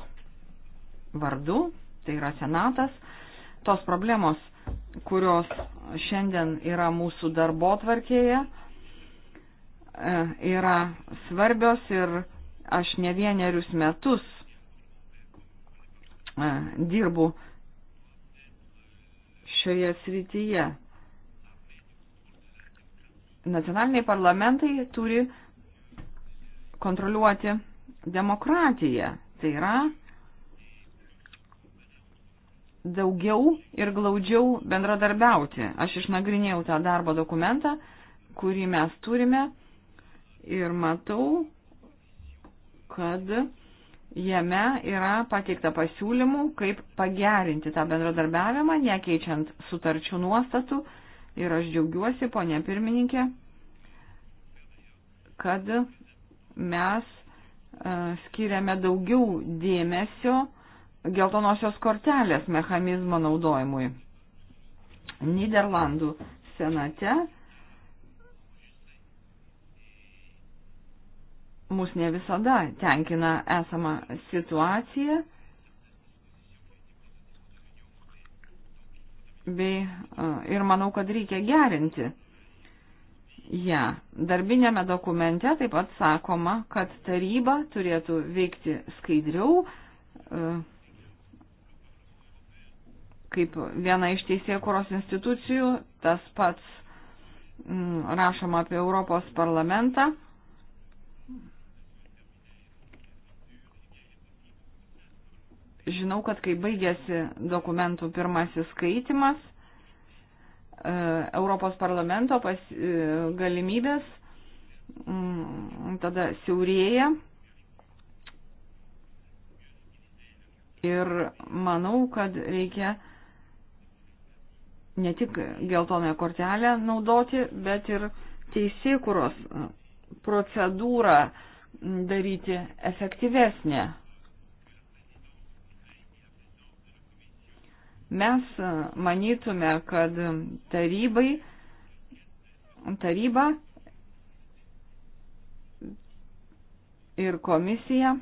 vardu, tai yra senatas, tos problemos, kurios šiandien yra mūsų darbo tvarkėje, e, yra svarbios ir aš ne vienerius metus e, dirbu šioje srityje. Nacionaliniai parlamentai turi kontroliuoti demokratiją. Tai yra, daugiau ir glaudžiau bendradarbiauti. Aš išnagrinėjau tą darbo dokumentą, kurį mes turime ir matau, kad jame yra pateikta pasiūlymų, kaip pagerinti tą bendradarbiavimą, nekeičiant sutarčių nuostatų. Ir aš džiaugiuosi, ponė pirmininkė, kad mes e, skiriame daugiau dėmesio geltonosios kortelės mechanizmo naudojimui. Niderlandų senate mus ne visada tenkina esama situacija bei, ir manau, kad reikia gerinti ją. Ja, darbinėme dokumente taip pat sakoma, kad taryba turėtų veikti skaidriau, uh, kaip viena iš teisėkuros institucijų, tas pats m, mm, rašoma apie Europos parlamentą. Žinau, kad kai baigėsi dokumentų pirmasis skaitimas, e, Europos parlamento pas, e, galimybės mm, tada siaurėja. Ir manau, kad reikia ne tik geltonąją kortelę naudoti, bet ir teisėkuros e, procedūrą daryti efektyvesnė. Mes e, manytume, kad tarybai, taryba ir komisija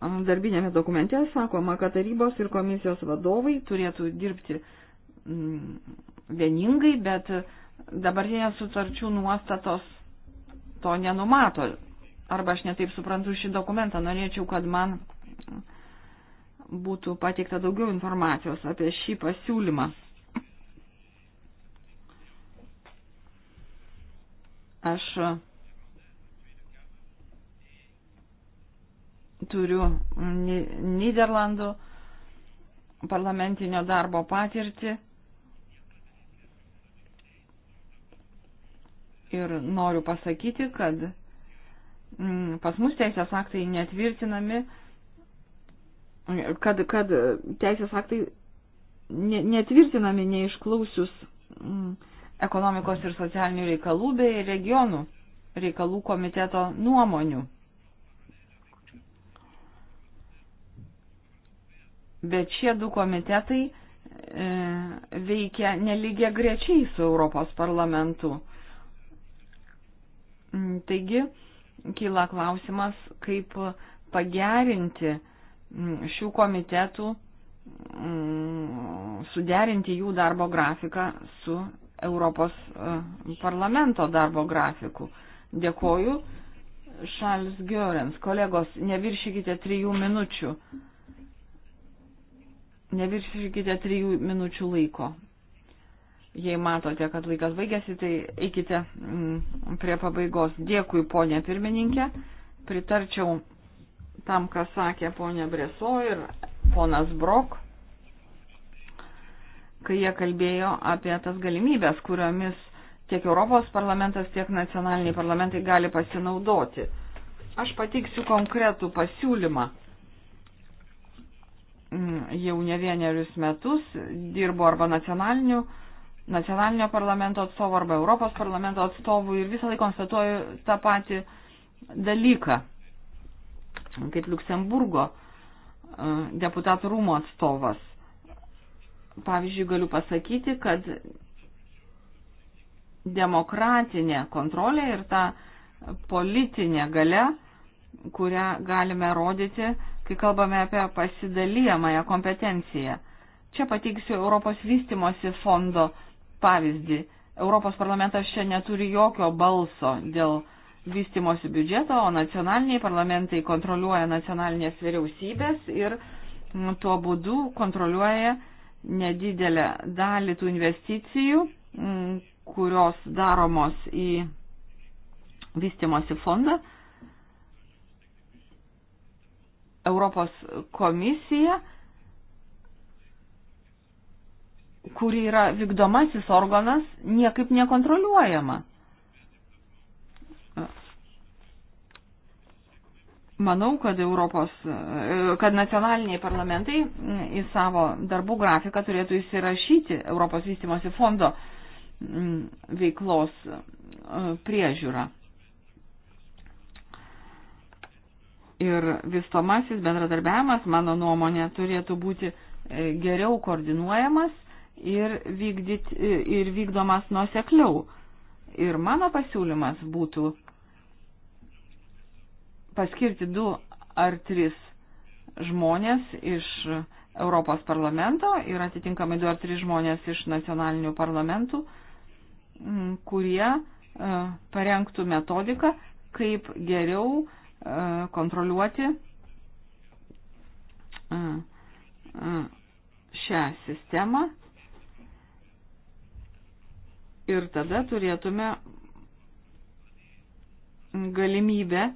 darbinėme dokumente sakoma, kad tarybos ir komisijos vadovai turėtų dirbti mm, vieningai, bet dabartinės sutarčių nuostatos to nenumato. Arba aš netaip suprantu šį dokumentą, norėčiau, kad man būtų pateikta daugiau informacijos apie šį pasiūlymą. Aš turiu Niderlandų parlamentinio darbo patirtį ir noriu pasakyti, kad mm, pas mus teisės aktai netvirtinami, kad, kad teisės aktai netvirtinami neišklausius mm, ekonomikos ir socialinių reikalų bei regionų reikalų komiteto nuomonių. Bet šie du komitetai e, veikia neligia grečiai su Europos parlamentu. Mm, taigi, kyla klausimas, kaip pagerinti mm, šių komitetų, mm, suderinti jų darbo grafiką su Europos e, parlamento darbo grafiku. Dėkoju. Šalis Giorens, kolegos, neviršykite trijų minučių neviršykite trijų minučių laiko. Jei matote, kad laikas baigėsi, tai eikite mm, prie pabaigos. Dėkui, ponė pirmininkė. Pritarčiau tam, ką sakė ponė Breso ir ponas Brok, kai jie kalbėjo apie tas galimybės, kuriomis tiek Europos parlamentas, tiek nacionaliniai parlamentai gali pasinaudoti. Aš pateiksiu konkretų pasiūlymą Mm, jau ne vienerius metus dirbu arba nacionaliniu, nacionalinio parlamento atstovu, arba Europos parlamento atstovu ir visą laiką konstatuoju tą patį dalyką, kaip Luksemburgo e, deputatų rūmų atstovas. Pavyzdžiui, galiu pasakyti, kad demokratinė kontrolė ir ta politinė gale, kurią galime rodyti, kai kalbame apie pasidalyjamąją kompetenciją. Čia pateiksiu Europos vystimosi fondo pavyzdį. Europos parlamentas čia neturi jokio balso dėl vystimosi biudžeto, o nacionaliniai parlamentai kontroliuoja nacionalinės vyriausybės ir mm, tuo būdu kontroliuoja nedidelę dalį tų investicijų, mm, kurios daromos į vystimosi fondą. Europos komisija, kuri yra vykdomasis organas, niekaip nekontroliuojama. manau, kad, Europos, kad nacionaliniai parlamentai į savo darbų grafiką turėtų įsirašyti Europos vystimosi fondo veiklos priežiūrą. ir vystomasis bendradarbiavimas, mano nuomonė, turėtų būti e, geriau koordinuojamas ir, vykdyt, e, ir vykdomas nuosekliau. Ir mano pasiūlymas būtų paskirti du ar tris žmonės iš Europos parlamento ir atitinkamai du ar tris žmonės iš nacionalinių parlamentų, kurie e, parengtų metodiką, kaip geriau kontroliuoti šią sistemą ir tada turėtume galimybę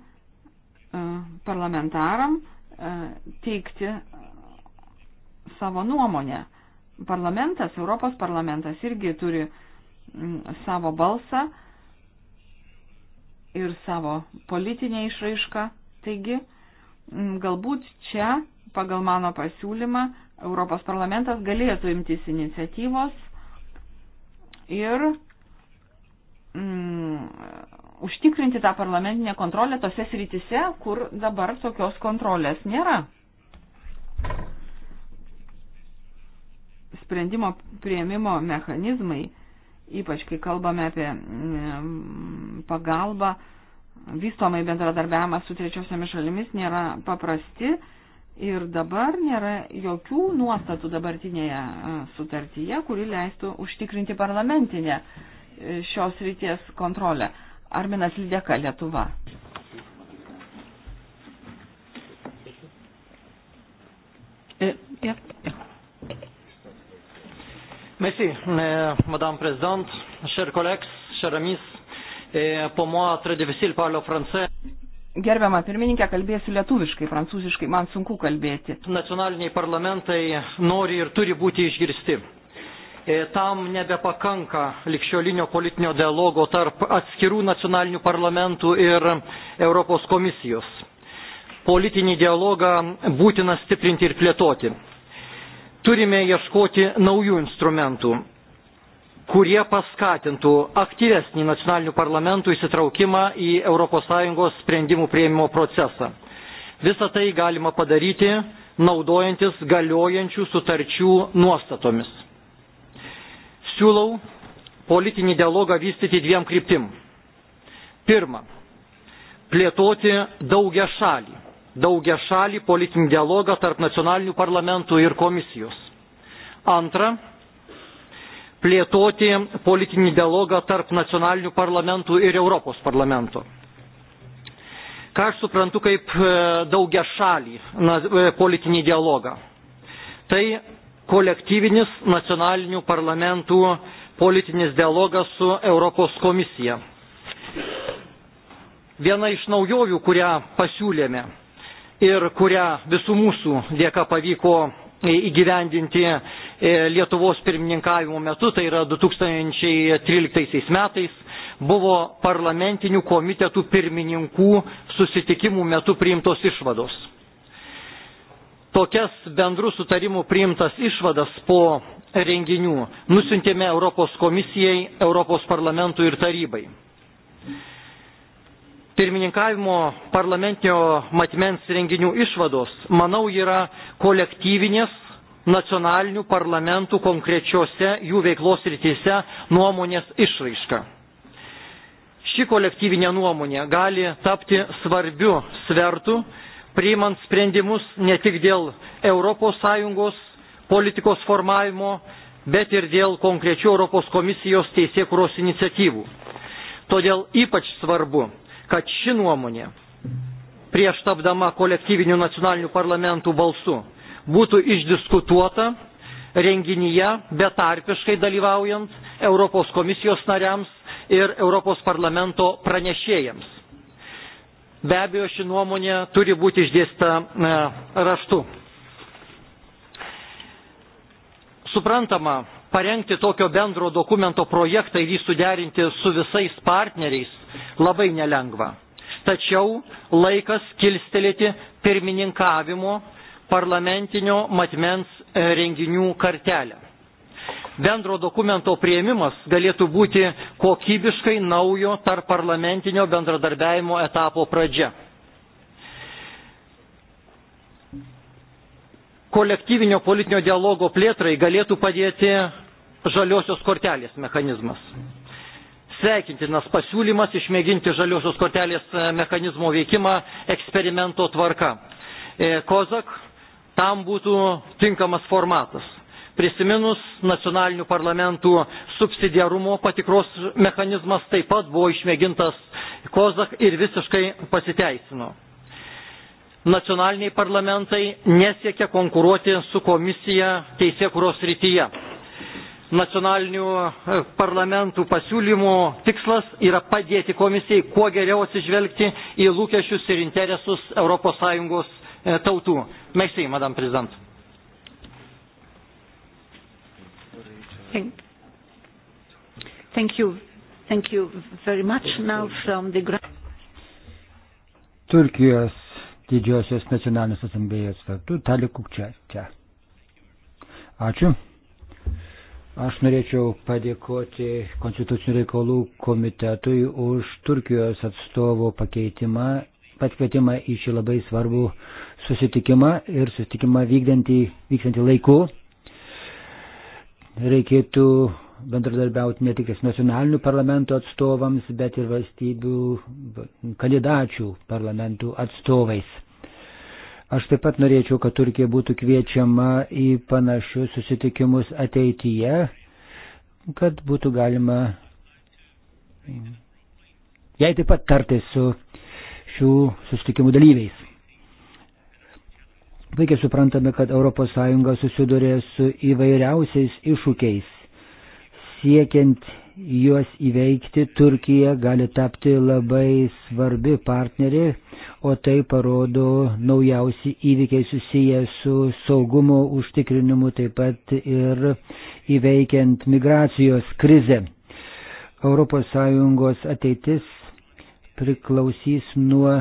parlamentaram teikti savo nuomonę. Parlamentas, Europos parlamentas irgi turi savo balsą ir savo politinę išraišką. Taigi, galbūt čia, pagal mano pasiūlymą, Europos parlamentas galėtų imtis iniciatyvos ir mm, užtikrinti tą parlamentinę kontrolę tose srityse, kur dabar tokios kontrolės nėra. Sprendimo prieimimo mechanizmai ypač kai kalbame apie mm, pagalbą, vystomai bendradarbiavimas su trečiosiomis šalimis nėra paprasti ir dabar nėra jokių nuostatų dabartinėje e, sutartyje, kuri leistų užtikrinti parlamentinę e, šios ryties kontrolę. Arminas Lydeka, Lietuva. Yep. Merci, euh, Madame la Présidente, chers collègues, chers amis. Et pour moi, très difficile parler français. Gerbiama pirmininkė, kalbėsiu lietuviškai, prancūziškai, man sunku kalbėti. Nacionaliniai parlamentai nori ir turi būti išgirsti. E, tam nebepakanka likščiolinio politinio dialogo tarp atskirų nacionalinių parlamentų ir Europos komisijos. Politinį dialogą būtina stiprinti ir plėtoti turime ieškoti naujų instrumentų kurie paskatintų aktyvesnį nacionalinių parlamentų įsitraukimą į ES sprendimų prieimimo procesą. Visą tai galima padaryti naudojantis galiojančių sutarčių nuostatomis. Siūlau politinį dialogą vystyti dviem kryptim. Pirma, plėtoti daugia šalį daugia šalį politinį dialogą tarp nacionalinių parlamentų ir komisijos. Antra, plėtoti politinį dialogą tarp nacionalinių parlamentų ir Europos parlamento. Ką aš suprantu kaip e, daugia šalį na, e, politinį dialogą? Tai kolektyvinis nacionalinių parlamentų politinis dialogas su Europos komisija. Viena iš naujovių, kurią pasiūlėme ir kurią visų mūsų dėka pavyko įgyvendinti e, Lietuvos pirmininkavimo metu, tai yra 2013 metais, buvo parlamentinių komitetų pirmininkų susitikimų metu priimtos išvados. Tokias bendrų sutarimų priimtas išvadas po renginių nusintėme Europos komisijai, Europos parlamentui ir tarybai pirmininkavimo parlamentinio matmens renginių išvados, manau, yra kolektyvinės nacionalinių parlamentų konkrečiose jų veiklos rytise nuomonės išraiška. Ši kolektyvinė nuomonė gali tapti svarbiu svertu, priimant sprendimus ne tik dėl ES politikos formavimo, bet ir dėl konkrečių Europos komisijos teisėkuros iniciatyvų. Todėl ypač svarbu kad ši nuomonė prieš tapdama kolektyvinių nacionalinių parlamentų balsu būtų išdiskutuota renginyje betarpiškai dalyvaujant Europos komisijos nariams ir Europos parlamento pranešėjams. Be abejo, ši nuomonė turi būti išdėsta e, raštu. Suprantama, parengti tokio bendro dokumento projektą ir jį suderinti su visais partneriais labai nelengva. Tačiau laikas kilstelėti pirmininkavimo parlamentinio matmens e, renginių kartelę. Bendro dokumento prieimimas galėtų būti kokybiškai naujo tarp parlamentinio bendradarbiajimo etapo pradžia kolektyvinio politinio dialogo plėtrai galėtų padėti žaliosios kortelės mechanizmas. Sveikintinas pasiūlymas išmėginti žaliosios kortelės e, mechanizmo veikimą eksperimento tvarka. E, Kozak tam būtų tinkamas formatas. Prisiminus nacionalinių parlamentų subsidiarumo patikros mechanizmas taip pat buvo išmėgintas Kozak ir visiškai pasiteisino nacionaliniai parlamentai nesiekia konkuruoti su komisija teisėkuros rytyje. Nacionalinių e, parlamentų pasiūlymų tikslas yra padėti komisijai kuo geriau atsižvelgti į lūkesčius ir interesus ES e, tautų. Merci, Madame Présidente. Thank, thank you. Thank you very much now from the Turkijos didžiosios nacionalinės asamblėjos vardu Tali Kukčia. Čia. Ačiū. Aš norėčiau padėkoti Konstitucinių reikalų komitetui už Turkijos atstovų pakeitimą, pakvietimą į šį labai svarbų susitikimą ir susitikimą vykdantį, vykstantį laiku. Reikėtų bendradarbiauti ne tik nacionalinių parlamentų atstovams, bet ir valstybių kandidačių parlamentų atstovais. Aš taip pat norėčiau, kad Turkija būtų kviečiama į panašius susitikimus ateityje, kad būtų galima jai taip pat tartis su šių susitikimų dalyviais. Puikiai suprantame, kad ES susidurė su įvairiausiais iššūkiais siekiant juos įveikti, Turkija gali tapti labai svarbi partnerė, o tai parodo naujausi įvykiai susiję su saugumo užtikrinimu, taip pat ir įveikiant migracijos krizę. ES ateitis priklausys nuo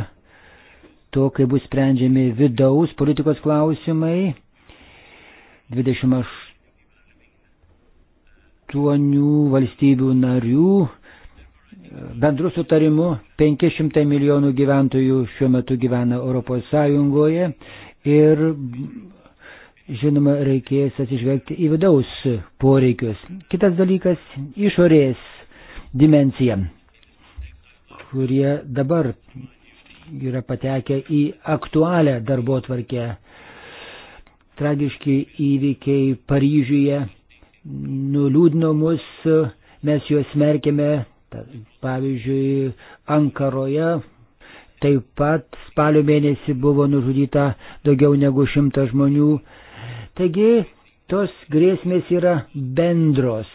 to, kai bus sprendžiami vidaus politikos klausimai. 28 aštuonių valstybių narių e, bendru sutarimu 500 milijonų gyventojų šiuo metu gyvena Europos Sąjungoje ir žinoma reikės atsižvelgti į vidaus poreikius. Kitas dalykas - išorės dimencija, kurie dabar yra patekę į aktualią darbo tvarkę. Tragiški įvykiai Paryžiuje nuliūdino mus, mes juos smerkėme, pavyzdžiui, Ankaroje. Taip pat spalio mėnesį buvo nužudyta daugiau negu šimta žmonių. Taigi, tos grėsmės yra bendros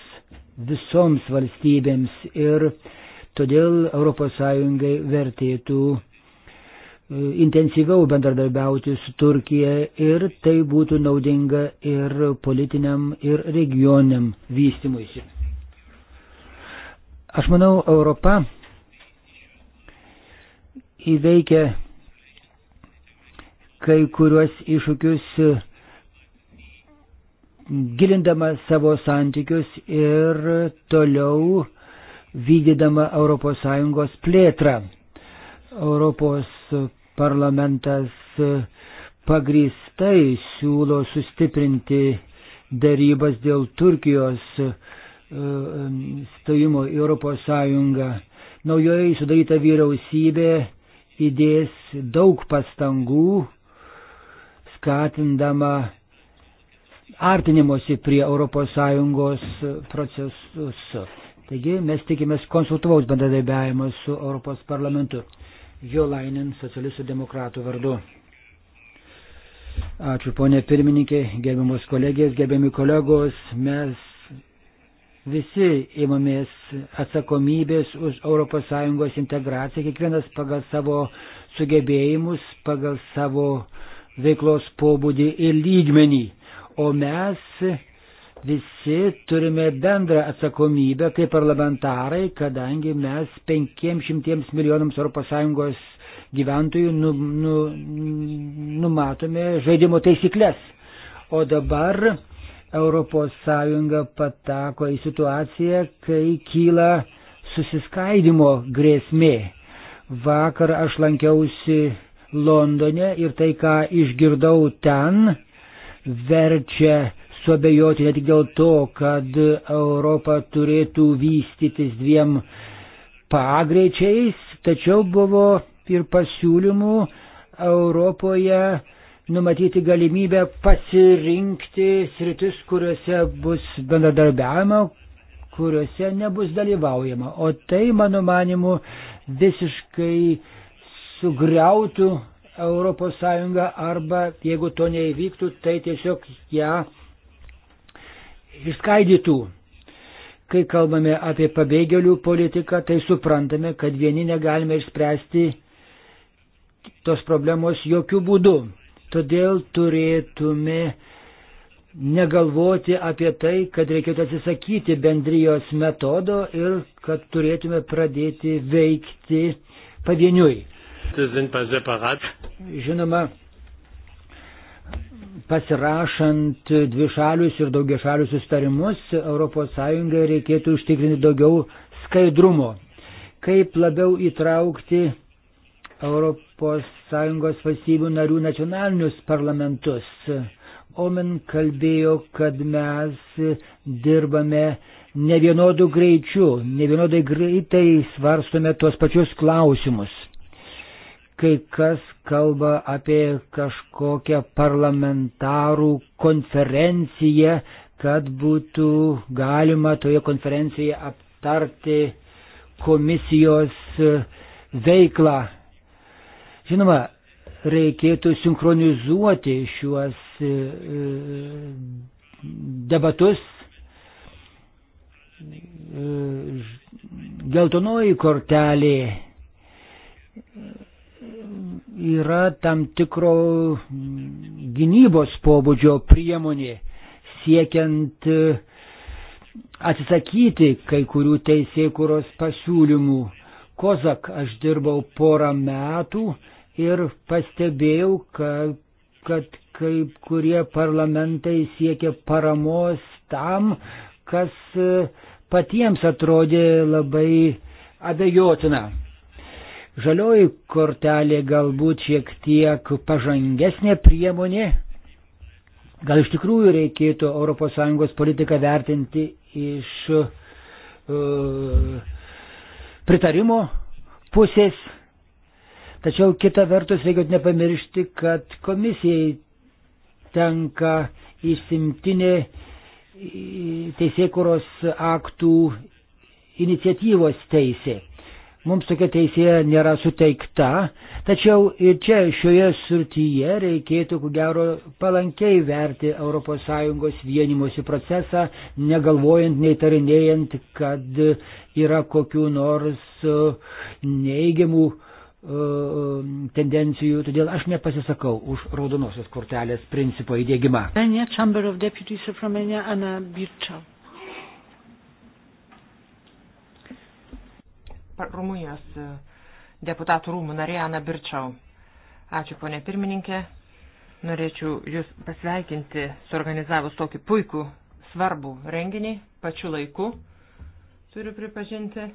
visoms valstybėms ir todėl ES vertėtų intensyviau bendradarbiauti su Turkija ir tai būtų naudinga ir politiniam, ir regioniniam vystimuisi. Aš manau, Europa įveikia kai kuriuos iššūkius gilindama savo santykius ir toliau vykdydama ES plėtrą. Europos parlamentas pagrįstai siūlo sustiprinti darybas dėl Turkijos e, stojimo į Europos Sąjungą. Naujoji sudaryta vyriausybė įdės daug pastangų, skatindama artinimuose prie ES procesus. Taigi mes tikimės konsultuvaus bendradarbiavimo su Europos parlamentu. Jolainin socialistų demokratų vardu. Ačiū ponė pirmininkė, gerbiamos kolegės, gerbiami kolegos, mes visi imamės atsakomybės už ES integraciją, kiekvienas pagal savo sugebėjimus, pagal savo veiklos pobūdį ir lygmenį. O mes visi turime bendrą atsakomybę kaip parlamentarai, kadangi mes 500 milijonams ES gyventojų nu, nu, numatome žaidimo taisyklės. O dabar ES patako į situaciją, kai kyla susiskaidimo grėsmė. Vakar aš lankiausi Londone ir tai, ką išgirdau ten, verčia suabejoti ne tik dėl to, kad Europa turėtų vystytis dviem pagreičiais, tačiau buvo ir pasiūlymų Europoje numatyti galimybę pasirinkti sritis, kuriuose bus bendradarbiavimo, kuriuose nebus dalyvaujama. O tai, mano manimu, visiškai sugriautų ES arba, jeigu to neįvyktų, tai tiesiog ją išskaidytų. Kai kalbame apie pabėgėlių politiką, tai suprantame, kad vieni negalime išspręsti tos problemos jokių būdų. Todėl turėtume negalvoti apie tai, kad reikėtų atsisakyti bendrijos metodo ir kad turėtume pradėti veikti pavieniui. Žinoma, pasirašant dvišalius ir daugiašalius sustarimus, ES reikėtų užtikrinti daugiau skaidrumo. Kaip labiau įtraukti ES valstybių narių nacionalinius parlamentus? Omen kalbėjo, kad mes dirbame nevienodų greičių, nevienodai greitai svarstome tuos pačius klausimus kai kas kalba apie kažkokią parlamentarų konferenciją, kad būtų galima toje konferencijoje aptarti komisijos veiklą. Žinoma, reikėtų sinchronizuoti šiuos e, debatus. E, geltonoji kortelė yra tam tikro gynybos pobūdžio priemonė siekiant e, atsisakyti kai kurių teisėkuros pasiūlymų. Kozak aš dirbau porą metų ir pastebėjau, kad, kad kaip kurie parlamentai siekia paramos tam, kas e, patiems atrodė labai abejotina. Žalioji kortelė galbūt šiek tiek pažangesnė priemonė. Gal iš tikrųjų reikėtų ES politiką vertinti iš uh, pritarimo pusės. Tačiau kita vertus reikia nepamiršti, kad komisijai tenka išsimtinė e, teisėkuros aktų iniciatyvos teisė mums tokia teisė nėra suteikta, tačiau ir čia šioje srityje reikėtų, ku gero, palankiai verti ES vienimosi procesą, negalvojant, neįtarinėjant, kad yra kokių nors e, neigiamų e, tendencijų, todėl aš nepasisakau už raudonosios kortelės principo įdėgymą. Anna Birčau. Rumunijos e, deputatų rūmų narė Ana Birčiau. Ačiū, ponė pirmininkė. Norėčiau Jūs pasveikinti, suorganizavus tokį puikų, svarbų renginį, pačiu laiku, turiu pripažinti.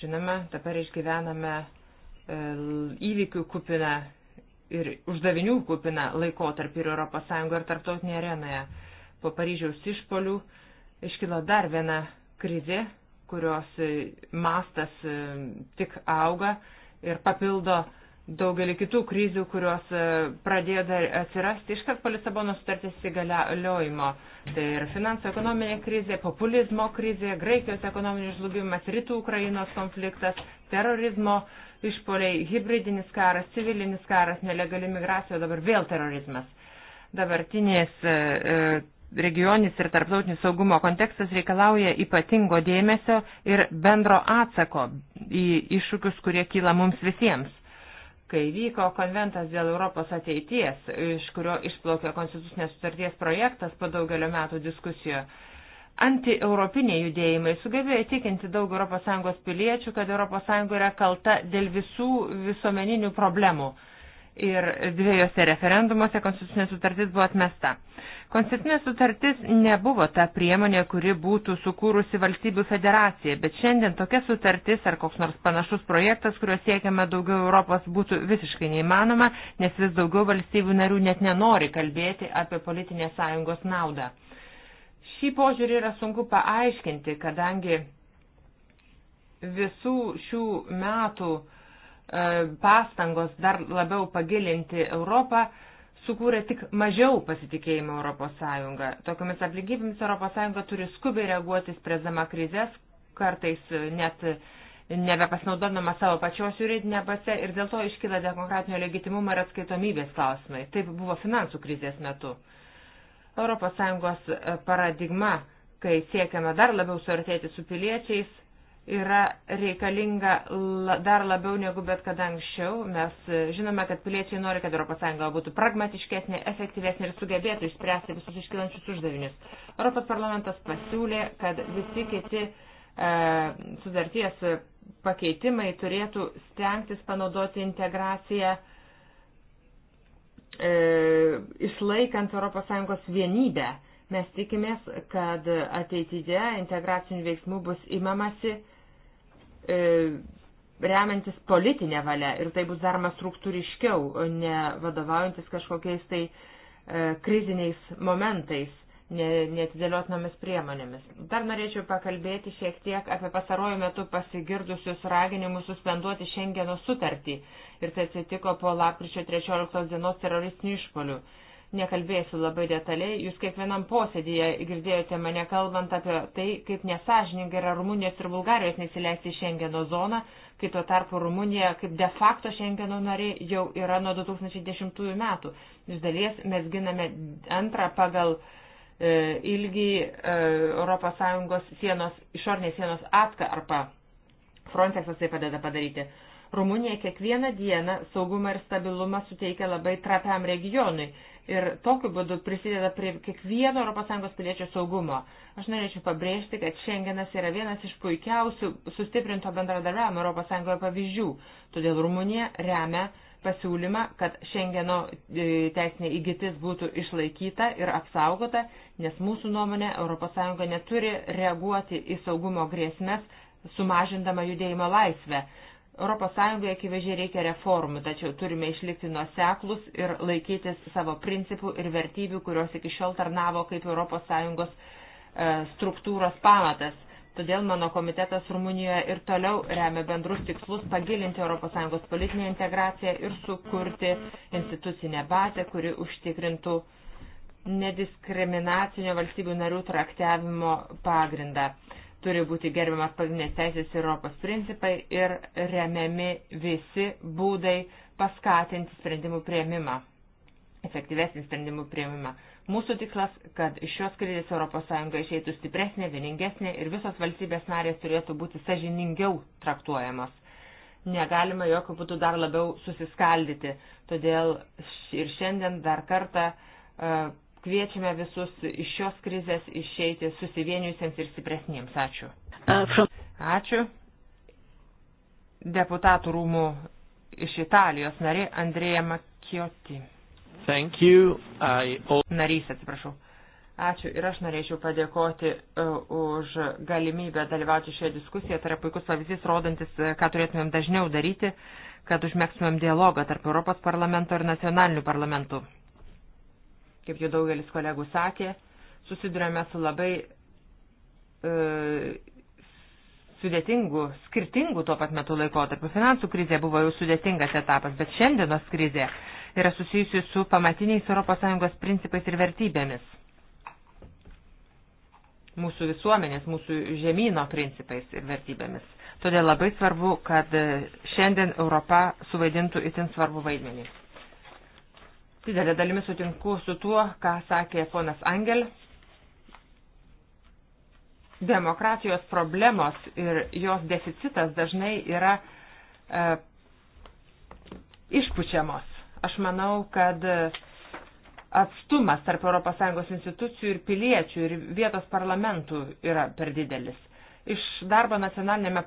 Žinoma, dabar išgyvename e, įvykių kupiną ir uždavinių kupiną laikotarpį ir ES ir tarptautinėje arenoje. Po Paryžiaus išpolių iškilo dar viena krizė, kurios e, mastas e, tik auga ir papildo daugelį kitų krizių, kurios e, pradėjo atsirasti iškart po Lisabono sutarties įgaliojimo. Tai ir finansų ekonominė krizė, populizmo krizė, Graikijos ekonominis žlugimas, rytų Ukrainos konfliktas, terorizmo išpoliai, hybridinis karas, civilinis karas, nelegali migracija, o dabar vėl terorizmas. Dabartinės e, regionis ir tarptautinis saugumo kontekstas reikalauja ypatingo dėmesio ir bendro atsako į iššūkius, kurie kyla mums visiems. Kai vyko konventas dėl Europos ateities, iš kurio išplaukė konstitucinės sutarties projektas po daugelio metų diskusijų, antieuropiniai judėjimai sugebėjo įtikinti daug ES piliečių, kad ES yra kalta dėl visų visuomeninių problemų. Ir dviejose referendumuose konstitucinė sutartis buvo atmesta. Konstitucinė sutartis nebuvo ta priemonė, kuri būtų sukūrusi valstybių federaciją, bet šiandien tokia sutartis ar koks nors panašus projektas, kurio siekiame daugiau Europos, būtų visiškai neįmanoma, nes vis daugiau valstybių narių net nenori kalbėti apie politinės sąjungos naudą. Šį požiūrį yra sunku paaiškinti, kadangi visų šių metų e, pastangos dar labiau pagilinti Europą, sukūrė tik mažiau pasitikėjimo ES. Tokiomis aplinkybėmis ES turi skubiai reaguoti spręsdama krizės, kartais net nebepasinaudodama savo pačios juridinę bazę ir dėl to iškyla demokratinio legitimumo ir atskaitomybės klausimai. Taip buvo finansų krizės metu. ES paradigma, kai siekiame dar labiau suartėti su piliečiais, yra reikalinga dar labiau negu bet kada anksčiau. Mes e, žinome, kad piliečiai nori, kad ES būtų pragmatiškesnė, efektyvesnė ir sugebėtų išspręsti visus iškilančius uždavinius. Europos parlamentas pasiūlė, kad visi kiti e, sudarties pakeitimai turėtų stengtis panaudoti integraciją e, išlaikant ES vienybę. Mes tikimės, kad ateityje integracinių veiksmų bus imamasi e, E, remiantis politinę valią ir tai bus daroma struktūriškiau, ne vadovaujantis kažkokiais tai e, kriziniais momentais, netidėliotinomis priemonėmis. Dar norėčiau pakalbėti šiek tiek apie pasaruoju metu pasigirdusius raginimus suspenduoti Šengeno sutartį ir tai atsitiko po lapkričio 13 dienos teroristinių išpolių nekalbėsiu labai detaliai. Jūs kiekvienam posėdėje girdėjote mane kalbant apie tai, kaip nesažininkai yra Rumunijos ir Bulgarijos nesileisti į Šengeno zoną, kai tuo tarpu Rumunija kaip de facto Šengeno nariai jau yra nuo 2010 metų. Iš dalies mes giname antrą pagal e, ilgį e, ES sienos, išornės sienos atkarpą. Frontexas tai padeda padaryti. Rumunija kiekvieną dieną saugumą ir stabilumą suteikia labai trapiam regionui ir tokiu būdu prisideda prie kiekvieno ES piliečio saugumo. Aš norėčiau pabrėžti, kad Schengenas yra vienas iš puikiausių sustiprinto bendradarbiavimo ES pavyzdžių, todėl Rumunija remia pasiūlymą, kad Schengeno e, teisinė įgytis būtų išlaikyta ir apsaugota, nes mūsų nuomonė ES neturi reaguoti į saugumo grėsmės, sumažindama judėjimo laisvę. ES akivaizdžiai reikia reformų, tačiau turime išlikti nuoseklus ir laikytis savo principų ir vertybių, kurios iki šiol tarnavo kaip ES e, struktūros pamatas. Todėl mano komitetas Rumunijoje ir toliau remia bendrus tikslus pagilinti ES politinę integraciją ir sukurti institucinę bazę, kuri užtikrintų nediskriminacinio valstybių narių traktavimo pagrindą. Turi būti gerbiamas pagrindinės teisės ir Europos principai ir remiami visi būdai paskatinti sprendimų prieimimą, efektyvesnį sprendimų prieimimą. Mūsų tikslas, kad iš šios krizės ES išeitų stipresnė, vieningesnė ir visos valstybės narės turėtų būti sažiningiau traktuojamos. Negalima jokių būtų dar labiau susiskaldyti. Todėl ir šiandien dar kartą e, Kviečiame visus iš šios krizės išeiti susivienijusiems ir stipresniems. Ačiū. Ačiū. Deputatų rūmų iš Italijos narė Andrėja Makioti. Thank you. I... Narys, atsiprašau. Ačiū ir aš norėčiau padėkoti e, už galimybę dalyvauti šioje diskusijoje. Tai yra puikus pavyzdys, rodantis, e, ką turėtumėm dažniau daryti, kad užmėgstumėm dialogą tarp Europos parlamento ir nacionalinių parlamentų kaip jau daugelis kolegų sakė, susidurėme su labai e, sudėtingų, skirtingų tuo pat metu laikotarpiu. Finansų krizė buvo jau sudėtingas etapas, bet šiandienos krizė yra susijusi su pamatiniais ES principais ir vertybėmis. Mūsų visuomenės, mūsų žemynų principais ir vertybėmis. Todėl labai svarbu, kad šiandien Europa suvaidintų itin svarbu vaidmenį. Didelė dalimi sutinku su tuo, ką sakė ponas Angel. Demokratijos problemos ir jos deficitas dažnai yra e, išpučiamos. Aš manau, kad atstumas tarp ES institucijų ir piliečių ir vietos parlamentų yra per didelis. Iš darbo nacionalinėme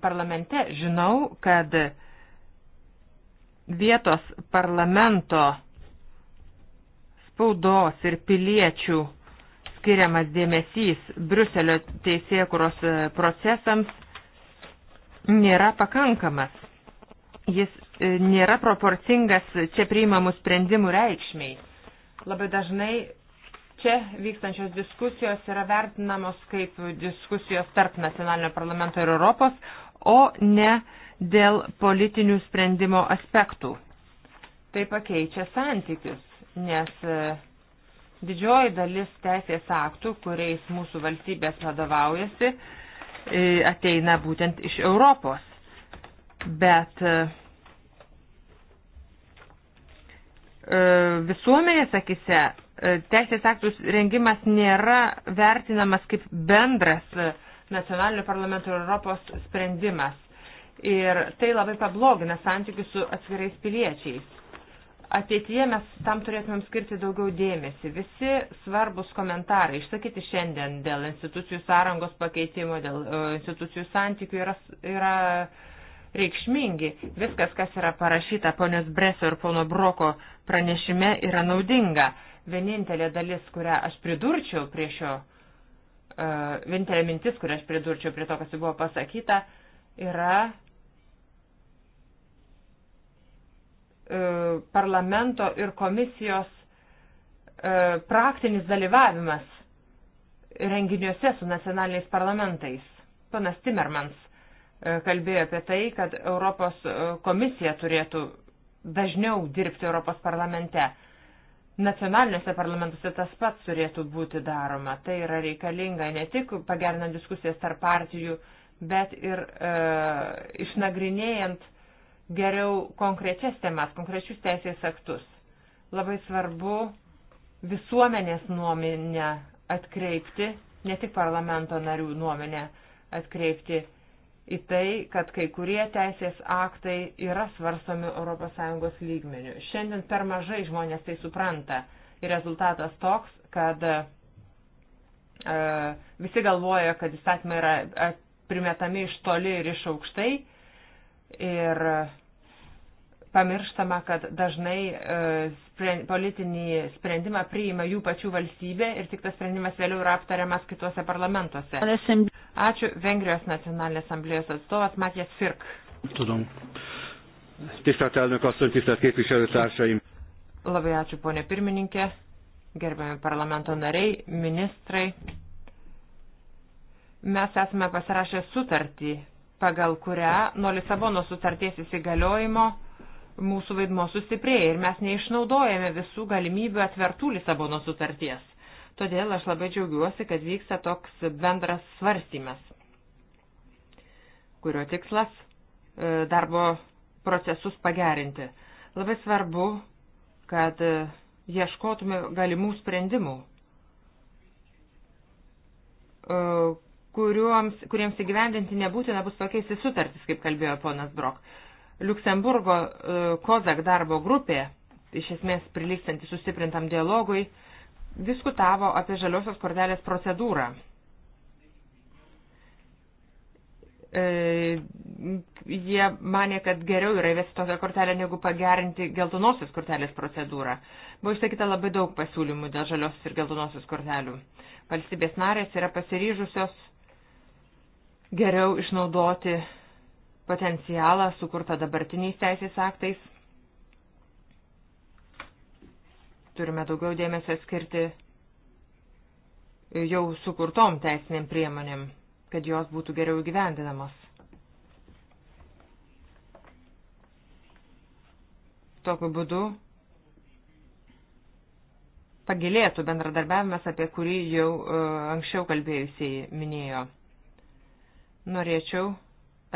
parlamente žinau, kad vietos parlamento spaudos ir piliečių skiriamas dėmesys Briuselio teisėkuros e, procesams nėra pakankamas. Jis e, nėra proporcingas čia priimamų sprendimų reikšmiai. Labai dažnai čia vykstančios diskusijos yra vertinamos kaip diskusijos tarp nacionalinio parlamento ir Europos, o ne dėl politinių sprendimo aspektų. Tai pakeičia santykius nes e, didžioji dalis teisės aktų, kuriais mūsų valstybės vadovaujasi, e, ateina būtent iš Europos. Bet e, visuomenės akise teisės aktų rengimas nėra vertinamas kaip bendras nacionalinio parlamento ir Europos sprendimas. Ir tai labai pablogina santykius su atskirais piliečiais. Ateityje mes tam turėtumėm skirti daugiau dėmesį. Visi svarbus komentarai išsakyti šiandien dėl institucijų sąrangos pakeitimo, dėl e, institucijų santykių yra, yra reikšmingi. Viskas, kas yra parašyta ponios Breso ir pono Broko pranešime, yra naudinga. Vienintelė dalis, kurią aš pridurčiau prie šio, e, vienintelė mintis, kurią aš pridurčiau prie to, kas jau buvo pasakyta, yra E, parlamento ir komisijos e, praktinis dalyvavimas renginiuose su nacionaliniais parlamentais. Panas Timmermans e, kalbėjo apie tai, kad Europos komisija turėtų dažniau dirbti Europos parlamente. Nacionaliniuose parlamentuose tas pats turėtų būti daroma. Tai yra reikalinga ne tik pagerinant diskusijas tarp partijų, bet ir e, išnagrinėjant e, geriau konkrečias temas, konkrečius teisės aktus. Labai svarbu visuomenės nuomenę atkreipti, ne tik parlamento narių nuomenę atkreipti į tai, kad kai kurie teisės aktai yra svarstomi ES lygmenių. Šiandien per mažai žmonės tai supranta ir rezultatas toks, kad e, visi galvoja, kad įstatymai yra e, primetami iš toli ir iš aukštai ir e, pamirštama, kad dažnai e, spren, politinį sprendimą priima jų pačių valstybė ir tik tas sprendimas vėliau yra aptariamas kituose parlamentuose. Ačiū Vengrijos nacionalinės asamblėjos atstovas Matijas Firk. Tudom. Tisztelt elnök asszony, tisztelt képviselőtársaim! Labai ačiū, ponė pirmininkė, gerbiami parlamento nariai, ministrai. Mes esame pasirašę sutartį, pagal kurią nuo Lisabono sutarties įsigaliojimo mūsų vaidmo sustiprėja ir mes neišnaudojame visų galimybių atvertų Lisabono sutarties. Todėl aš labai džiaugiuosi, kad vyksta toks bendras svarstymas, kurio tikslas e, darbo procesus pagerinti. Labai svarbu, kad e, ieškotume galimų sprendimų, e, kuriuoms, kuriems įgyvendinti nebūtina bus pakeisti sutartis, kaip kalbėjo ponas Brok. Luksemburgo e, Kozak darbo grupė, iš esmės prilykstanti sustiprintam dialogui, diskutavo apie žaliosios kortelės procedūrą. E, jie manė, kad geriau yra įvesti tokią kortelę, negu pagerinti geltonosios kortelės procedūrą. Buvo išsakyta labai daug pasiūlymų dėl žaliosios ir geltonosios kortelių. Valstybės narės yra pasiryžusios geriau išnaudoti potencialą sukurtą dabartiniais teisės aktais. Turime daugiau dėmesio skirti jau sukurtom teisiniam priemonėm, kad jos būtų geriau įgyvendinamos. Tokiu būdu pagilėtų bendradarbiavimas, apie kurį jau uh, anksčiau kalbėjusiai minėjo. Norėčiau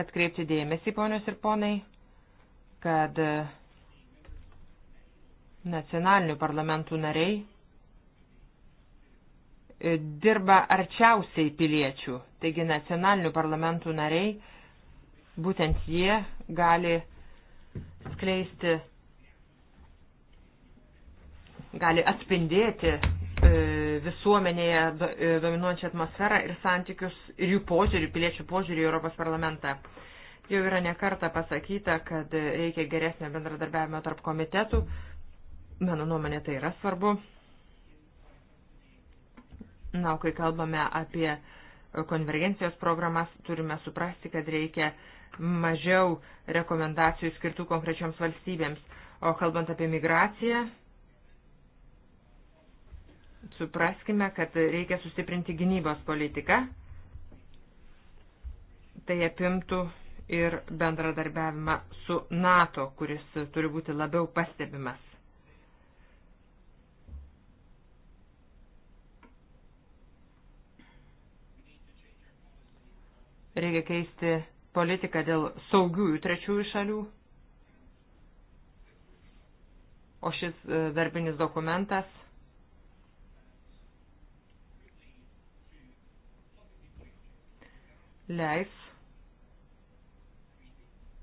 atkreipti dėmesį, ponios ir ponai, kad nacionalinių parlamentų nariai e, dirba arčiausiai piliečių. Taigi nacionalinių parlamentų nariai, būtent jie gali skleisti, gali atspindėti e, visuomenėje e, dominuojančią atmosferą ir santykius ir jų požiūrį, piliečių požiūrį į Europos parlamentą. Jau yra nekarta pasakyta, kad reikia geresnio bendradarbiavimo tarp komitetų. Mano nuomonė tai yra svarbu. Na, o kai kalbame apie konvergencijos programas, turime suprasti, kad reikia mažiau rekomendacijų skirtų konkrečioms valstybėms. O kalbant apie migraciją, Supraskime, kad reikia sustiprinti gynybos politiką. Tai apimtų ir bendradarbiavimą su NATO, kuris turi būti labiau pastebimas. Reikia keisti politiką dėl saugiųjų trečiųjų šalių. O šis e, darbinis dokumentas leis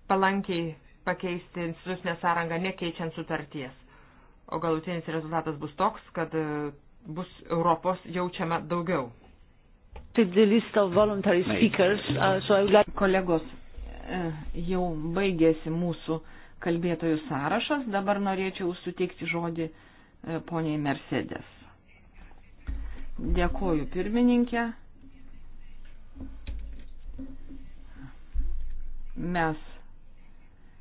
palankiai pakeisti institucinę sąrangą nekeičiant sutarties. O galutinis rezultatas bus toks, kad e, bus Europos jaučiama daugiau. Speakers, uh, so like... Kolegos, e, jau baigėsi mūsų kalbėtojų sąrašas, dabar norėčiau suteikti žodį e, poniai Mercedes. Dėkoju pirmininkė. Mes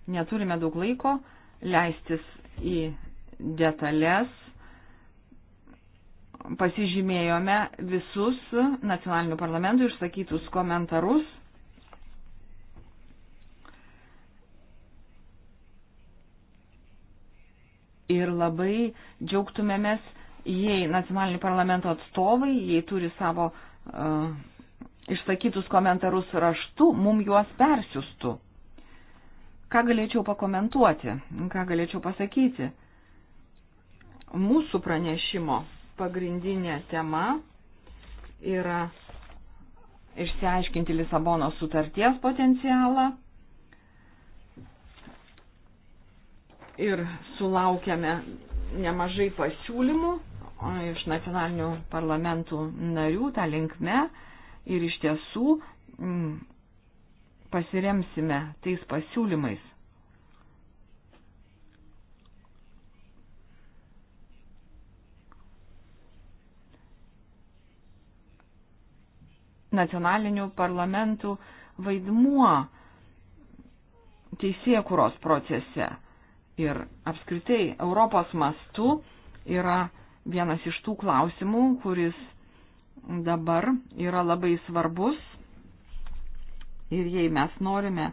neturime daug laiko leistis į detalės. Pasižymėjome visus nacionalinių parlamentų išsakytus komentarus. Ir labai džiaugtumėmės, jei nacionalinių parlamento atstovai, jei turi savo uh, išsakytus komentarus raštu, mum juos persiustų. Ką galėčiau pakomentuoti, ką galėčiau pasakyti? Mūsų pranešimo pagrindinė tema yra išsiaiškinti Lisabono sutarties potencialą ir sulaukėme nemažai pasiūlymų iš nacionalinių parlamentų narių tą linkme, ir iš tiesų mm, pasiremsime tais pasiūlymais. Nacionalinių parlamentų vaidmuo teisėkuros procese ir apskritai Europos mastu yra vienas iš tų klausimų, kuris dabar yra labai svarbus ir jei mes norime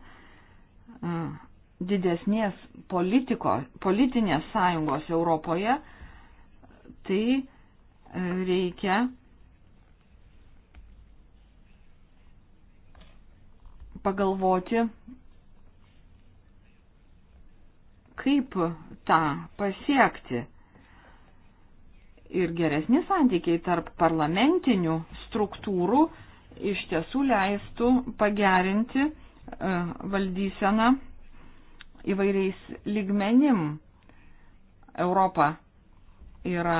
didesnės politiko, politinės sąjungos Europoje, tai e, reikia pagalvoti, kaip tą pasiekti ir geresni santykiai tarp parlamentinių struktūrų iš tiesų leistų pagerinti e, valdyseną įvairiais lygmenim. Europa yra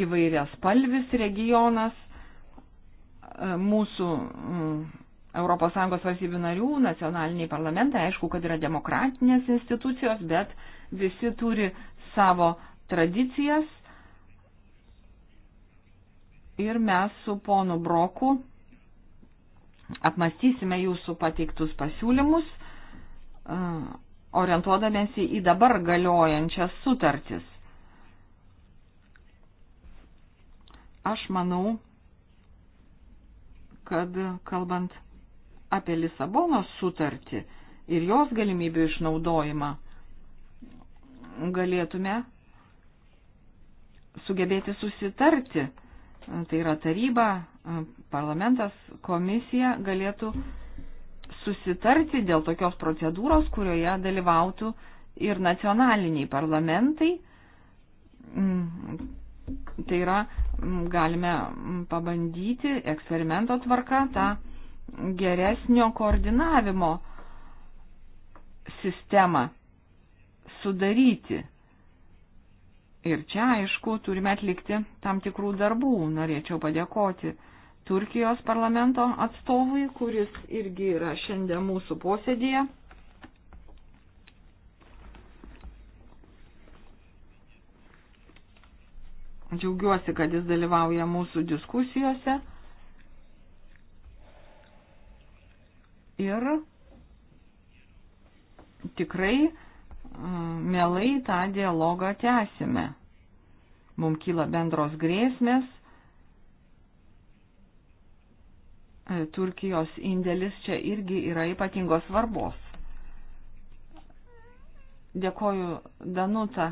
įvairias palvis regionas, e, mūsų ES valstybių narių, nacionaliniai parlamentai, aišku, kad yra demokratinės institucijos, bet visi turi savo tradicijas ir mes su ponu Broku apmastysime jūsų pateiktus pasiūlymus, e, orientuodamėsi į dabar galiojančias sutartis. Aš manau, kad kalbant apie Lisabonos sutartį ir jos galimybių išnaudojimą, galėtume sugebėti susitarti tai yra taryba, parlamentas, komisija galėtų susitarti dėl tokios procedūros, kurioje dalyvautų ir nacionaliniai parlamentai. Mm, tai yra, mm, galime mm, pabandyti eksperimento tvarka tą geresnio koordinavimo sistemą sudaryti. Ir čia, aišku, turime atlikti tam tikrų darbų. Norėčiau padėkoti Turkijos parlamento atstovui, kuris irgi yra šiandien mūsų posėdėje. Džiaugiuosi, kad jis dalyvauja mūsų diskusijose. Ir tikrai mielai tą dialogą tęsime. Mums kyla bendros grėsmės. E, Turkijos indėlis čia irgi yra ypatingos svarbos. Dėkoju Danuta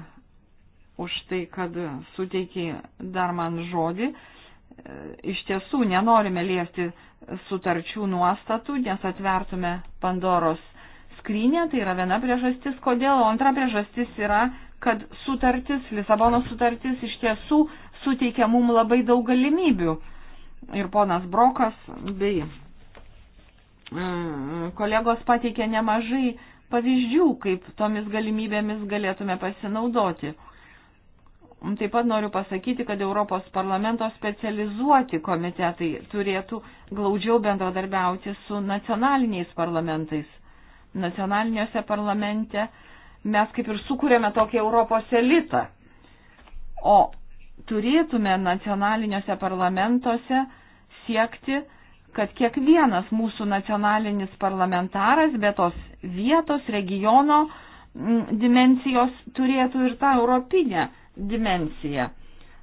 už tai, kad suteikiai dar man žodį. E, Iš tiesų nenorime liesti sutarčių nuostatų, nes atvertume Pandoros skrinę, tai yra viena priežastis, kodėl, o antra priežastis yra, kad sutartis, Lisabono sutartis iš tiesų suteikia mums labai daug galimybių. Ir ponas Brokas bei e, kolegos pateikė nemažai pavyzdžių, kaip tomis galimybėmis galėtume pasinaudoti. Taip pat noriu pasakyti, kad Europos parlamento specializuoti komitetai turėtų glaudžiau bendradarbiauti su nacionaliniais parlamentais nacionaliniuose parlamente, mes kaip ir sukūrėme tokį Europos elitą. O turėtume nacionaliniuose parlamentuose siekti, kad kiekvienas mūsų nacionalinis parlamentaras be tos vietos, regiono dimensijos turėtų ir tą europinę dimensiją.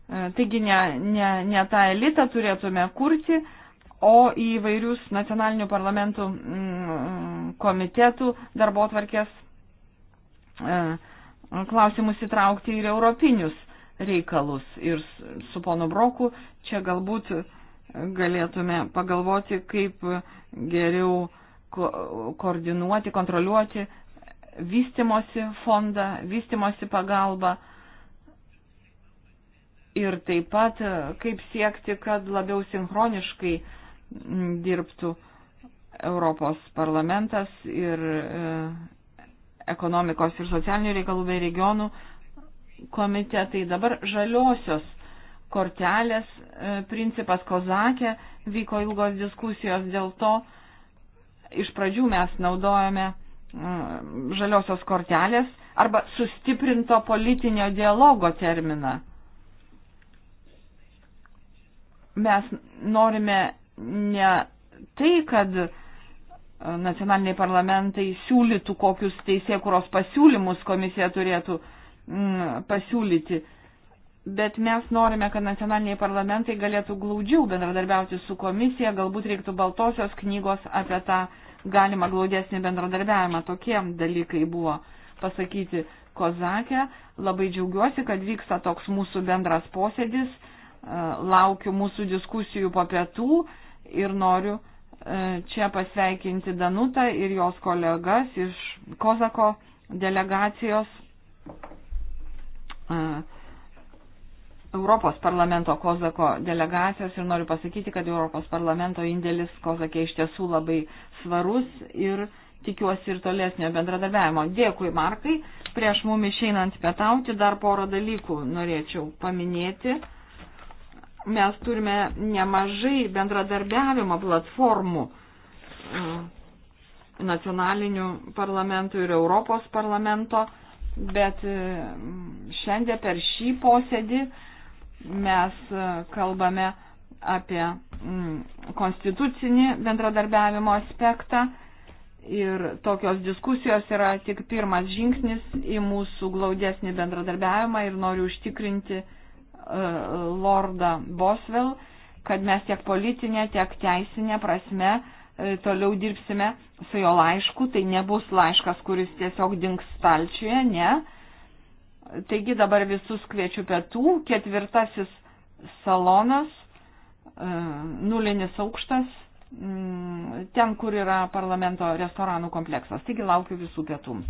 E, taigi ne, ne, ne tą elitą turėtume kurti, o į vairius nacionalinių parlamentų mm, komitetų darbo tvarkės e, klausimus įtraukti ir europinius reikalus. Ir su ponu Broku čia galbūt galėtume pagalvoti, kaip geriau ko koordinuoti, kontroliuoti vystimosi fondą, vystimosi pagalbą ir taip pat e, kaip siekti, kad labiau sinchroniškai uh, dirbtų Europos parlamentas ir e, ekonomikos ir socialinių reikalų bei regionų komitetai. Dabar žaliosios kortelės e, principas Kozakė vyko ilgos diskusijos dėl to, iš pradžių mes naudojame e, žaliosios kortelės arba sustiprinto politinio dialogo terminą. Mes norime ne tai, kad e, nacionaliniai parlamentai siūlytų kokius teisėkuros pasiūlymus komisija turėtų mm, pasiūlyti, bet mes norime, kad nacionaliniai parlamentai galėtų glaudžiau bendradarbiauti su komisija, galbūt reiktų baltosios knygos apie tą galimą glaudesnį bendradarbiavimą. Tokie dalykai buvo pasakyti Kozakė. Labai džiaugiuosi, kad vyksta toks mūsų bendras posėdis. E, laukiu mūsų diskusijų po pietų ir noriu e, čia pasveikinti Danutą ir jos kolegas iš Kozako delegacijos e, Europos parlamento Kozako delegacijos ir noriu pasakyti, kad Europos parlamento indėlis Kozakė iš tiesų labai svarus ir tikiuosi ir tolesnio bendradarbiavimo. Dėkui, Markai. Prieš mum išeinant pietauti dar porą dalykų norėčiau paminėti mes turime nemažai bendradarbiavimo platformų e, nacionalinių parlamentų ir Europos parlamento, bet e, šiandien per šį posėdį mes e, kalbame apie konstitucinį bendradarbiavimo aspektą ir tokios diskusijos yra tik pirmas žingsnis į mūsų glaudesnį bendradarbiavimą ir noriu užtikrinti, E, lordą Boswell, kad mes tiek politinė, tiek teisinė prasme e, toliau dirbsime su jo laišku. Tai nebus laiškas, kuris tiesiog dings stalčiuje, ne. Taigi dabar visus kviečiu pietų. Ketvirtasis salonas, e, nulinis aukštas, ten, kur yra parlamento restoranų kompleksas. Taigi laukiu visų pietų.